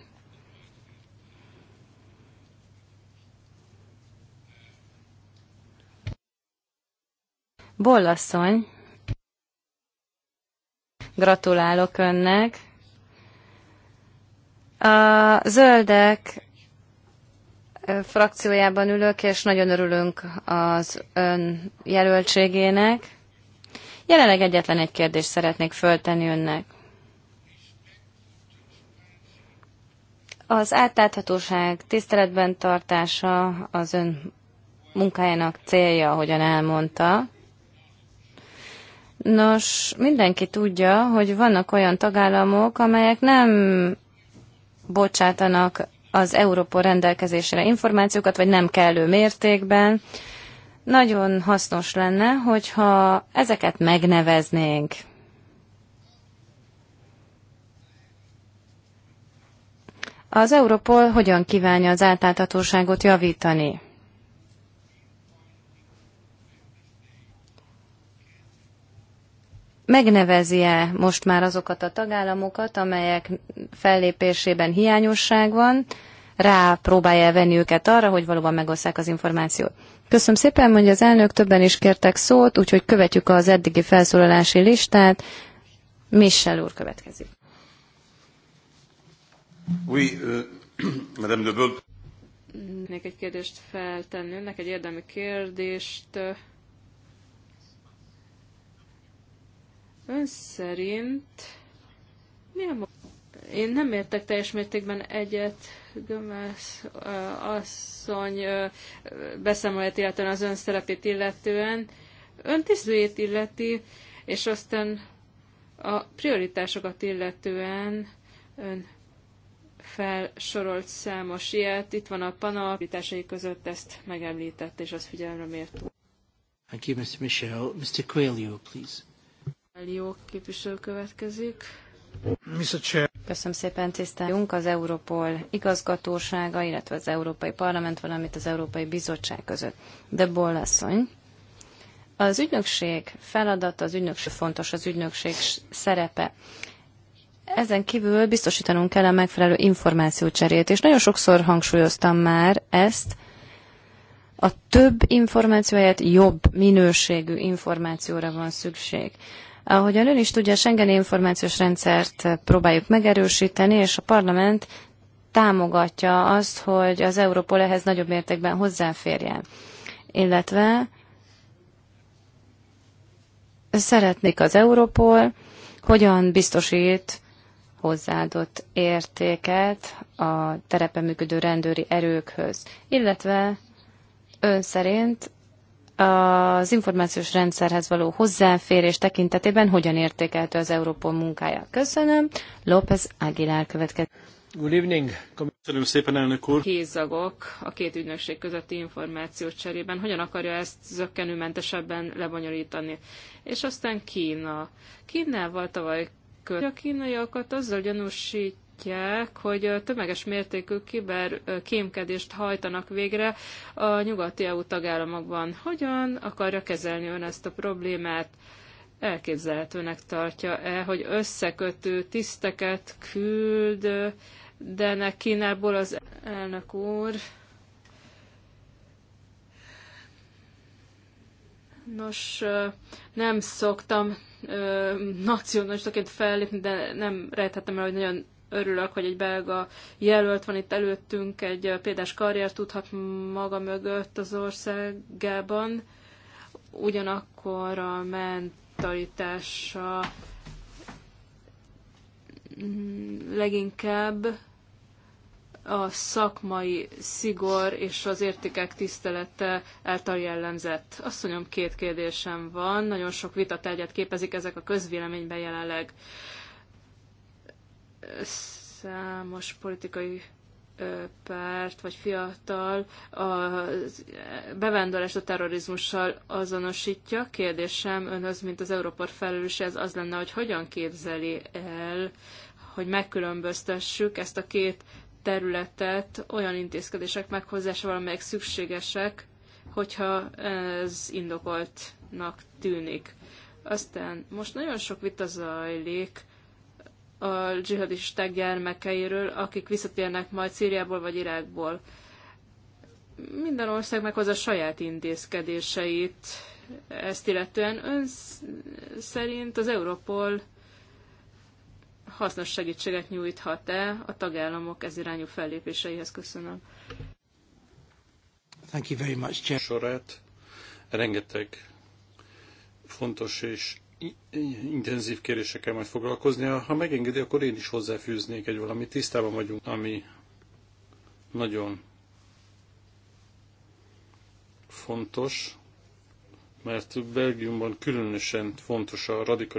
Bollasszony, gratulálok önnek. A zöldek frakciójában ülök, és nagyon örülünk az ön jelöltségének. Jelenleg egyetlen egy kérdést szeretnék föltenni önnek. Az átláthatóság tiszteletben tartása az ön munkájának célja, ahogyan elmondta. Nos, mindenki tudja, hogy vannak olyan tagállamok, amelyek nem bocsátanak az Európa rendelkezésére információkat, vagy nem kellő mértékben. Nagyon hasznos lenne, hogyha ezeket megneveznénk. Az Europol hogyan kívánja az átláthatóságot javítani? Megnevezi-e most már azokat a tagállamokat, amelyek fellépésében hiányosság van, rá próbálja venni őket arra, hogy valóban megosszák az információt. Köszönöm szépen, mondja az elnök, többen is kértek szót, úgyhogy követjük az eddigi felszólalási listát. Michel úr következik. Oui, uh, Madame de Bob. Még egy kérdést feltenni önnek, egy érdemi kérdést. Ön szerint milyen én nem értek teljes mértékben egyet Gömez asszony beszámolját illetően az ön szerepét illetően, ön tisztőjét illeti, és aztán a prioritásokat illetően ön felsorolt számos ilyet. Itt van a panalapításai között, ezt megemlített, és az figyelemre méltó. Thank you, Mr. Michel. Mr. Coelho, please. Coelho képviselő következik. Köszönöm szépen, tisztelünk az Európol igazgatósága, illetve az Európai Parlament, valamint az Európai Bizottság között. De Bollasszony, az ügynökség feladata, az ügynökség fontos, az ügynökség szerepe. Ezen kívül biztosítanunk kell a megfelelő információcserét, és nagyon sokszor hangsúlyoztam már ezt, a több információját jobb minőségű információra van szükség. Ahogyan ön is tudja, a Schengeni információs rendszert próbáljuk megerősíteni, és a parlament támogatja azt, hogy az Európol ehhez nagyobb mértékben hozzáférjen. Illetve szeretnék az Európol, hogyan biztosít hozzáadott értéket a terepen működő rendőri erőkhöz, illetve ön szerint az információs rendszerhez való hozzáférés tekintetében hogyan értékeltő az Európol munkája. Köszönöm. López Aguilar következik. Good evening. Köszönöm szépen, elnök úr. Kézagok a két ügynökség közötti információt cserében. Hogyan akarja ezt zöggenőmentesebben lebonyolítani? És aztán Kína. Kínával tavaly köt. A kínaiakat azzal gyanúsít, látják, hogy tömeges mértékű kiber kémkedést hajtanak végre a nyugati EU tagállamokban. Hogyan akarja kezelni ön ezt a problémát? Elképzelhetőnek tartja-e, hogy összekötő tiszteket küld, de ne Kínából az elnök úr. Nos, nem szoktam nacionalistaként fellépni, de nem rejthetem el, hogy nagyon örülök, hogy egy belga jelölt van itt előttünk, egy példás karrier tudhat maga mögött az országában. Ugyanakkor a mentalitása mm, leginkább a szakmai szigor és az értékek tisztelete által jellemzett. Azt mondjam, két kérdésem van, nagyon sok vita vitatárgyat képezik ezek a közvéleményben jelenleg számos politikai párt vagy fiatal a bevándorlást a terrorizmussal azonosítja. Kérdésem önhöz, mint az Európa felelős, ez az lenne, hogy hogyan képzeli el, hogy megkülönböztessük ezt a két területet olyan intézkedések meghozásával, amelyek szükségesek, hogyha ez indokoltnak tűnik. Aztán most nagyon sok vita zajlik a dzsihadisták gyermekeiről, akik visszatérnek majd Szíriából vagy Irákból. Minden ország meghozza saját intézkedéseit ezt illetően. Ön szerint az Európol hasznos segítséget nyújthat-e a tagállamok ez irányú fellépéseihez? Köszönöm. Thank you very much, Jeff. Sorát. Rengeteg fontos és intenzív kérésekkel majd foglalkozni. Ha megengedi, akkor én is hozzáfűznék egy valami Tisztában vagyunk, ami nagyon fontos, mert Belgiumban különösen fontos a